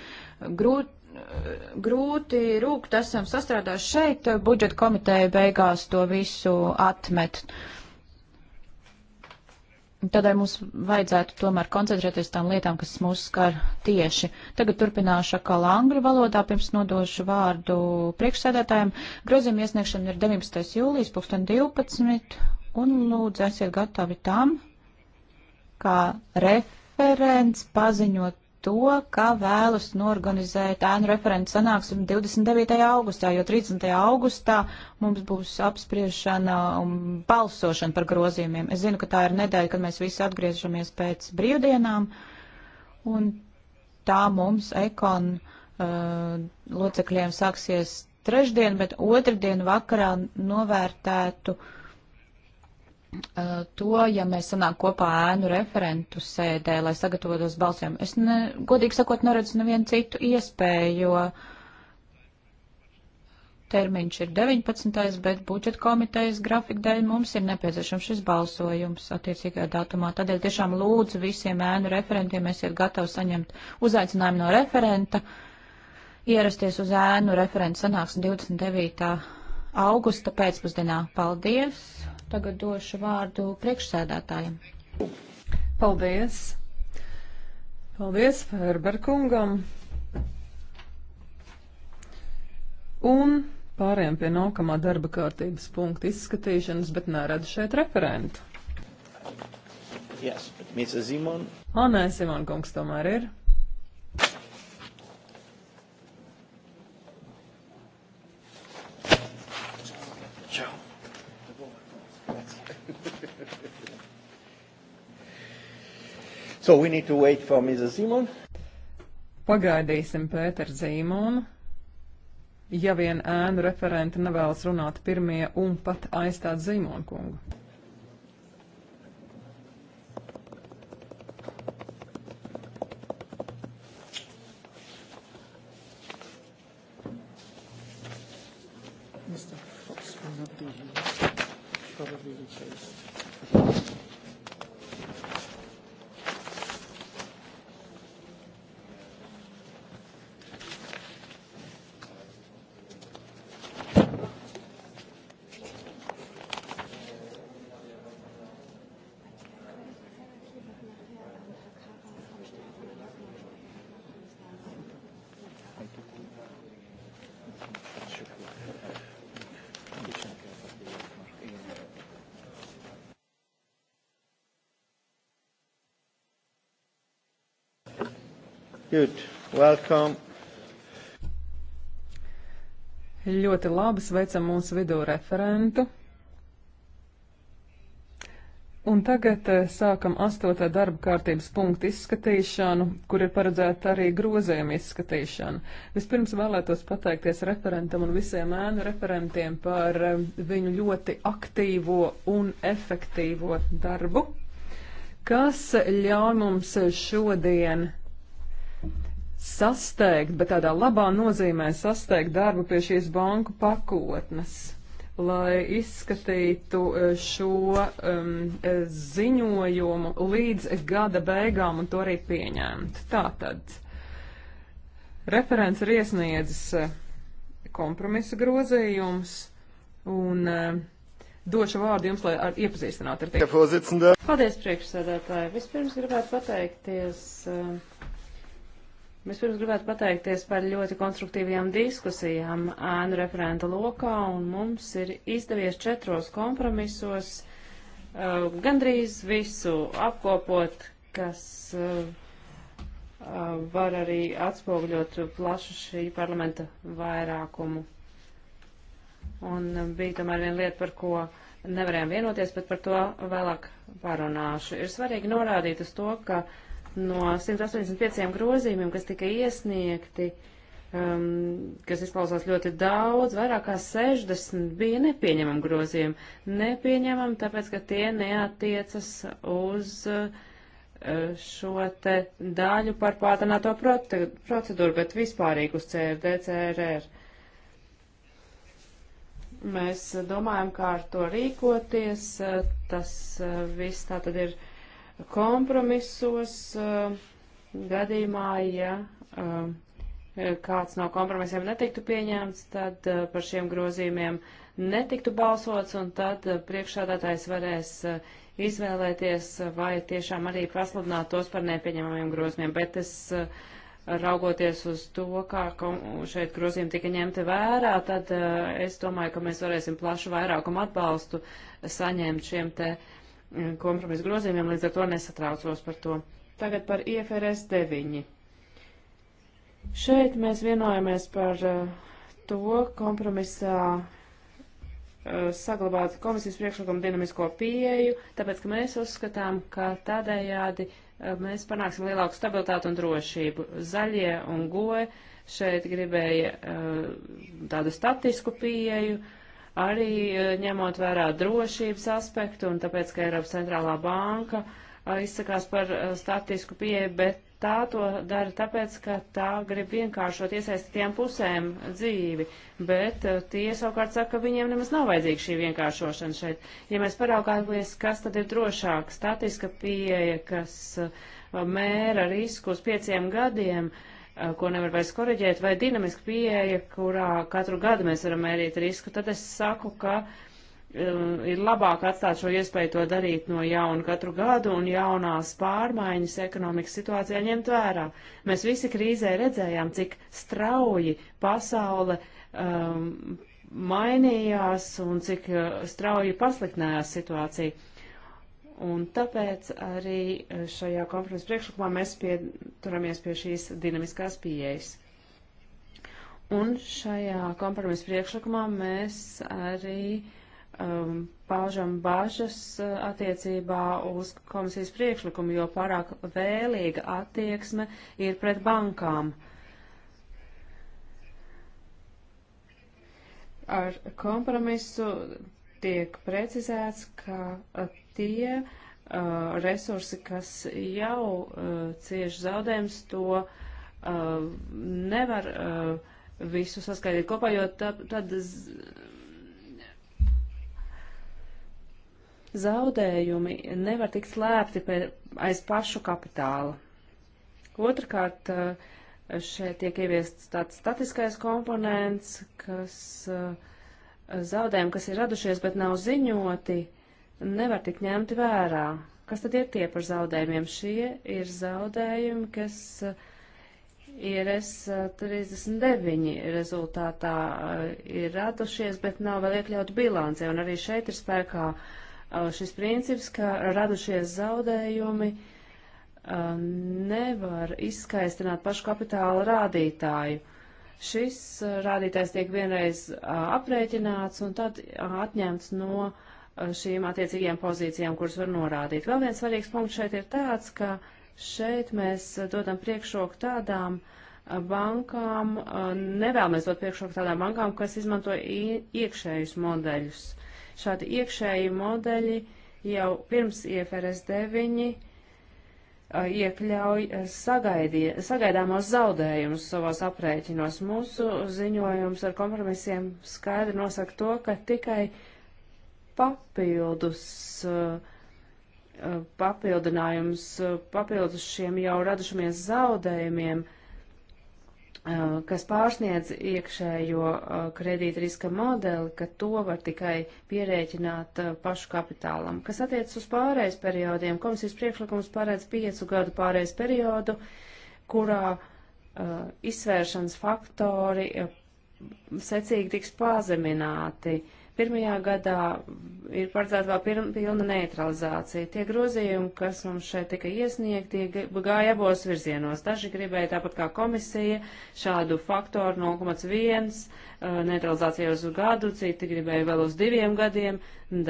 grūt, eh, grūti rūkt esam sastrādājuši šeit, budžeta komiteja beigās to visu atmet. Uh, Tādēļ mums vajadzētu tomēr koncentrēties tām lietām, kas mūs skar tieši. Tagad turpināšu atkal angļu valodā, pirms nodošu vārdu priekšsēdētājiem. Grozījuma iesniegšana ir 19. jūlijas 2012, un lūdzu esiet gatavi tam, kā referents paziņot to, ka vēlas norganizēt ēnu referentu sanāksmi 29. augustā, jo 30. augustā mums būs apspriešana un balsošana par grozījumiem. Es zinu, ka tā ir nedēļa, kad mēs visi atgriežamies pēc brīvdienām, un tā mums ekon uh, locekļiem sāksies trešdien, bet otrdien vakarā novērtētu uh, Eh, to, ja mēs sanāk kopā ēnu referentu sēdē, lai sagatavotos balsiem. Es, ne, godīgi sakot, neredzu nevienu citu iespēju, jo termiņš ir 19. bet budžeta komitejas grafika dēļ mums ir nepieciešams šis balsojums attiecīgajā datumā. Tādēļ tiešām lūdzu visiem ēnu referentiem, esiet gatavi saņemt uzaicinājumu no referenta, ierasties uz ēnu referentu sanāksmi 29. augusta pēcpusdienā. Paldies! Tagad došu vārdu priekšsēdētājiem. Paldies! Paldies Ferberkungam! Un pārējām pie nākamā darba kārtības punkta izskatīšanas, bet neredzu šeit referentu. Yes, Ā, nē, Simon kungs tomēr ir. So we need to wait for Mrs. Simon. Pagaidīsim Pēteru Zīmonu. Ja vien ēnu referenti nevēlas runāt pirmie un pat aizstāt Zīmonkungu. Good. Welcome. Ļoti labi sveicam mūsu vidū referentu. Un tagad eh, sākam astotā darba kārtības punktu izskatīšanu, kur ir paredzēta arī grozējuma izskatīšana. Vispirms vēlētos pateikties referentam un visiem ēnu referentiem par eh, viņu ļoti aktīvo un efektīvo darbu, kas ļauj mums šodien sasteigt, bet tādā labā nozīmē sasteigt darbu pie šīs banku pakotnes, lai izskatītu e, šo um, ziņojumu līdz gada beigām un to arī pieņemtu. Tātad referents ir iesniedzis e, kompromisa grozījums un uh, došu vārdu jums, lai ar, iepazīstinātu ar tiem. Paldies, priekšsēdētāji. Vispirms gribētu pateikties uh, Vispirms gribētu pateikties par ļoti konstruktīvajām diskusijām ēnu referenta lokā, un mums ir izdevies četros kompromisos uh, gandrīz visu apkopot, kas uh, uh, var arī atspoguļot plašu šī parlamenta vairākumu. Un uh, bija tomēr viena lieta, par ko nevarējām vienoties, bet par to vēlāk parunāšu. Ir svarīgi norādīt uz to, ka uh, No 185 grozījumiem, kas tika iesniegti, um, kas izklausās ļoti daudz, vairāk kā 60 bija nepieņemami grozījumi. Nepieņemami, tāpēc, ka tie neatiecas uz uh, šo te daļu par pātrināto procedūru, bet vispārīgi uz CRD, CRR. Mēs domājam, kā ar to rīkoties. Tas uh, viss tā tad ir kompromisos uh, gadījumā, ja uh, kāds no kompromisiem netiktu pieņemts, tad uh, par šiem grozījumiem netiktu balsots, un tad priekšādātājs varēs izvēlēties, vai tiešām arī pasludināt tos par nepieņemamiem grozījumiem. Bet es raugoties uz to, kā šeit grozījumi tika ņemti vērā, tad es domāju, ka mēs varēsim plašu vairākumu atbalstu saņemt šiem te uh, kompromisu grozījumiem, līdz ar to nesatraucos par to. Tagad par IFRS 9. Šeit mēs vienojamies par eh, to kompromisā eh, saglabāt komisijas priekšlikumu dinamisko pieeju, tāpēc, ka mēs uzskatām, ka tādējādi eh, mēs panāksim lielāku stabilitātu un drošību. Zaļie un goe šeit gribēja tādu statisku pieeju, uh, arī eh, ņemot vērā drošības aspektu un tāpēc, ka Eiropas centrālā banka eh, izsakās par eh, statisku pieeju, bet tā to dara tāpēc, ka tā grib vienkāršot iesaistītiem pusēm dzīvi, bet tie savukārt saka, ka viņiem nemaz nav vajadzīga šī vienkāršošana šeit. Ja mēs paraugāmies, kas tad ir drošāk, statiska pieeja, kas mēra risku uz pieciem gadiem, uh, Eh, ko nevar vairs koreģēt, vai dinamiska pieeja, kurā katru gadu mēs varam mērīt risku, tad es saku, ka eh, ir labāk atstāt šo iespēju to darīt no jauna katru gadu un jaunās pārmaiņas ekonomikas situācijā ņemt vērā. Mēs visi krīzē redzējām, cik strauji pasaule um, mainījās un cik strauji pasliktinājās situācija. Un tāpēc arī e, šajā konferences priekšlikumā mēs pie, turamies pie šīs dinamiskās pieejas. Un šajā kompromisa priekšlikumā mēs arī um, paužam bažas e, attiecībā uz komisijas priekšlikumu, jo pārāk vēlīga attieksme ir pret bankām. Ar kompromisu tiek precizēts, ka tie uh, resursi, kas jau uh, cieši zaudējums, to uh, nevar visu saskaidīt kopā, jo tad, tad zaudējumi nevar tikt slēpti pie, aiz pašu kapitāla. Otrakārt, šeit tiek ieviests tāds statiskais komponents, kas uh, zaudējumi, kas ir radušies, bet nav ziņoti, nevar tik ņemti vērā. Kas tad ir tie par zaudējumiem? Šie ir zaudējumi, kas eh, ir eh, S39 rezultātā eh, ir radušies, bet nav vēl iekļaut bilancē. Un arī šeit ir spēkā šis princips, ka radušies zaudējumi nevar izskaistināt pašu kapitāla rādītāju Šis rādītājs tiek vienreiz aprēķināts un tad atņemts no šīm attiecīgajām pozīcijām, kuras var norādīt. Vēl viens svarīgs punkts šeit ir tāds, ka šeit mēs dodam priekšroku tādām bankām, nevēlamies dot priekšroku tādām bankām, kas izmanto iekšējus modeļus. Šādi iekšēji modeļi jau pirms IFRS 9 iekļauj eh, sagaidie, sagaidāmos zaudējumus savos aprēķinos. Mūsu ziņojums ar kompromisiem skaidri nosaka to, ka tikai papildus eh, eh, papildinājums, papildus šiem jau radušamies zaudējumiem uh, Uh, kas pārsniedz iekšējo uh, kredīta riska modeli, ka to var tikai pierēķināt uh, pašu kapitālam. Kas attiecas uz pārējais periodiem, komisijas priekšlikums paredz piecu gadu pārējais periodu, kurā uh, izsvēršanas faktori secīgi tiks pazemināti. Uh, Pirmajā gadā ir paredzēta vēl pirma, pilna neutralizācija. Tie grozījumi, kas mums šeit tika iesniegti, gāja abos virzienos. Daži gribēja tāpat kā komisija šādu faktoru 0,1 uh, neutralizācija uz gadu, citi gribēja vēl uz diviem gadiem,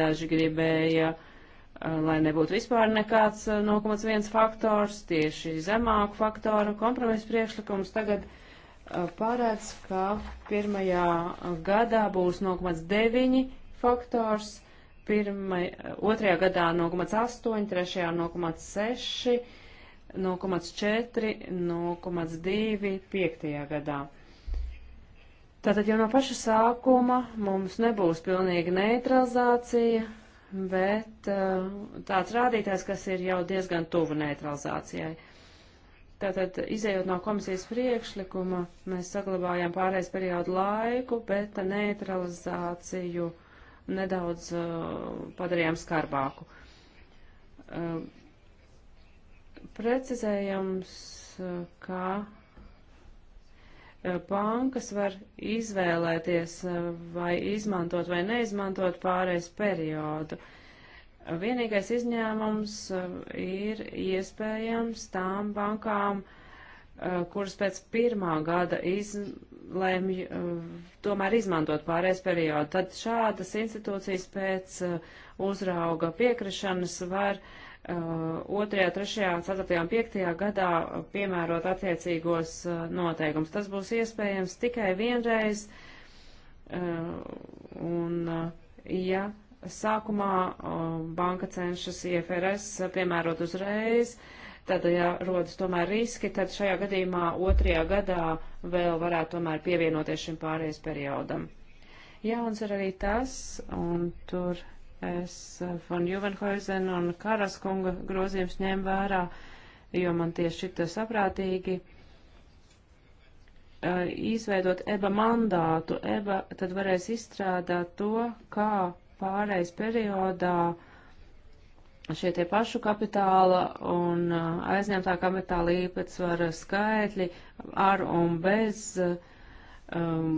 daži gribēja uh, lai nebūtu vispār nekāds 0,1 uh, faktors, tieši zemāku faktoru kompromisu priekšlikums tagad uh, Uh, paredz, ka pirmajā uh, gadā būs 0,9 faktors, pirmai, uh, otrajā gadā 0,8, trešajā 0,6, 0,4, 0,2, piektajā gadā. Tātad jau no paša sākuma mums nebūs pilnīga neutralizācija, bet tāds rādītājs, kas ir jau diezgan tuvu neutralizācijai. Uh, Tātad, izējot no komisijas priekšlikuma, mēs saglabājām pārējais periodu laiku, bet neutralizāciju nedaudz uh, padarījām skarbāku. Uh, precizējams, uh, ka uh, bankas var izvēlēties uh, vai izmantot vai neizmantot pārējais periodu. Uh, Vienīgais izņēmums eh, ir iespējams tām bankām, eh, kuras pēc pirmā gada izlēmj eh, tomēr izmantot pārējais periodu. Tad šādas institūcijas pēc uzrauga piekrišanas var otrajā, trešajā, ceturtajā un piektajā gadā piemērot attiecīgos noteikums. Tas būs iespējams tikai vienreiz. Un, ja Sākumā um, banka cenšas IFRS piemērot uzreiz, tad, ja rodas tomēr riski, tad šajā gadījumā otrajā gadā vēl varētu tomēr pievienoties šim pārējais periodam. Jauns ir arī tas, un tur es von Juvenhoizen un Karaskunga grozījums ņēmu vērā, jo man tieši šita saprātīgi uh, izveidot EBA mandātu, EBA tad varēs izstrādāt to, kā pārējais periodā šie tie pašu kapitāla un uh, aizņemtā kapitāla īpatsvara skaitļi ar un bez um,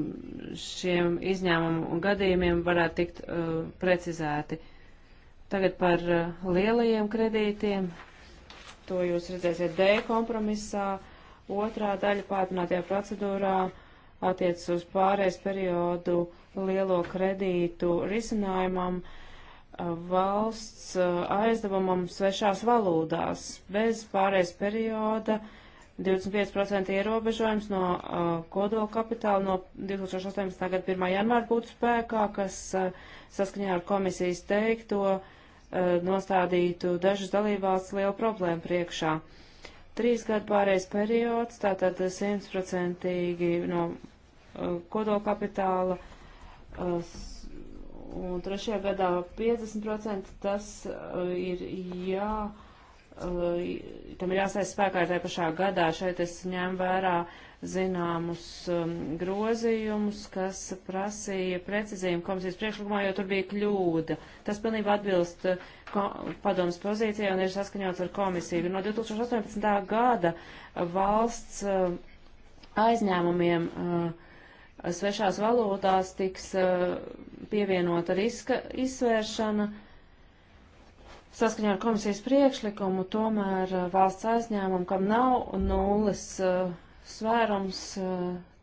šiem izņēmumu gadījumiem varētu tikt uh, precizēti. Tagad par uh, lielajiem kredītiem. To jūs redzēsiet D kompromisā. Otrā daļa pātrinātajā procedūrā attiecas uz pārējais periodu uh, lielo kredītu risinājumam valsts aizdevumam svešās valūtās bez pārējais perioda 25% ierobežojums no uh, kodola kapitāla no 2018. gada 1. janvāra būtu spēkā, kas uh, saskaņā ar komisijas teikto uh, nostādītu dažas dalībvalsts lielu problēmu priekšā. Trīs gadu pārējais periods, tātad 100% no uh, kodola kapitāla uh, un trešajā gadā 50% tas uh, ir jā, uh, tam ir jāsaist spēkā tajā pašā gadā. Šeit es ņēmu vērā zināmus um, grozījumus, kas prasīja precizījumu komisijas priekšlikumā, jo tur bija kļūda. Tas pilnībā atbilst uh, padomas pozīcijai un ir saskaņots ar komisiju. No 2018. gada valsts aizņēmumiem uh, svešās valūtās tiks eh, pievienota riska izsvēršana. Saskaņā ar komisijas priekšlikumu tomēr eh, valsts aizņēmumu, kam nav nulles eh, svērums,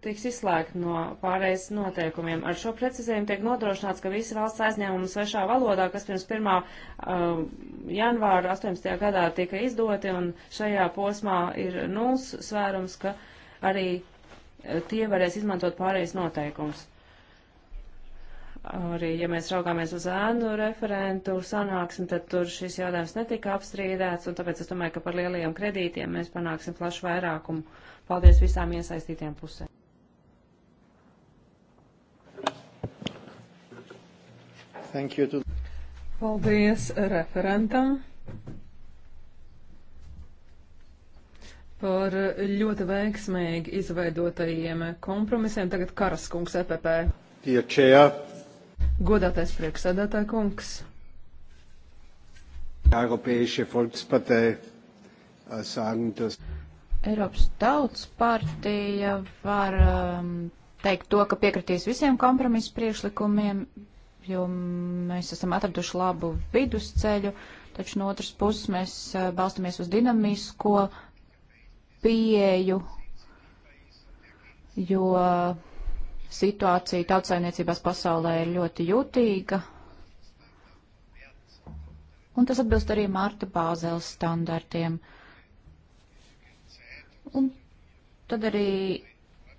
tiks izslēgti no pārējais noteikumiem. Ar šo precizējumu tiek nodrošināts, ka visi valsts aizņēmumi svešā valodā, kas pirms 1. janvāra 18. gadā tika izdoti, un šajā posmā ir nulles svērums, ka arī tie varēs izmantot pārējais noteikums. Arī, ja mēs raugāmies uz ēnu referentu sanāksmi, tad tur šis jautājums netika apstrīdēts, un tāpēc es domāju, ka par lielajiem kredītiem mēs panāksim plašu vairākumu. Paldies visām iesaistītiem pusēm. Paldies referentam. par ļoti veiksmīgi izveidotajiem kompromisiem. Tagad Karas kungs EPP. Tiečējā. Godātais prieksēdētāja kungs. Eiropiešu Volkspartei äh, sagen, dass. Eiropas tautas partija var um, teikt to, ka piekritīs visiem kompromisu priekšlikumiem, jo mēs esam atraduši labu vidusceļu, taču no otras puses mēs äh, balstamies uz dinamisko pieeju, jo situācija tautsainiecībās pasaulē ir ļoti jūtīga. Un tas atbilst arī Marta Bāzeles standartiem. Un tad arī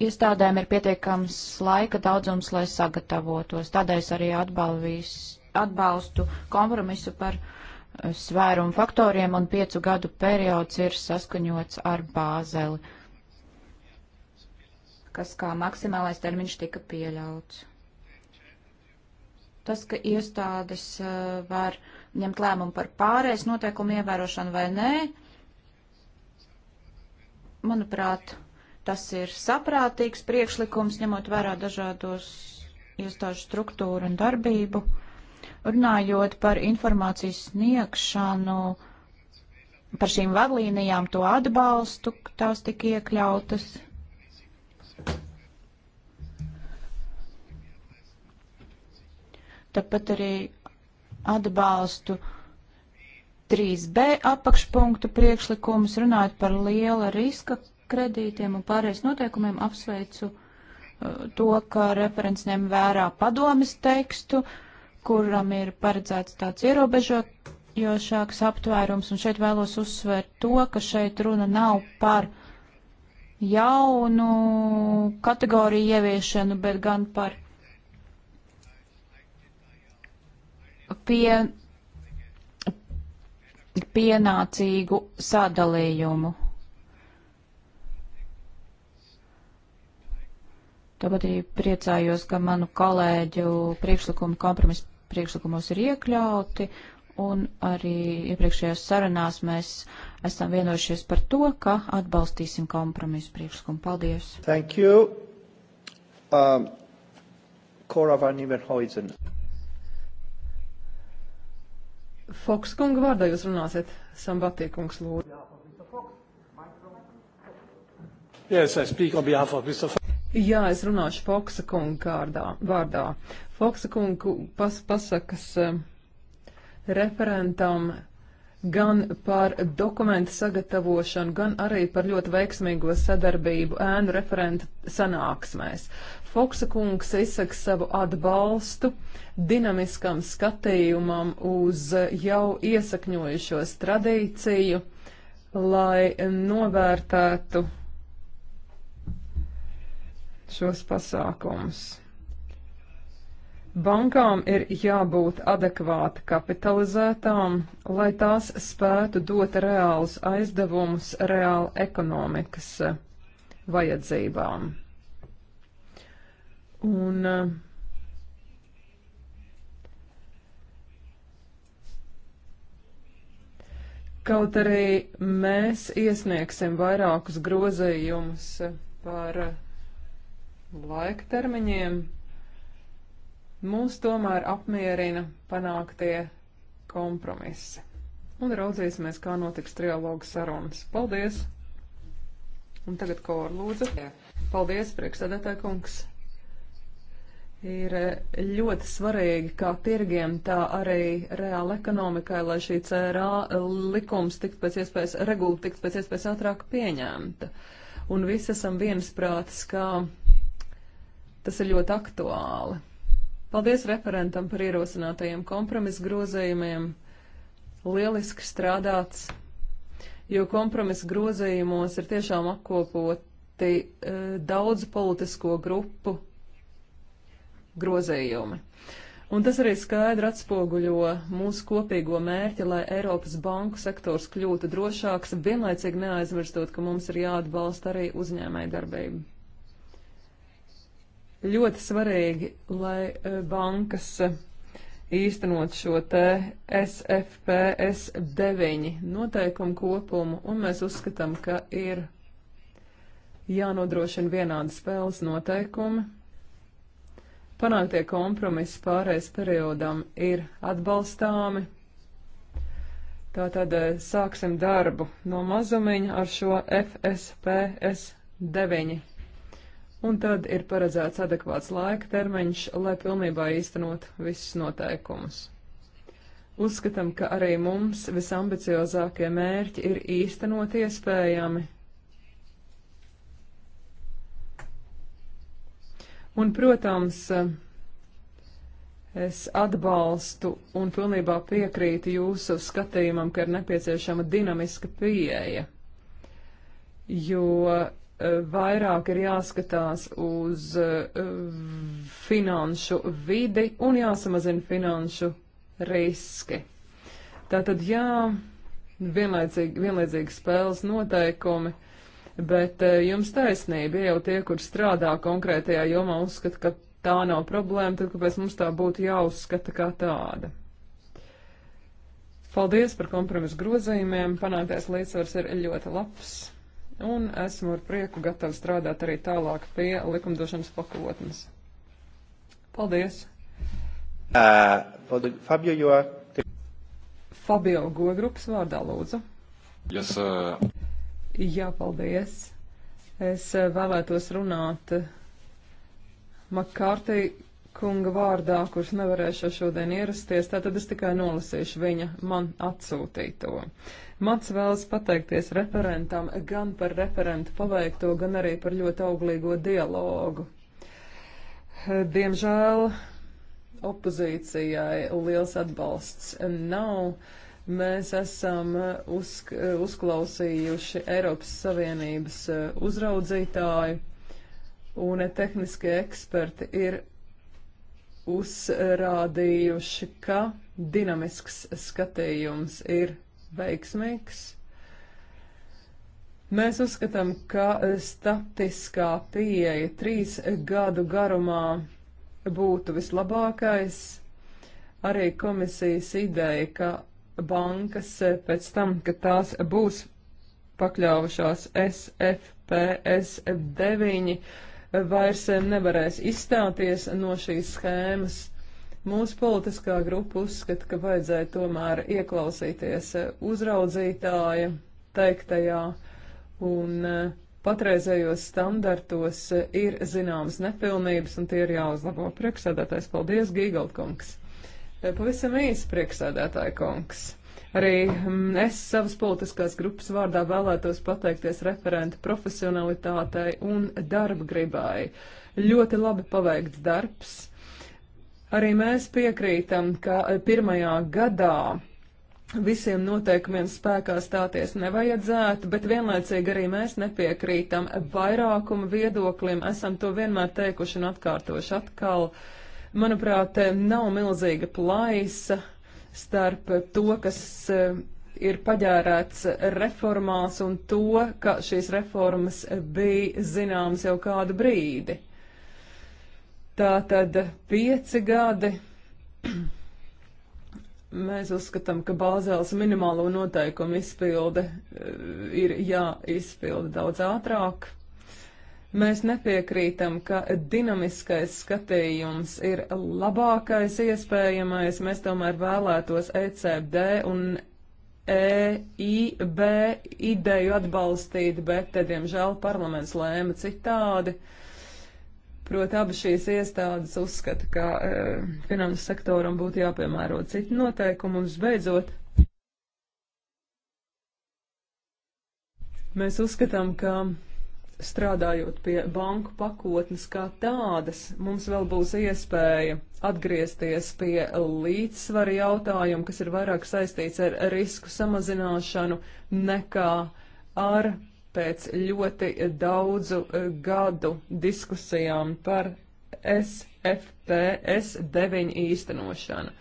iestādēm ir pietiekams laika daudzums, lai sagatavotos. Tādēļ es arī atbalvis, atbalstu kompromisu par uh, svērumu faktoriem, un piecu gadu periods ir saskaņots ar bāzeli, kas kā maksimālais termiņš tika pieļauts. Tas, ka iestādes uh, var ņemt lēmumu par pārējais noteikumu ievērošanu vai nē, manuprāt, tas ir saprātīgs priekšlikums, ņemot vērā dažādos iestāžu struktūru un darbību. Runājot par informācijas sniegšanu, par šīm vadlīnijām to atbalstu, tās tika iekļautas. Tāpat arī atbalstu 3B apakšpunktu priekšlikumus, runājot par liela riska kredītiem un pārējais noteikumiem apsveicu uh, to, ka referents ņem vērā padomis tekstu, uh, kuram ir paredzēts tāds ierobežojošāks aptvērums, un šeit vēlos uzsvērt to, ka šeit runa nav par jaunu kategoriju ieviešanu, bet gan par pie, pienācīgu sadalījumu. Tāpat arī priecājos, ka manu kolēģu priekšlikumu kompromisu priekšlikumos ir iekļauti, un arī iepriekšējās sarunās mēs esam vienojušies par to, ka atbalstīsim kompromisu priekšlikumu. Paldies! Thank you! Um, Cora van Nieuwenhuizen. Foks kunga vārdā jūs runāsiet, Sambatī kungs lūdzu. Yes, I speak on behalf of Mr. Fox. Jā, es runāšu Foksa kunga kārdā, vārdā. Foksa kunga pas, pasakas eh, referentam gan par dokumentu sagatavošanu, gan arī par ļoti veiksmīgo sadarbību ēnu referenta sanāksmēs. Foksa kungs izsaka savu atbalstu dinamiskam skatījumam uz jau iesakņojušos tradīciju, lai novērtētu šos pasākumus. Bankām ir jābūt adekvāti kapitalizētām, lai tās spētu dot reālus aizdevumus reāli ekonomikas vajadzībām. Un kaut arī mēs iesniegsim vairākus grozījumus par laika termiņiem, mūs tomēr apmierina panāktie kompromisi. Un raudzīsimies, kā notiks trialogu sarunas. Paldies! Un tagad Kora lūdzu. Paldies, priekšsēdētāji kungs. Ir ļoti svarīgi, kā tirgiem, tā arī reāla ekonomikai, lai šī CRA likums tikt pēc iespējas, regula tikt pēc iespējas ātrāk pieņemta. Un visi esam viensprātis, ka Tas ir ļoti aktuāli. Paldies referentam par ierosinātajiem kompromisu grozējumiem. Lieliski strādāts, jo kompromisu grozējumos ir tiešām apkopoti e, daudz politisko grupu grozējumi. Un tas arī skaidri atspoguļo mūsu kopīgo mērķi, lai Eiropas banku sektors kļūtu drošāks, vienlaicīgi neaizmirstot, ka mums ir jāatbalsta arī uzņēmējdarbība ļoti svarīgi, lai eh, bankas eh, īstenot šo te SFPS 9 noteikumu kopumu, un mēs uzskatām, ka ir jānodrošina vienādi spēles noteikumi. Panāktie kompromisi pārējais periodam ir atbalstāmi. Tātad eh, sāksim darbu no mazumiņa ar šo FSPS 9 un tad ir paredzēts adekvāts laika termiņš, lai pilnībā īstenot visus noteikumus. Uzskatām, ka arī mums visambiciozākie mērķi ir īstenot iespējami. Un, protams, es atbalstu un pilnībā piekrītu jūsu skatījumam, ka ir nepieciešama dinamiska pieeja, jo vairāk ir jāskatās uz eh, finanšu vidi un jāsamazina finanšu riski. Tātad jā, vienlaicīgi, vienlaicīgi spēles noteikumi, bet eh, jums taisnība, ja jau tie, kur strādā konkrētajā jomā, uzskata, ka tā nav problēma, tad kāpēc mums tā būtu jāuzskata kā tāda? Paldies par kompromisu grozījumiem. Panāktais līdzsvars ir ļoti labs un esmu ar prieku gatava strādāt arī tālāk pie likumdošanas pakotnes. Paldies! Uh, Fabio, jo... Fabio Gogrupas vārdā lūdzu. Yes, uh... Jā, paldies. Es uh, vēlētos runāt uh, Makārtī kunga vārdā, kurš nevarēšu šodien ierasties, tātad es tikai nolasīšu viņa man atsūtīto. Mats vēlas pateikties referentam gan par referentu paveikto, gan arī par ļoti auglīgo dialogu. Diemžēl opozīcijai liels atbalsts nav. Mēs esam uzk uzklausījuši Eiropas Savienības uzraudzītāju, un tehniskie eksperti ir uzrādījuši, ka dinamisks skatījums ir veiksmīgs. Mēs uzskatām, ka statiskā pieeja trīs gadu garumā būtu vislabākais. Arī komisijas ideja, ka bankas pēc tam, kad tās būs pakļaujušās SFPS 9, vairs nevarēs izstāties no šīs schēmas. Mūsu politiskā grupa uzskata, ka vajadzēja tomēr ieklausīties eh, uzraudzītāja teiktajā un eh, patreizējos standartos eh, ir zināmas nepilnības un tie ir jāuzlabo. Priekšsēdētājs, paldies, Gīgaldkungs. Pavisam īsi priekšsēdētāja kungs. Arī mm, es savas politiskās grupas vārdā vēlētos pateikties referenta profesionalitātei un darba gribai. Ļoti labi paveikts darbs Arī mēs piekrītam, ka e, pirmajā gadā visiem noteikumiem spēkā stāties nevajadzētu, bet vienlaicīgi arī mēs nepiekrītam vairākumu viedoklim. Esam to vienmēr teikuši un atkārtoši atkal. Manuprāt, e, nav milzīga plaisa starp to, kas e, ir paģērēts reformās un to, ka šīs reformas bija zināmas jau kādu brīdi. Tā tad pieci gadi. Mēs uzskatām, ka Bāzēlas minimālo noteikumu izpilde eh, ir jāizpilda daudz ātrāk. Mēs nepiekrītam, ka dinamiskais skatījums ir labākais iespējamais. Mēs tomēr vēlētos ECB un EIB ideju atbalstīt, bet, diemžēl, parlaments lēma citādi. Uh, Proti, abas šīs iestādes uzskata, ka e, finanses sektoram būtu jāpiemēro citi noteikumi un visbeidzot. Mēs uzskatām, ka strādājot pie banku pakotnes kā tādas, mums vēl būs iespēja atgriezties pie līdzsvara jautājuma, kas ir vairāk saistīts ar risku samazināšanu nekā ar pēc ļoti daudzu e, gadu diskusijām par SFPS 9 īstenošanu.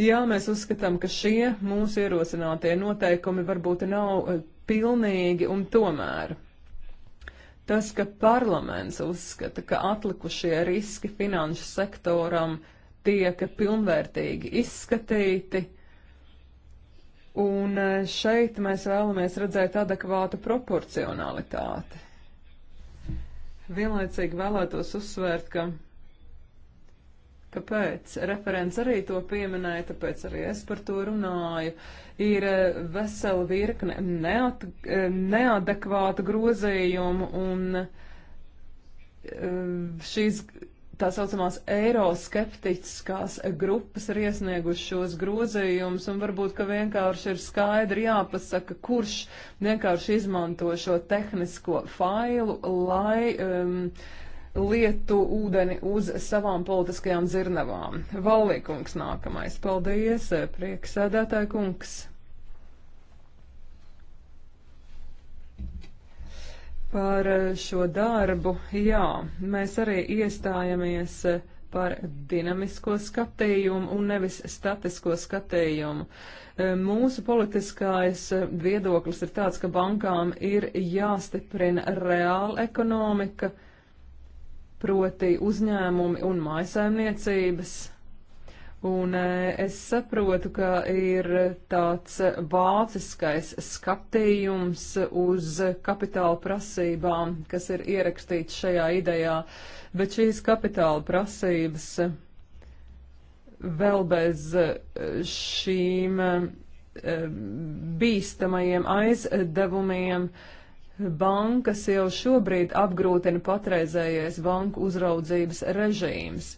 Jā, mēs uzskatām, ka šie mūsu ierosinātie noteikumi varbūt nav e, pilnīgi un tomēr. Tas, ka parlaments uzskata, ka atlikušie riski finanšu sektoram tiek pilnvērtīgi izskatīti, uh, Un eh, šeit mēs vēlamies redzēt adekvātu proporcionalitāti. Vienlaicīgi vēlētos uzsvērt, ka kāpēc referents arī to pieminēja, tāpēc arī es par to runāju, ir eh, vesela virkne neat, eh, neadekvātu grozījumu un šīs tā saucamās eiroskeptiskās grupas ir iesnieguši šos grozījumus, un varbūt, ka vienkārši ir skaidri jāpasaka, kurš vienkārši izmanto šo tehnisko failu, lai um, lietu ūdeni uz savām politiskajām zirnavām. Valīkungs nākamais. Paldies, prieksēdētāji kungs. Par eh, šo darbu, jā, mēs arī iestājamies eh, par dinamisko skatījumu un nevis statisko skatījumu. Eh, mūsu politiskais viedoklis ir tāds, ka bankām ir jāstiprina reāla ekonomika, proti uzņēmumi un maisaimniecības Un eh, es saprotu, ka ir tāds vāciskais skatījums uz kapitāla prasībām, kas ir ierakstīts šajā idejā, bet šīs kapitāla prasības vēl bez eh, šīm eh, bīstamajiem aizdevumiem. Bankas jau šobrīd apgrūtina patreizējais banku uzraudzības režīms.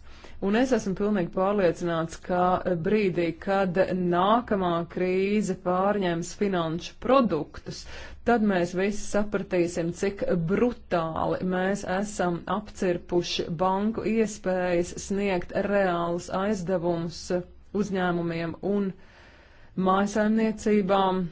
Un es esmu pilnīgi pārliecināts, ka brīdī, kad nākamā krīze pārņems finanšu produktus, tad mēs visi sapratīsim, cik brutāli mēs esam apcirpuši banku iespējas sniegt reālus aizdevumus uzņēmumiem un mājasaimniecībām.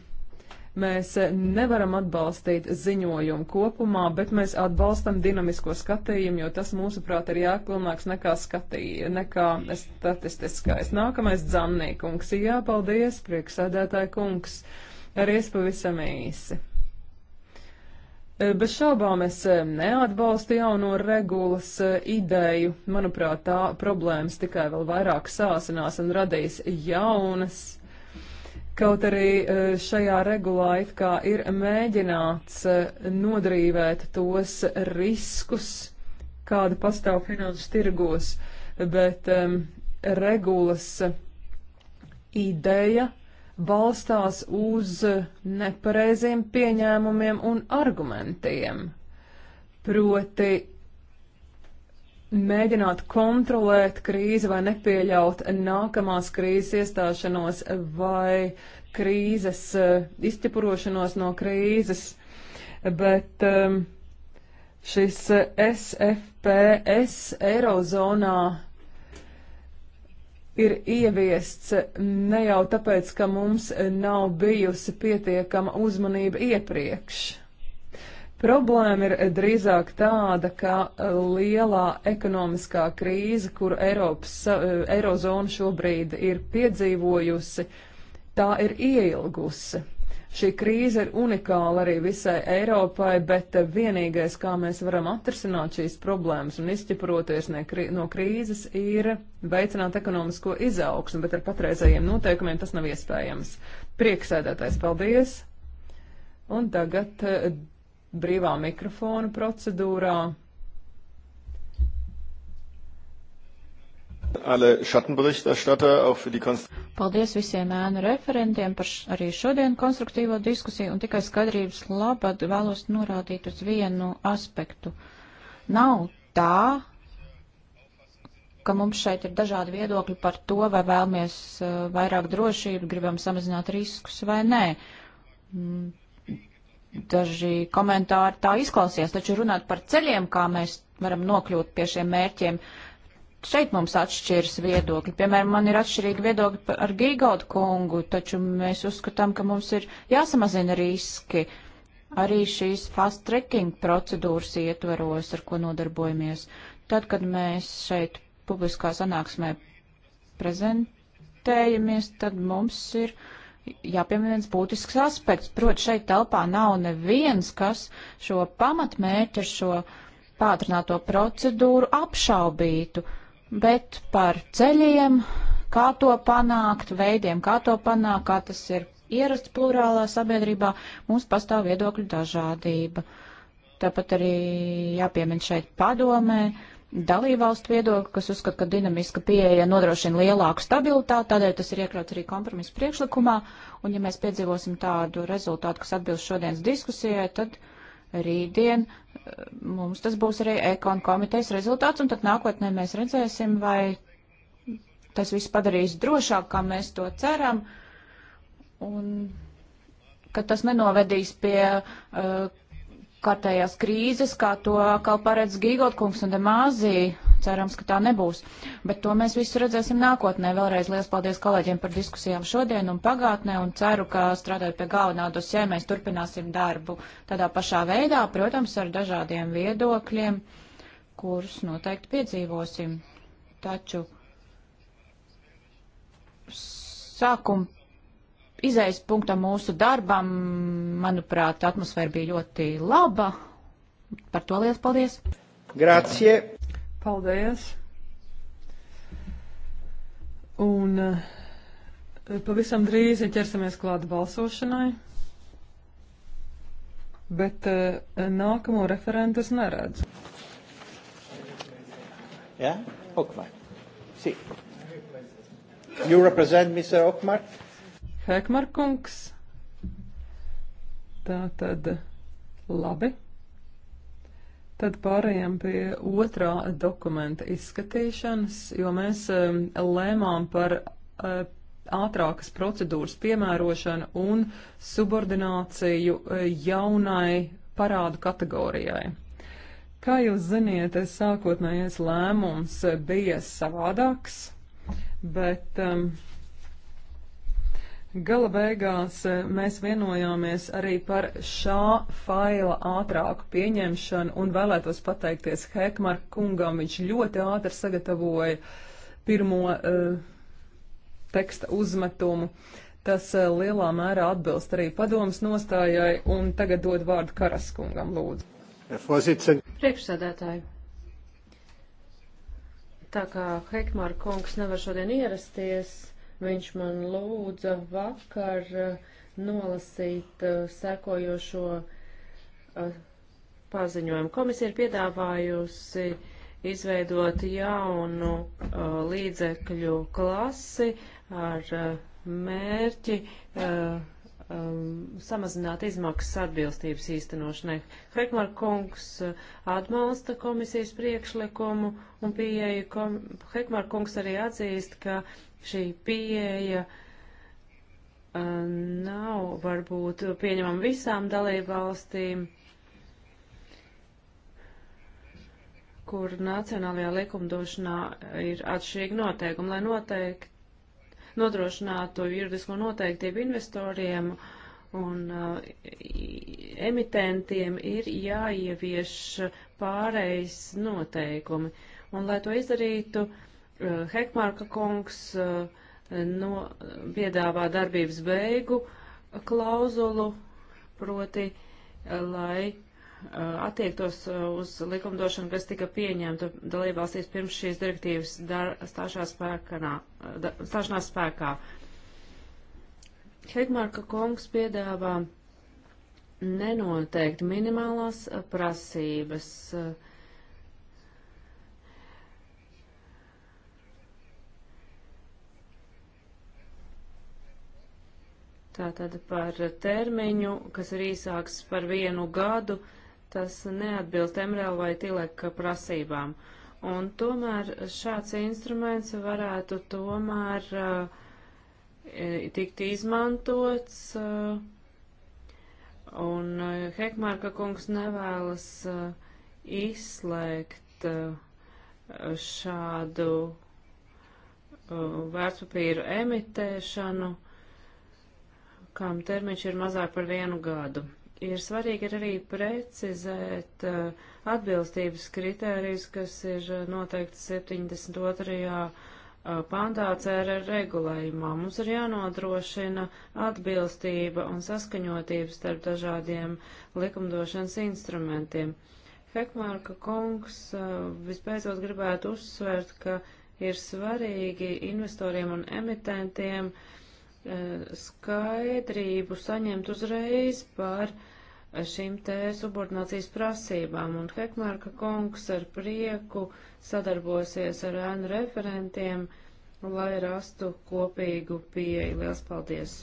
Mēs eh, nevaram atbalstīt ziņojumu kopumā, bet mēs atbalstam dinamisko skatījumu, jo tas, mūsuprāt, ir jākilnāks nekā, skatī, nekā statistiskais. Nākamais dzamnīkungs. Jā, paldies, prieksēdētāji kungs. Arī es pavisam īsi. Eh, bez šaubām es eh, neatbalstu jauno regulas ideju. Manuprāt, tā problēmas tikai vēl vairāk sāsinās un radīs jaunas. Kaut arī e, šajā regulā it kā ir mēģināts e, nodrīvēt tos riskus, kāda pastāv finanšu tirgos, bet um, regulas ideja balstās uz nepareiziem pieņēmumiem un argumentiem. Proti mēģināt kontrolēt krīzi vai nepieļaut nākamās krīzes iestāšanos vai krīzes eh, izķepurošanos no krīzes. Bet ehm, šis SFPS eh, Eirozonā ir ieviests ne jau tāpēc, ka mums nav bijusi pietiekama uzmanība iepriekš Problēma ir drīzāk tāda, ka e, lielā ekonomiskā krīze, kuru Eiropas, e, Eirozona šobrīd ir piedzīvojusi, tā ir ieilgusi. Šī krīze ir unikāla arī visai Eiropai, bet e, vienīgais, kā mēs varam atrisināt šīs problēmas un izķiproties no krīzes, ir veicināt ekonomisko izaugsmu, bet ar patreizējiem noteikumiem tas nav iespējams. Prieksēdētais, paldies! Un tagad brīvā mikrofona procedūrā. Paldies visiem ēnu referentiem par š, arī šodien konstruktīvo diskusiju un tikai skaidrības labad vēlos norādīt uz vienu aspektu. Nav tā, ka mums šeit ir dažādi viedokļi par to, vai vēlamies eh, vairāk drošību, gribam samazināt riskus vai nē. Mm, daži komentāri tā izklausies, taču runāt par ceļiem, kā mēs varam nokļūt pie šiem mērķiem, šeit mums atšķiras viedokļi. Piemēram, man ir atšķirīgi viedokļi ar Gīgaudu kungu, taču mēs uzskatām, ka mums ir jāsamazina riski arī šīs fast tracking procedūras ietveros, ar ko nodarbojamies. Tad, kad mēs šeit publiskā sanāksmē prezentējamies, tad mums ir. Uh, jāpiemina viens būtisks aspekts. Proti, šeit telpā nav neviens, kas šo pamatmērķu, šo pātrināto procedūru apšaubītu, bet par ceļiem, kā to panākt, veidiem, kā to panākt, kā tas ir ierasts plurālā sabiedrībā, mums pastāv viedokļu dažādība. Tāpat arī jāpiemin šeit padomē, uh, dalībvalstu viedokli, kas uzskata, ka dinamiska pieeja nodrošina lielāku stabilitāti, tādēļ tas ir iekļauts arī kompromisa priekšlikumā, un ja mēs piedzīvosim tādu rezultātu, kas atbilst šodienas diskusijai, tad rītdien eh, mums tas būs arī ekon komitejas rezultāts, un tad nākotnē mēs redzēsim, vai tas viss padarīs drošāk, kā mēs to ceram, un ka tas nenovedīs pie uh, kārtējās krīzes, kā to atkal paredz Gīgotkungs un Demāzī. Cerams, ka tā nebūs. Bet to mēs visu redzēsim nākotnē. Vēlreiz liels paldies kolēģiem par diskusijām šodien un pagātnē un ceru, ka strādājot pie galvenā dosē, mēs turpināsim darbu tādā pašā veidā, protams, ar dažādiem viedokļiem, kurus noteikti piedzīvosim. Taču sākuma izējas punktam mūsu darbam, manuprāt, atmosfēra bija ļoti laba. Par to liels paldies! Grācie! Paldies! Un eh, pavisam drīz ķersimies klāt balsošanai, bet eh, nākamo referentu es neredzu. Yeah? Okmar. See. You represent Mr. Okmar? Hekmarkungs. Tā tad labi. Tad pārējām pie otrā dokumenta izskatīšanas, jo mēs um, lēmām par uh, ātrākas procedūras piemērošanu un subordināciju uh, jaunai parādu kategorijai. Kā jūs ziniet, sākotnējais lēmums bija savādāks, bet um, Gala beigās e, mēs vienojāmies arī par šā faila ātrāku pieņemšanu un vēlētos pateikties Hekmar kungam. Viņš ļoti ātri sagatavoja pirmo uh, teksta uzmetumu. Tas uh, lielā mērā atbilst arī padomas nostājai un tagad dod vārdu Karaskungam, lūdzu. Priekšsēdētāji. Tā kā Hekmar kungs nevar šodien ierasties Viņš man lūdza vakar uh, nolasīt uh, sekojošo uh, paziņojumu. Komisija ir piedāvājusi izveidot jaunu līdzekļu klasi ar mērķi uh, um, samazināt izmaksas atbilstības īstenošanai. Hekmar kungs uh, atbalsta komisijas priekšlikumu un pieeja, kom... Hekmar kungs arī atzīst, ka šī pieeja um, nav varbūt pieņemama visām dalībvalstīm, kur nacionālajā likumdošanā ir atšķirīgi noteikumi, lai noteikti nodrošinātu juridisko noteiktību investoriem un uh, emitentiem, ir jāievieš pārējais noteikumi. Un, lai to izdarītu, uh, Hekmārka kungs uh, no, piedāvā darbības beigu klauzulu, proti, lai Uh, attiektos uh, uz likumdošanu, kas tika pieņemta dalībvalstīs pirms šīs direktīvas dar, spēkanā, uh, da, stāšanās spēkā. Hegmarka kungs piedāvā nenoteikt minimālās prasības. Tātad par termiņu, kas ir īsāks par vienu gadu, uh, tas neatbilst MRL vai TILEK prasībām. Un tomēr šāds instruments varētu tomēr uh, tikt izmantots, uh, un eh, Hekmārka kungs nevēlas uh, izslēgt šādu vērtspapīru emitēšanu, kam termiņš ir mazāk par vienu gadu ir svarīgi ir arī precizēt uh, atbilstības kritērijus, kas ir uh, noteikti 72. Uh, pantā CRR regulējumā. Mums ir jānodrošina atbilstība un saskaņotība starp dažādiem likumdošanas instrumentiem. Hekmārka kungs uh, vispēcot gribētu uzsvērt, ka ir svarīgi investoriem un emitentiem uh, skaidrību saņemt uzreiz par uh, šīm te subordinācijas prasībām, un Hekmārka kungs ar prieku sadarbosies ar ēnu referentiem, lai rastu kopīgu pieeju. Liels paldies!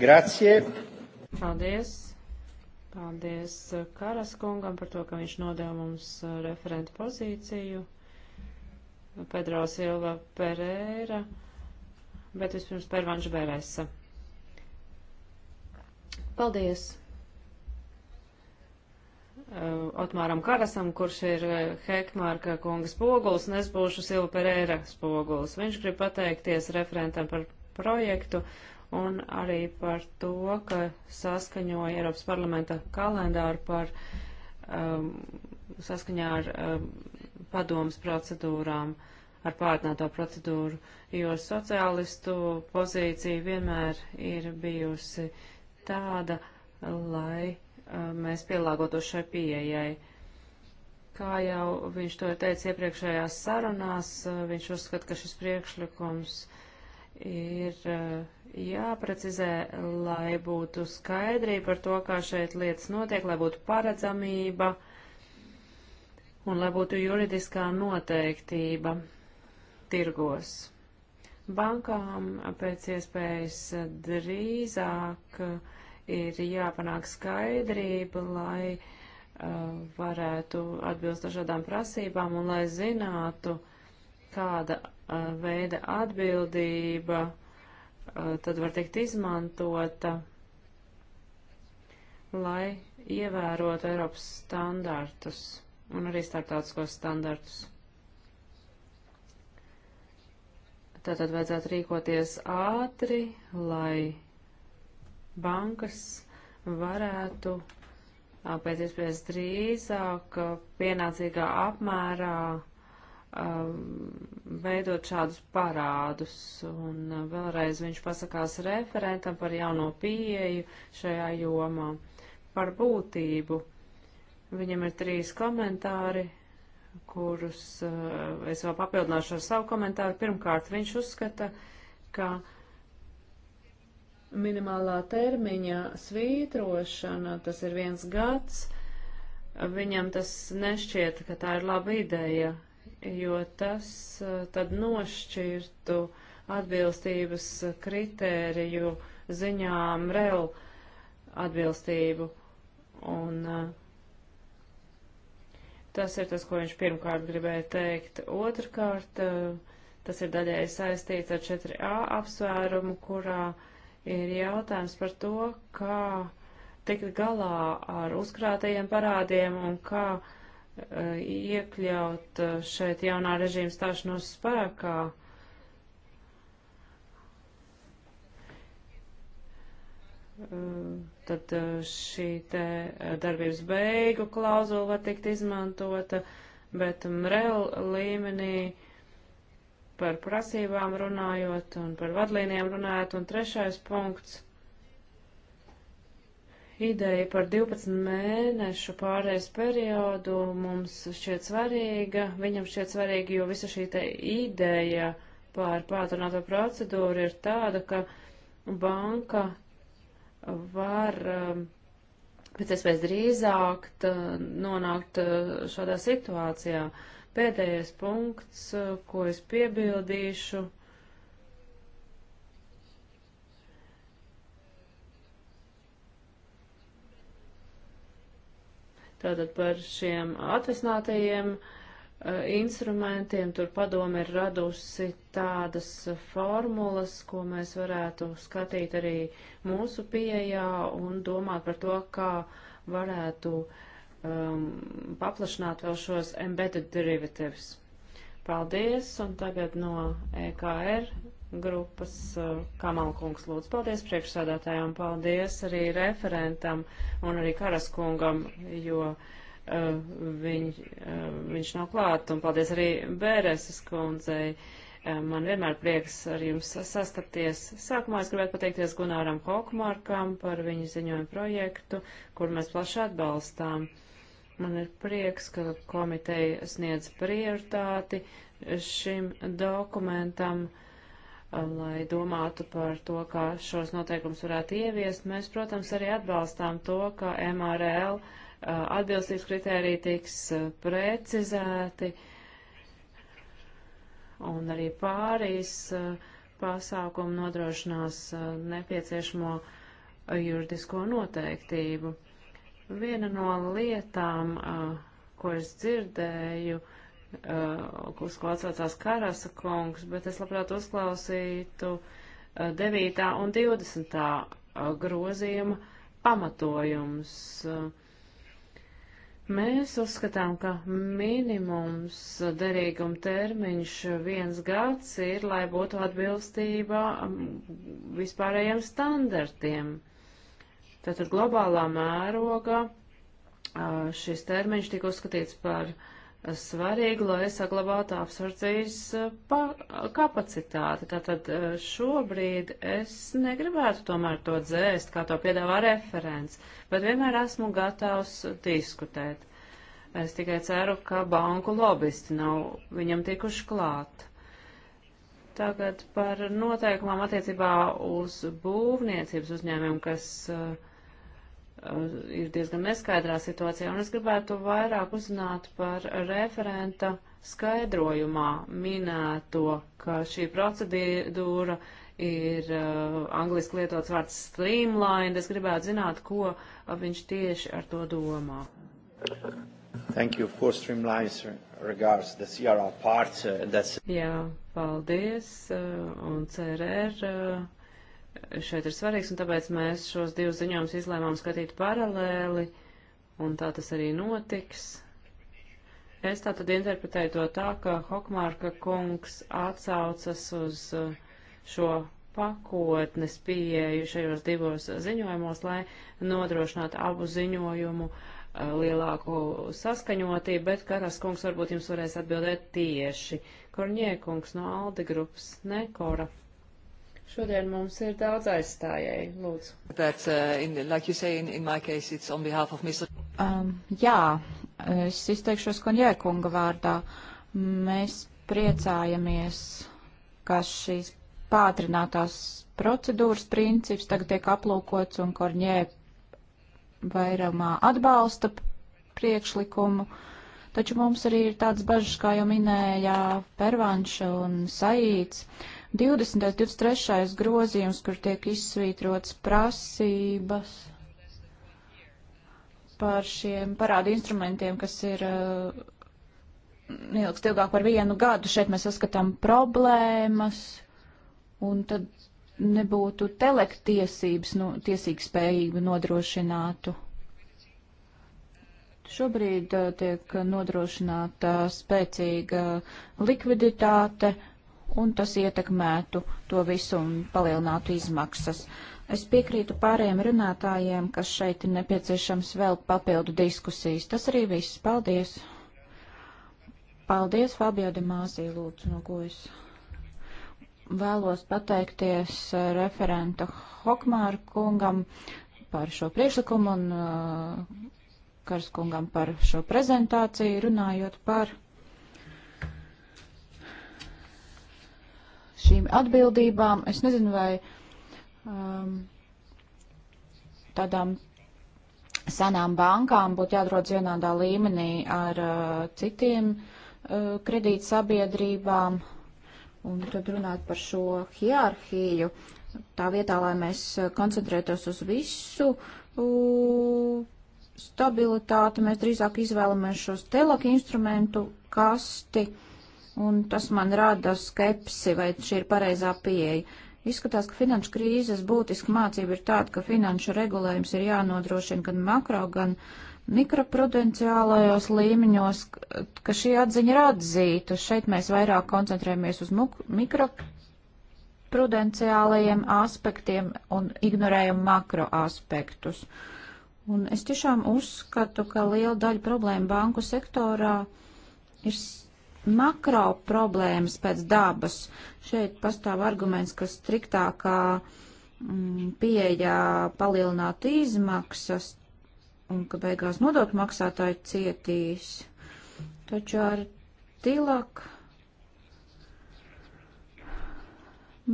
Grazie! Paldies! Paldies uh, Karas kungam par to, ka viņš nodeva mums uh, referentu pozīciju. Pedro Silva Pereira, bet vispirms Pervanš Beresa. Paldies! Eh, Otmāram Karasam, kurš ir eh, Hekmārka kungas spogulis, un es būšu Silva Pereira spogulis. Viņš grib pateikties referentam par projektu un arī par to, ka saskaņoja Eiropas parlamenta kalendāru par um, saskaņā ar um, padomas procedūrām, ar pārtnāto procedūru, jo sociālistu pozīcija vienmēr ir bijusi uh, tāda, lai mēs pielāgotos šai pieejai. Kā jau viņš to ir teicis iepriekšējās sarunās, viņš uzskata, ka šis priekšlikums ir jāprecizē, lai būtu skaidrība par to, kā šeit lietas notiek, lai būtu paredzamība un lai būtu juridiskā noteiktība tirgos. Bankām pēc iespējas drīzāk uh, ir jāpanāk skaidrība, lai uh, varētu atbilst dažādām prasībām un lai zinātu, kāda uh, veida atbildība uh, tad var tikt izmantota, lai ievērotu Eiropas standartus un arī starptautiskos standartus. Tātad vajadzētu rīkoties ātri, lai bankas varētu pēc iespējas drīzāk uh, pienācīgā apmērā um, veidot šādus parādus. Un uh, vēlreiz viņš pasakās referentam par jauno pieeju šajā jomā, par būtību. Viņam ir trīs komentāri, kurus uh, es vēl papildināšu ar savu komentāru. Pirmkārt, viņš uzskata, ka uh, minimālā termiņa svītrošana, tas ir viens gads, viņam tas nešķiet, ka tā ir laba ideja, jo tas eh, tad nošķirtu atbilstības kritēriju ziņām rel atbilstību. Un eh, tas ir tas, ko viņš pirmkārt gribēja teikt. Otrkārt, eh, tas ir daļai saistīts ar 4A apsvērumu, kurā uh, ir jautājums par to, kā tikt galā ar uzkrātajiem parādiem un kā uh, iekļaut eh, šeit jaunā režīma stāšanos spēkā. Uh, tad šī te darbības beigu klauzula var tikt izmantota, bet MREL mm, līmenī uh, par prasībām runājot un par vadlīnijām runājot. Un trešais punkts - ideja par 12 mēnešu pārējais periodu mums šķiet svarīga, viņam šķiet svarīga, jo visa šī te ideja par pātrināto procedūru ir tāda, ka banka var um, pēc iespējas drīzāk nonākt uh, šādā situācijā. Uh, Pēdējais punkts, eh, ko es piebildīšu, tātad par šiem atvesinātajiem uh, eh, instrumentiem. Tur padome ir radusi tādas formulas, ko mēs varētu skatīt arī mūsu pieejā un domāt par to, kā varētu uh, um, paplašināt vēl šos embedded derivatives. Paldies, un tagad no EKR grupas uh, Kamalkungs lūdzu. Paldies priekšsādātājiem, paldies arī referentam un arī Karaskungam, jo uh, viņ, uh, viņš nav klāt, un paldies arī Bēreses kundzei. Uh, man vienmēr prieks ar jums sastapties. Sākumā es gribētu pateikties Gunāram Hokmarkam par viņu ziņojumu projektu, kur mēs plaši atbalstām. Uh, Man ir prieks, ka komiteja sniedz prioritāti šim dokumentam, lai domātu par to, kā šos noteikumus varētu ieviest. Mēs, protams, arī atbalstām to, ka MRL atbilstības kritērija tiks precizēti un arī pārīs pasākumu nodrošinās nepieciešamo juridisko noteiktību. Viena no lietām, ko es dzirdēju, uz ko atsaucās Karasa kungs, bet es labprāt uzklausītu 9. un 20. grozījuma pamatojums. Mēs uzskatām, ka minimums derīguma termiņš viens gads ir, lai būtu atbilstība vispārējiem standartiem. Uh, Tātad globālā mērogā šis termiņš tika uzskatīts par svarīgu, lai saglabātu apsardzības kapacitāti. Tātad šobrīd es negribētu tomēr to dzēst, kā to piedāvā referents, bet vienmēr esmu gatavs diskutēt. Es tikai ceru, ka banku lobbyisti nav viņam tikuši klāt. Tagad par noteikumām attiecībā uz būvniecības uzņēmumiem, kas uh, Uh, ir diezgan neskaidrā situācijā, un es gribētu vairāk uzzināt par referenta skaidrojumā minēto, ka šī procedūra ir uh, angliski lietots vārds streamlined. Es gribētu zināt, ko uh, viņš tieši ar to domā. Thank you. Of course, streamlines regards the CRR parts. Uh, that's... Jā, paldies. Uh, un CRR. Uh, šeit ir svarīgs, un tāpēc mēs šos divus ziņojumus izlēmām skatīt paralēli, un tā tas arī notiks. Es tā tad interpretēju to tā, ka Hokmārka kungs atsaucas uz uh, šo pakotnes pieeju šajos divos ziņojumos, lai nodrošinātu abu ziņojumu uh, lielāku saskaņotību, bet Karas kungs varbūt jums varēs atbildēt tieši. Korņē kungs no Alde grupas, ne Kora. Šodien mums ir daudz aizstājēji, lūdzu. But, uh, in, like you say, in, in my case, it's on behalf of Mr. Um, jā, es izteikšos Konjēkunga vārdā. Mēs priecājamies, ka šīs pātrinātās procedūras princips tagad tiek aplūkots un Korņē vairumā atbalsta priekšlikumu. Uh, Taču mums arī ir tāds bažas, kā jau minēja Pervanš un Saīts. 20. 23. grozījums, kur tiek izsvītrots prasības par šiem parādu instrumentiem, kas ir uh, ilgst ilgāk par vienu gadu. Šeit mēs saskatām problēmas, un tad nebūtu telektiesības, nu, tiesīgspējību nodrošinātu. Šobrīd eh, tiek nodrošināta spēcīga likviditāte, un tas ietekmētu to visu un palielinātu izmaksas. Es piekrītu pārējiem runātājiem, ka šeit ir nepieciešams vēl papildu diskusijas. Tas arī viss. Paldies! Paldies, Fabio de Māsī, lūdzu, no gojas. Vēlos pateikties eh, referenta Hokmāra kungam par šo priekšlikumu un uh, Karskungam par šo prezentāciju, runājot par šīm atbildībām. Es nezinu, vai um, tādām senām bankām būtu jāatrodas vienādā līmenī ar uh, citiem uh, kredītsabiedrībām un tad runāt par šo hierarhiju. Tā vietā, lai mēs uh, koncentrētos uz visu, uh, stabilitāti, mēs drīzāk izvēlamies šo stelaka instrumentu kasti, un tas man rada skepsi, vai šī ir pareizā pieeja. Izskatās, ka finanšu krīzes būtiska mācība ir tāda, ka finanšu regulējums ir jānodrošina gan makro, gan mikroprudenciālajos līmeņos, ka šī atziņa ir atzīta. Šeit mēs vairāk koncentrējamies uz mikroprudenciālajiem aspektiem un ignorējam makro aspektus. Uh, Un es tiešām uzskatu, ka liela daļa problēma banku sektorā ir makro problēmas pēc dabas. Šeit pastāv arguments, ka striktākā mm, pieejā palielinātu izmaksas un ka beigās nodokļu maksātāji cietīs. Taču ar tilak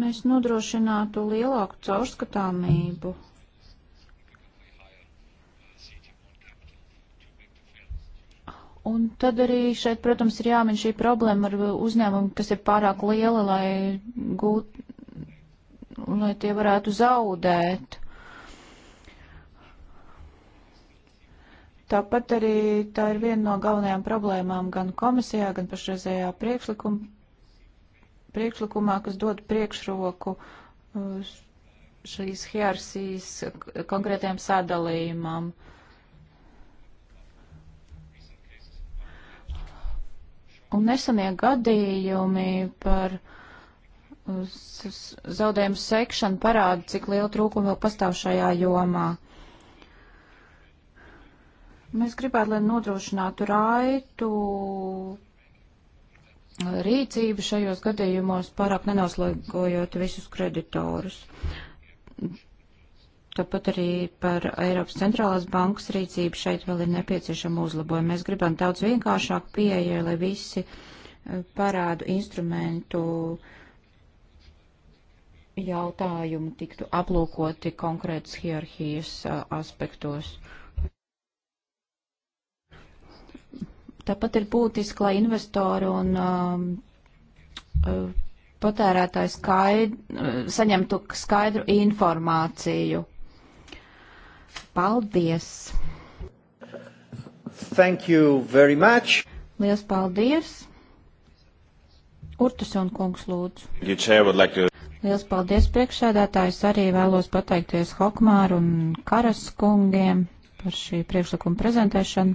mēs nodrošinātu lielāku caurskatāmību Un tad arī šeit, protams, ir jāmin šī problēma ar uzņēmumu, kas ir pārāk liela, lai gūt, lai tie varētu zaudēt. Tāpat arī tā ir viena no galvenajām problēmām gan komisijā, gan pašreizējā priekšlikuma, priekšlikumā, kas dod priekšroku uh, šīs hierarhijas konkrētajām sadalījumam. Uh, Un nesenie gadījumi par uh, zaudējumu sekšanu parāda, cik liela trūkuma vēl pastāv šajā jomā. Mēs gribētu, lai nodrošinātu raitu rīcību šajos gadījumos, pārāk nenoslēgojot visus kreditorus. Tāpat arī par Eiropas centrālās bankas rīcību šeit vēl ir nepieciešama uzlabojuma. Mēs gribam daudz vienkāršāku pieeju, lai visi eh, parādu instrumentu jautājumu tiktu aplūkoti konkrētas hierarhijas eh, aspektos. Tāpat ir būtiski, lai investori un um, patērētāji skaidr, saņemtu skaidru informāciju Paldies! Thank you very much! Liels paldies! Urtasona kungs lūdzu. Like to... Liels paldies priekšsēdētājs. Arī vēlos pateikties Hokmāru un Karas kungiem par šī priekšlikuma prezentēšanu.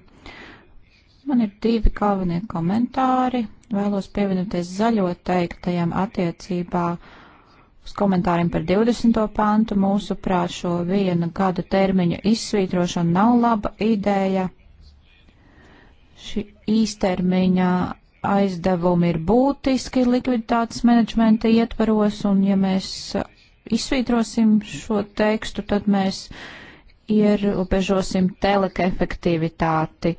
Man ir divi galvenie komentāri. Vēlos pievienoties zaļo teiktajam attiecībā uz komentāriem par 20. pantu. Mūsuprāt, šo viena gada termiņa izsvītrošana nav laba ideja. Šī īstermiņa aizdevumi ir būtiski likviditātes menedžmenta ietvaros, un ja mēs izsvītrosim šo tekstu, tad mēs ierobežosim teleka efektivitāti.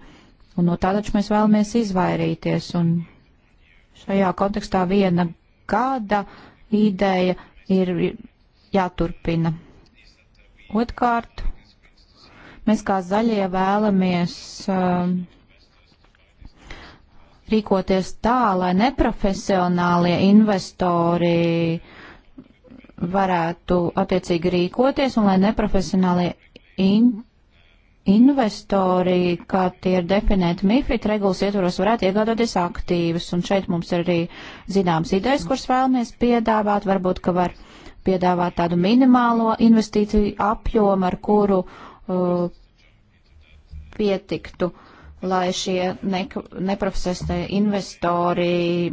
Un no tā taču mēs vēlamies izvairīties. Un šajā kontekstā viena gada ideja ir jāturpina. Otkārt, mēs kā zaļie vēlamies uh, rīkoties tā, lai neprofesionālie investori varētu attiecīgi rīkoties un lai neprofesionālie investori investori, kā tie ir definēti MIFID regulas ietvaros, varētu iegādāties aktīvus. Un šeit mums ir arī zināmas idejas, kuras vēlamies piedāvāt. Varbūt, ka var piedāvāt tādu minimālo investīciju apjomu, ar kuru uh, pietiktu, lai šie ne, neprofesēstie investori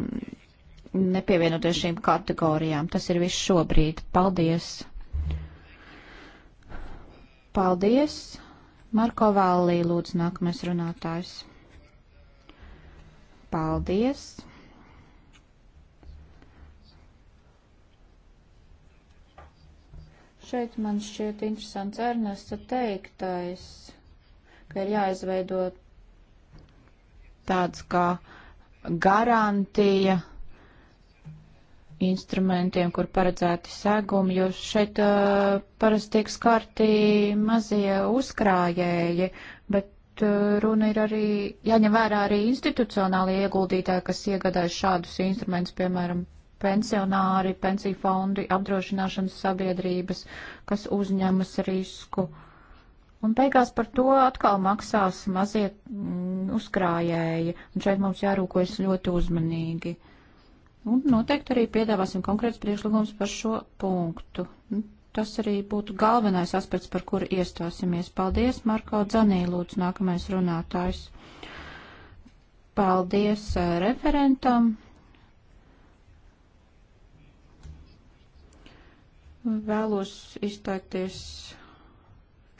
nepievienoties šīm kategorijām. Tas ir viss šobrīd. Paldies! Paldies! Marko Vallī lūdzu nākamais runātājs. Paldies! Šeit man šķiet interesants Ernesta teiktais, ka ir jāizveido tāds kā garantija instrumentiem, kur paredzēti segumi, jo šeit uh, parasti tiek skarti mazie uzkrājēji, bet uh, runa ir arī jāņem vērā arī institucionāli ieguldītāji, kas iegādājas šādus instrumentus, piemēram, pensionāri, pensiju fondi, apdrošināšanas sabiedrības, kas uzņemas risku. Un beigās par to atkal maksās mazie mm, uzkrājēji, un šeit mums jārūkojas ļoti uzmanīgi. Uh, Un noteikti arī piedāvāsim konkrēts priekšlikums par šo punktu. Nu, tas arī būtu galvenais aspekts, par kuru iestāsimies. Paldies, Marko Dzanī, lūdzu, nākamais runātājs. Paldies referentam. Vēlos izteikties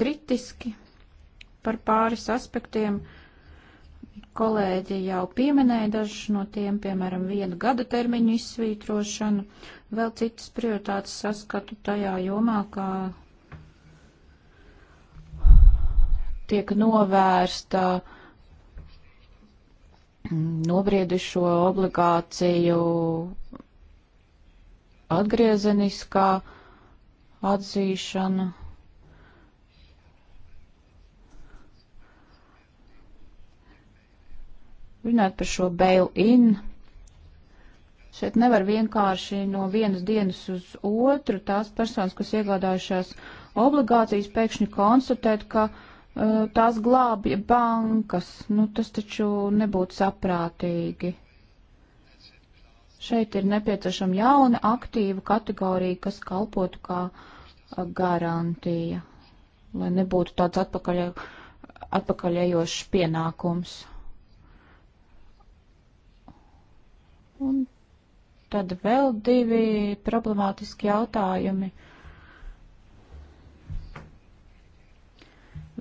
kritiski par pāris aspektiem. Uh, Kolēģi jau pieminēja dažus no tiem, piemēram, vienu gada termiņu izsvītrošanu. Vēl citas prioritātes saskatu tajā jomā, kā tiek novērsta nobriedušo obligāciju atgriezeniskā atzīšana. Runāt par šo bail-in. Šeit nevar vienkārši no vienas dienas uz otru tās personas, kas iegādājušās obligācijas, pēkšņi konstatēt, ka uh, tās glābja bankas. Nu, tas taču nebūtu saprātīgi. Šeit ir nepieciešama jauna aktīva kategorija, kas kalpotu kā uh, garantija, lai nebūtu tāds atpakaļ, atpakaļējošs pienākums. Un tad vēl divi problemātiski jautājumi.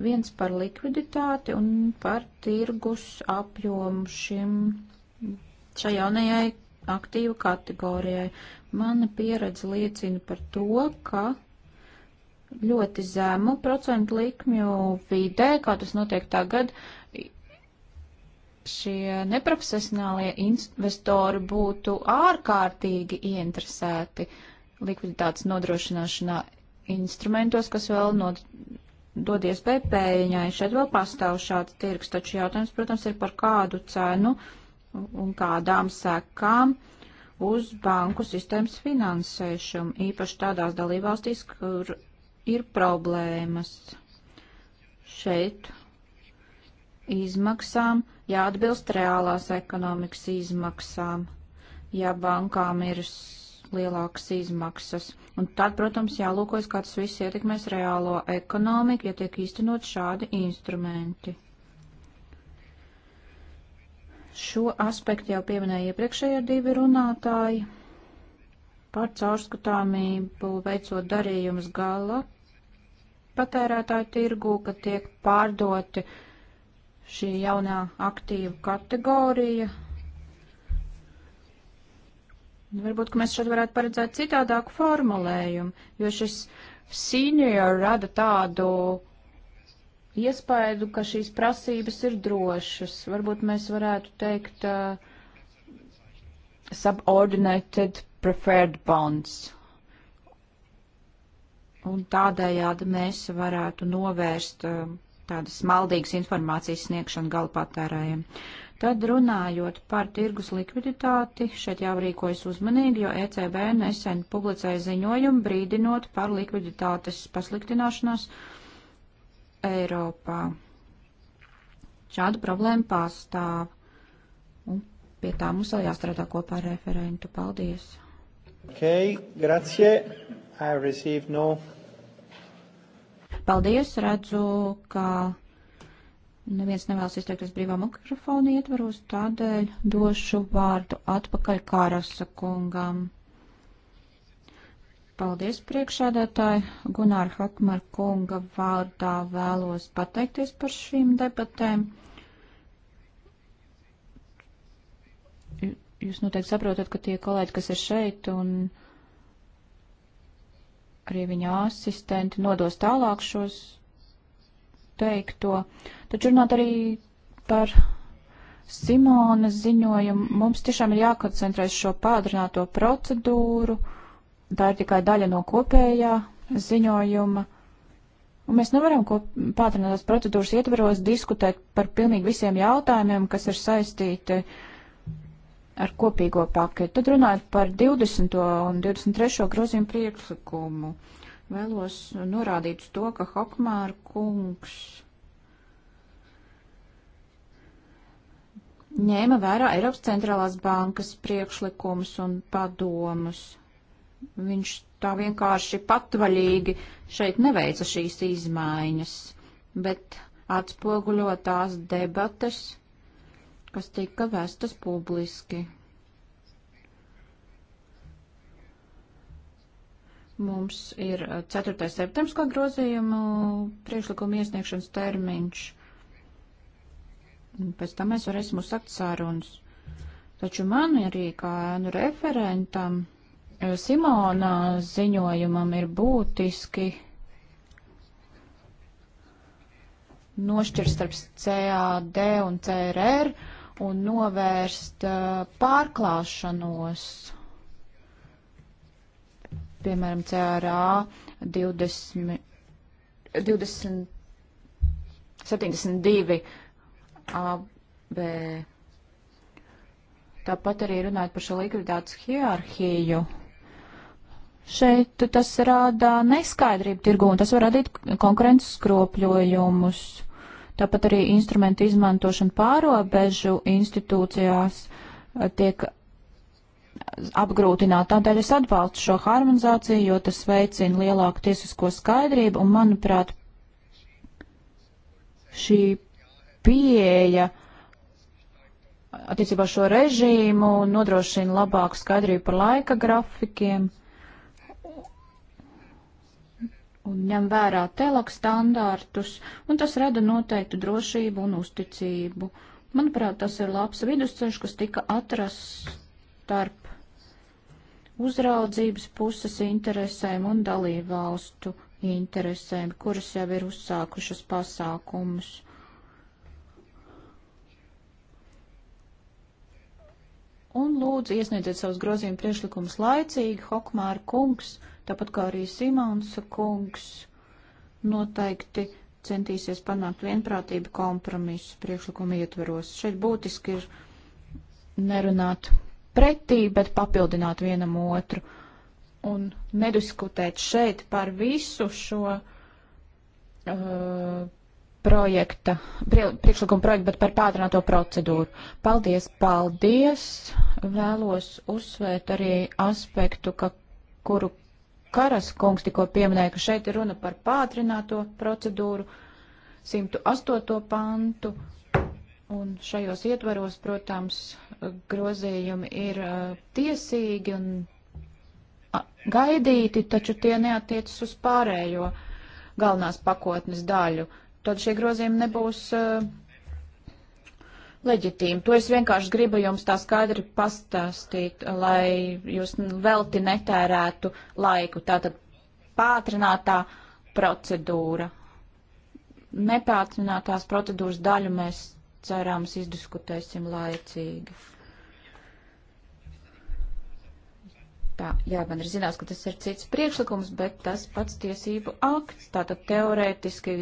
Viens par likviditāti un par tirgus apjomu šim šai jaunajai aktīvu kategorijai. Mana pieredze liecina par to, ka ļoti zemu procentu likmju vidē, kā tas notiek tagad, šie neprofesionālie investori būtu ārkārtīgi ieinteresēti likviditātes nodrošināšanā instrumentos, kas vēl nod, dod iespēju pēļņai. Šeit vēl pastāv šāds tirgs, taču jautājums, protams, ir par kādu cenu un kādām sekām uz banku sistēmas finansēšanu, īpaši tādās dalībvalstīs, kur ir problēmas. Šeit izmaksām jāatbilst reālās ekonomikas izmaksām, ja bankām ir lielākas izmaksas. Un tad, protams, jālūkojas, kā tas viss ietekmēs reālo ekonomiku, ja tiek īstenot šādi instrumenti. Šo aspektu jau pieminēja iepriekšējie divi runātāji par caurskatāmību veicot darījumus gala patērētāju tirgu, ka tiek pārdoti uh, šī jaunā aktīva kategorija. Varbūt, ka mēs šeit varētu paredzēt citādāku formulējumu, jo šis senior rada tādu iespēju, ka šīs prasības ir drošas. Varbūt mēs varētu teikt uh, subordinated preferred bonds. Un tādējādi mēs varētu novērst uh, tādas maldīgas informācijas sniegšanu gala patērējiem. Tad runājot par tirgus likviditāti, šeit jāvrīkojas uzmanīgi, jo ECB nesen publicēja ziņojumu brīdinot par likviditātes pasliktināšanos Eiropā. Šāda problēma pastāv. Un pie tā mums vēl jāstrādā kopā ar referentu. Paldies! Okay, grazie. I received no Paldies, redzu, ka neviens nevēlas izteikties brīvā mikrofona ietvaros, tādēļ došu vārdu atpakaļ Kārasa kungam. Paldies, priekšādātāji. Gunāra Hakmar kunga vārdā vēlos pateikties par šīm debatēm. Jūs noteikti saprotat, ka tie kolēģi, kas ir šeit un. Uh, arī viņa asistenti nodos tālāk šos teikto. Taču runāt arī par Simonas ziņojumu. Mums tiešām ir jākoncentrēs šo pātrināto procedūru. Tā ir tikai daļa no kopējā ziņojuma. Un mēs nevaram pātrinātās procedūras ietveros diskutēt par pilnīgi visiem jautājumiem, kas ir saistīti uh, ar kopīgo paketu. Tad runājot par 20. un 23. grozījumu priekšlikumu, vēlos norādīt to, ka Hokmāra kungs ņēma vērā Eiropas centrālās bankas priekšlikumus un padomus. Viņš tā vienkārši patvaļīgi šeit neveica šīs izmaiņas, bet atspoguļo tās debatas, kas tika vestas publiski. Mums ir 4. Eh, septembris kā grozījumu priekšlikuma iesniegšanas termiņš. Pēc tam mēs varēsim uzsākt sarunas. Taču man arī kā nu, referentam eh, Simona ziņojumam ir būtiski nošķirt starp CAD un CRR un novērst uh, pārklāšanos, piemēram, CRA 20, 20 72 AB. Tāpat arī runājot par šo likviditātes hierarhiju. Šeit tas rada neskaidrību tirgu, un tas var radīt konkurences skropļojumus. Tāpat arī instrumentu izmantošana pārobežu institūcijās eh, tiek apgrūtināt. Tādēļ es atbalstu šo harmonizāciju, jo tas veicina lielāku tiesisko skaidrību un, manuprāt, šī pieeja attiecībā šo režīmu nodrošina labāku skaidrību par laika grafikiem. Uh, un ņem vērā telak standārtus, un tas rada noteiktu drošību un uzticību. Manuprāt, tas ir labs vidusceļš, kas tika atrasts starp uzraudzības puses interesēm un dalību valstu interesēm, kuras jau ir uzsākušas pasākumus. Un lūdzu iesniedziet savus grozījumu priešlikumus laicīgi, Hokmāra kungs tāpat kā arī Simons kungs noteikti centīsies panākt vienprātību kompromisu priekšlikumu ietveros. Šeit būtiski ir nerunāt pretī, bet papildināt vienam otru un nediskutēt šeit par visu šo uh, projekta, priekšlikuma projektu, bet par pātrināto procedūru. Paldies, paldies! Vēlos uzsvērt arī aspektu, ka, kuru Karas kungs tikko pieminēja, ka šeit ir runa par pātrināto procedūru, 108. pantu, un šajos ietvaros, protams, grozījumi ir uh, tiesīgi un gaidīti, taču tie neatiecas uz pārējo galvenās pakotnes daļu. Tad šie grozījumi nebūs uh, leģitīma. To es vienkārši gribu jums tā skaidri pastāstīt, lai jūs velti netērētu laiku. Tātad pātrinātā procedūra. Nepātrinātās procedūras daļu mēs cerāms izdiskutēsim laicīgi. Tā, jā, man ir zināms, ka tas ir cits priekšlikums, bet tas pats tiesību akts. Tātad teorētiski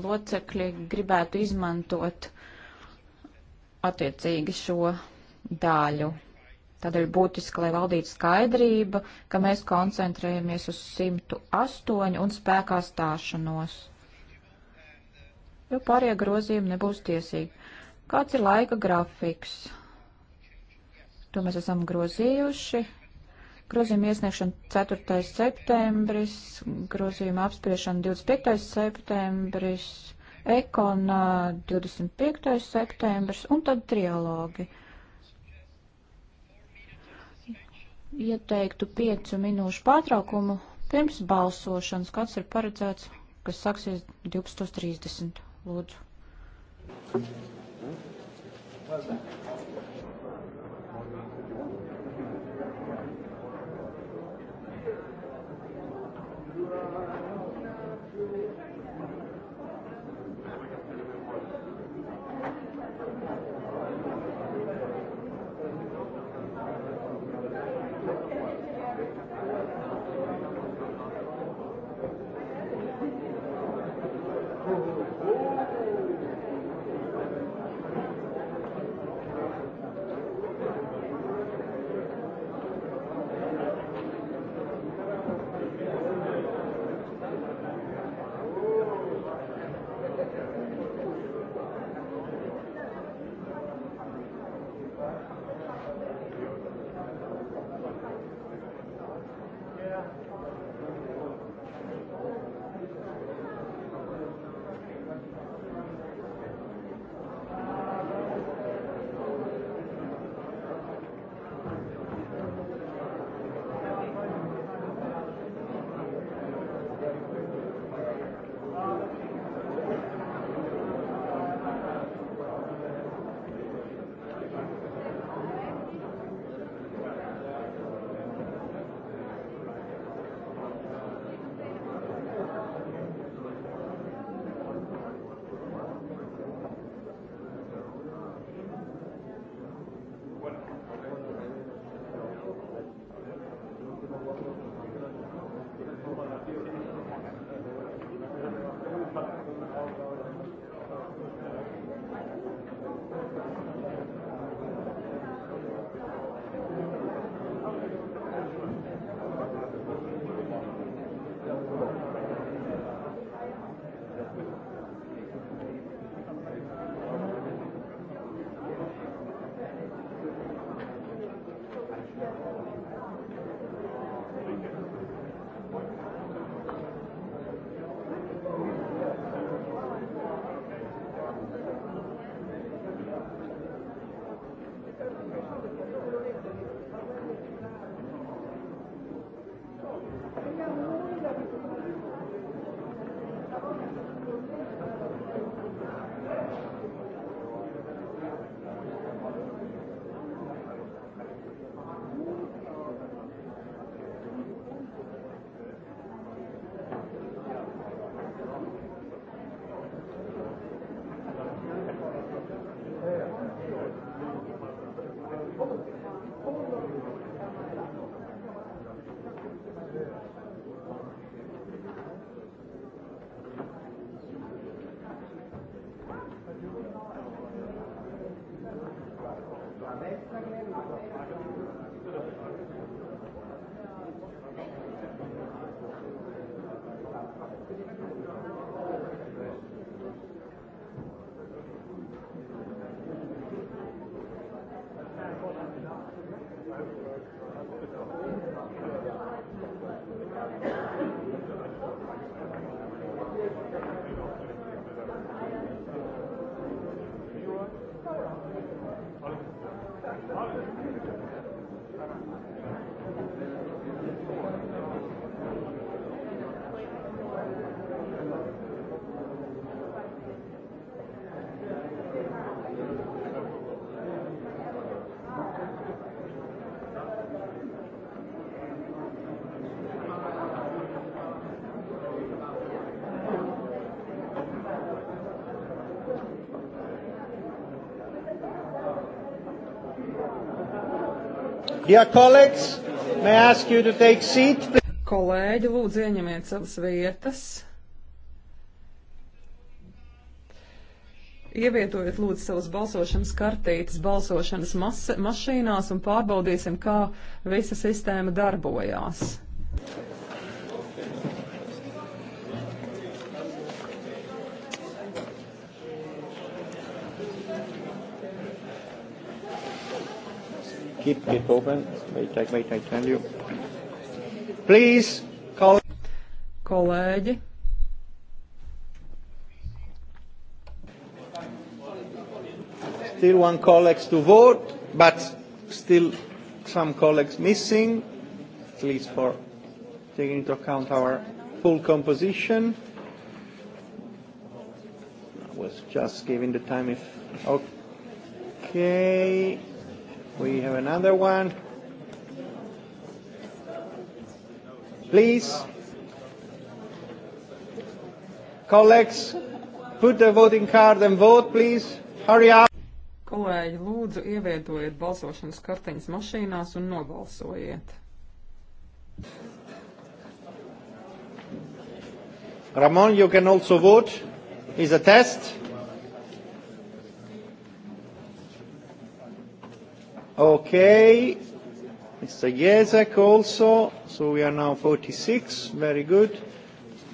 locekļi gribētu izmantot attiecīgi šo daļu. Tādēļ būtiski, lai valdītu skaidrība, ka mēs koncentrējamies uz 108 un spēkā stāšanos, jo pārējie grozījumi nebūs tiesīgi. Kāds ir laika grafiks? To mēs esam grozījuši. Grozījuma iesniegšana 4. septembris, grozījuma apspriešana 25. septembris, Ekon 25. septembris un tad trialogi. Ieteiktu piecu minūšu pārtraukumu pirms balsošanas, kāds ir paredzēts, kas sāksies 12.30. Lūdzu. Thank you. Dear colleagues, may I ask you to take seat? Kolēģi, lūdzu, ieņemiet savas vietas. Ievietojiet lūdzu savas balsošanas kartītes balsošanas mašīnās un pārbaudīsim, kā visa sistēma darbojās. It open. Wait, I, wait, I tell you. Please, call. Kolēģi. Still one colleagues to vote, but still some colleagues missing, at least for taking into account our full composition. I was just giving the time if okay. We have another one. Please, colleagues, put the voting card and vote, please. Hurry up. Kolēģi, lūdzu, ievietojiet balsošanas kartiņas mašīnās un nobalsojiet. Ramon, you can also vote. Is a test. Okay. Mr. Jezek also. So we are now 46. Very good.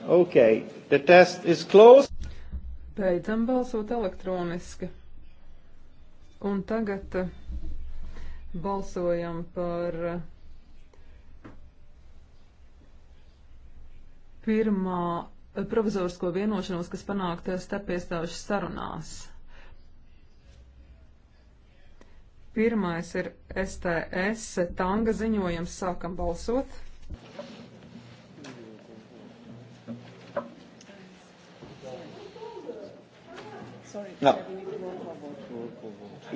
Okay. The test is closed. Beidzam balsot elektroniski. Un tagad uh, balsojam par uh, pirmā eh, provizorisko vienošanos, kas panākta starp iestāžu sarunās. Pirmais ir STS tanga ziņojums. Sākam balsot. No.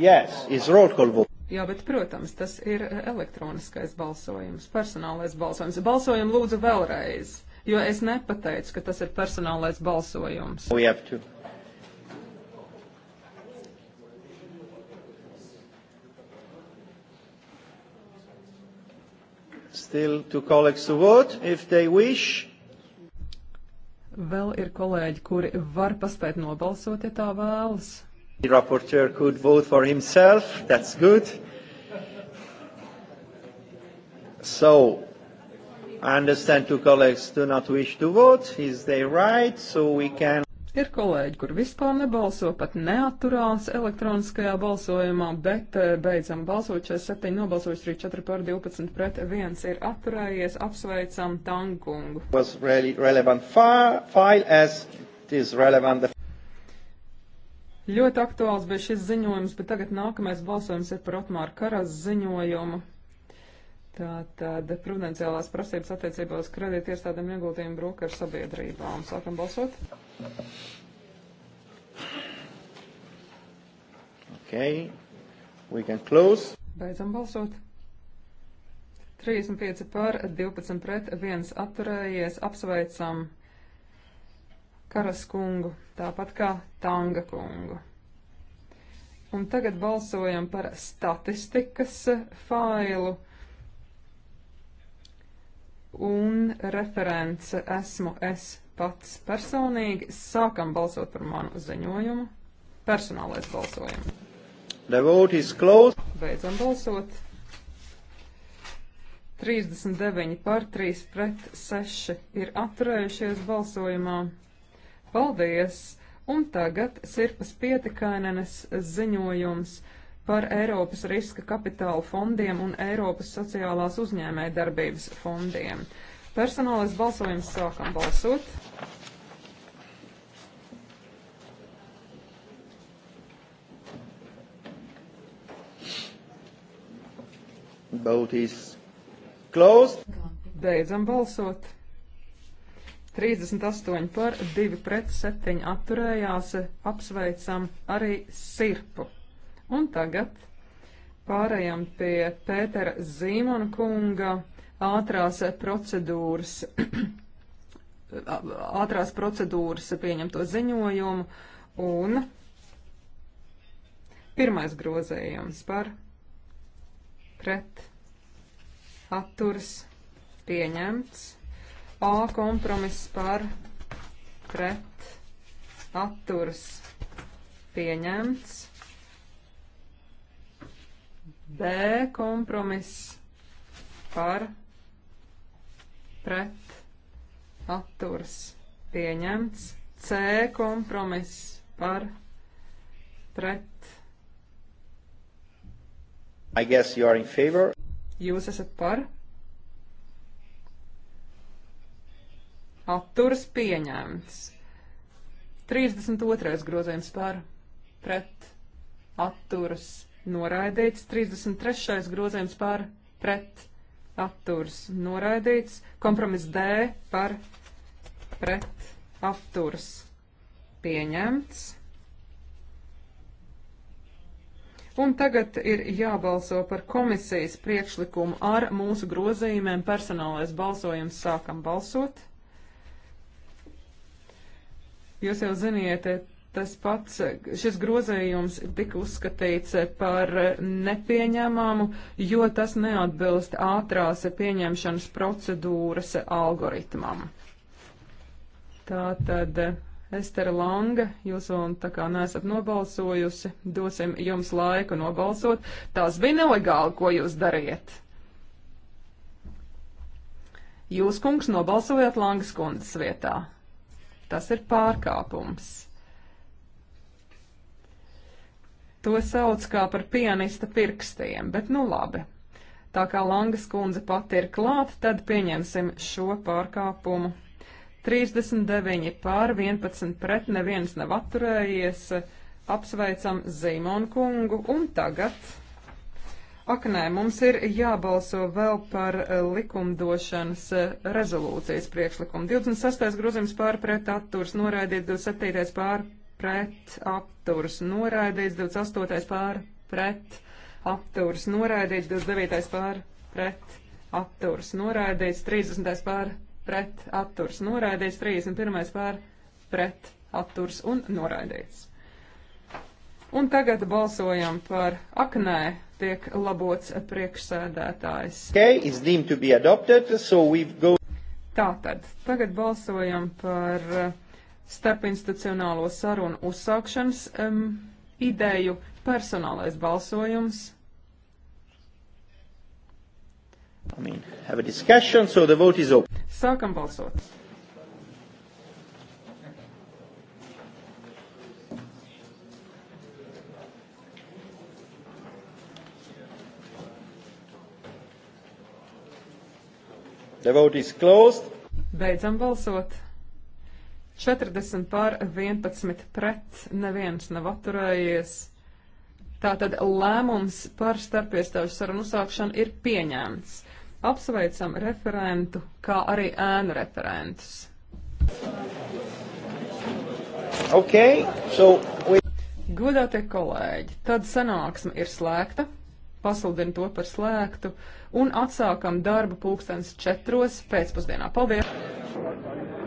Yes, it's roll call vote. Jā, bet, protams, tas ir elektroniskais balsojums, personālais balsojums. Balsojam lūdzu vēlreiz, jo es nepateicu, ka tas ir personālais balsojums. We have to. still two colleagues to vote if they wish. Vēl ir kolēģi, kuri var paspēt nobalsot, ja tā vēlas. The rapporteur could vote for himself. That's good. So, I understand two colleagues do not wish to vote. Is they right? So we can Ir kolēģi, kur vispār nebalso, pat neaturās elektroniskajā balsojumā, bet eh, beidzam balsot 47 nobalsojuši, 34 par 12 pret 1 ir atturējies. Apsveicam Tankungu. Ļoti aktuāls bija šis ziņojums, bet tagad nākamais balsojums ir par Otmāra Karas ziņojumu. Tātad prudenciālās prasības attiecībā uz kredīt iestādēm ieguldījumu brokeru sabiedrībām. Sākam balsot. Okay. We can close. Beidzam balsot. 35 par, 12 pret, 1 atturējies. Apsveicam Karas kungu, tāpat kā Tanga kungu. Un tagad balsojam par statistikas failu un referents esmu es pats personīgi. Sākam balsot par manu ziņojumu. Personālais balsojums. The vote is closed. Beidzam balsot. 39 par 3 pret 6 ir atturējušies balsojumā. Paldies! Un tagad Sirpas Pietikainenes ziņojums par Eiropas riska kapitāla fondiem un Eiropas sociālās uzņēmējdarbības fondiem. Personālais balsojums sākam balsot. Vote is closed. Beidzam balsot. 38 par, 2 pret, 7 atturējās. Apsveicam arī sirpu. Un tagad pārējām pie Pētera Zīmona kunga ātrās procedūras, ātrās procedūras pieņemto ziņojumu un pirmais grozējums par pret atturs pieņemts, A kompromiss par pret atturs pieņemts. B kompromiss par pret atturs pieņemts. C kompromiss par pret. I guess you are in favor. Jūs esat par. Atturs pieņemts. 32. grozījums par pret atturs pieņemts noraidīts, 33. grozījums par pret atturs noraidīts, kompromiss D par pret atturs pieņemts. Un tagad ir jābalso par komisijas priekšlikumu ar mūsu grozījumiem. Personālais balsojums sākam balsot. Jūs jau ziniet, tas pats, šis grozējums tika uzskatīts par nepieņemamu, jo tas neatbilst ātrās pieņemšanas procedūras algoritmam. Tā tad, Estera Langa, jūs vēl tā kā nesat nobalsojusi, dosim jums laiku nobalsot. Tās bija nelegāli, ko jūs dariet. Jūs, kungs, nobalsojat Langas kundzes vietā. Tas ir pārkāpums. To sauc kā par pianista pirkstiem, bet nu labi. Tā kā Langas kundze pati ir klāt, tad pieņemsim šo pārkāpumu. 39 pār 11 pret neviens nav atturējies. Apsveicam Zīmonu kungu un tagad. Ak, nē, mums ir jābalso vēl par eh, likumdošanas eh, rezolūcijas priekšlikumu. 26. grozījums pārpret atturs, noraidīt 27. pārpret pret apturs noraidīts, 28. pār pret apturs noraidīts, 29. pār pret apturs noraidīts, 30. pār pret apturs noraidīts, 31. pār pret apturs un noraidīts. Un tagad balsojam par aknē tiek labots priekšsēdētājs. Okay, so go... Tātad, tagad balsojam par uh, starpinstitucionālo sarunu uzsākšanas um, ideju, personālais balsojums. I mean, have a discussion, so the vote is open. Sākam balsot. The vote is closed. Beidzam balsot. 40 pār 11 pret, neviens nav atturējies. Tātad lēmums par starpiestāžu sarunu uzsākšanu ir pieņēmts. Apsveicam referentu, kā arī ēnu referentus. Okay, so we... Godātie kolēģi, tad sanāksme ir slēgta, pasludinu to par slēgtu un atsākam darbu pulkstens četros pēcpusdienā. Paldies!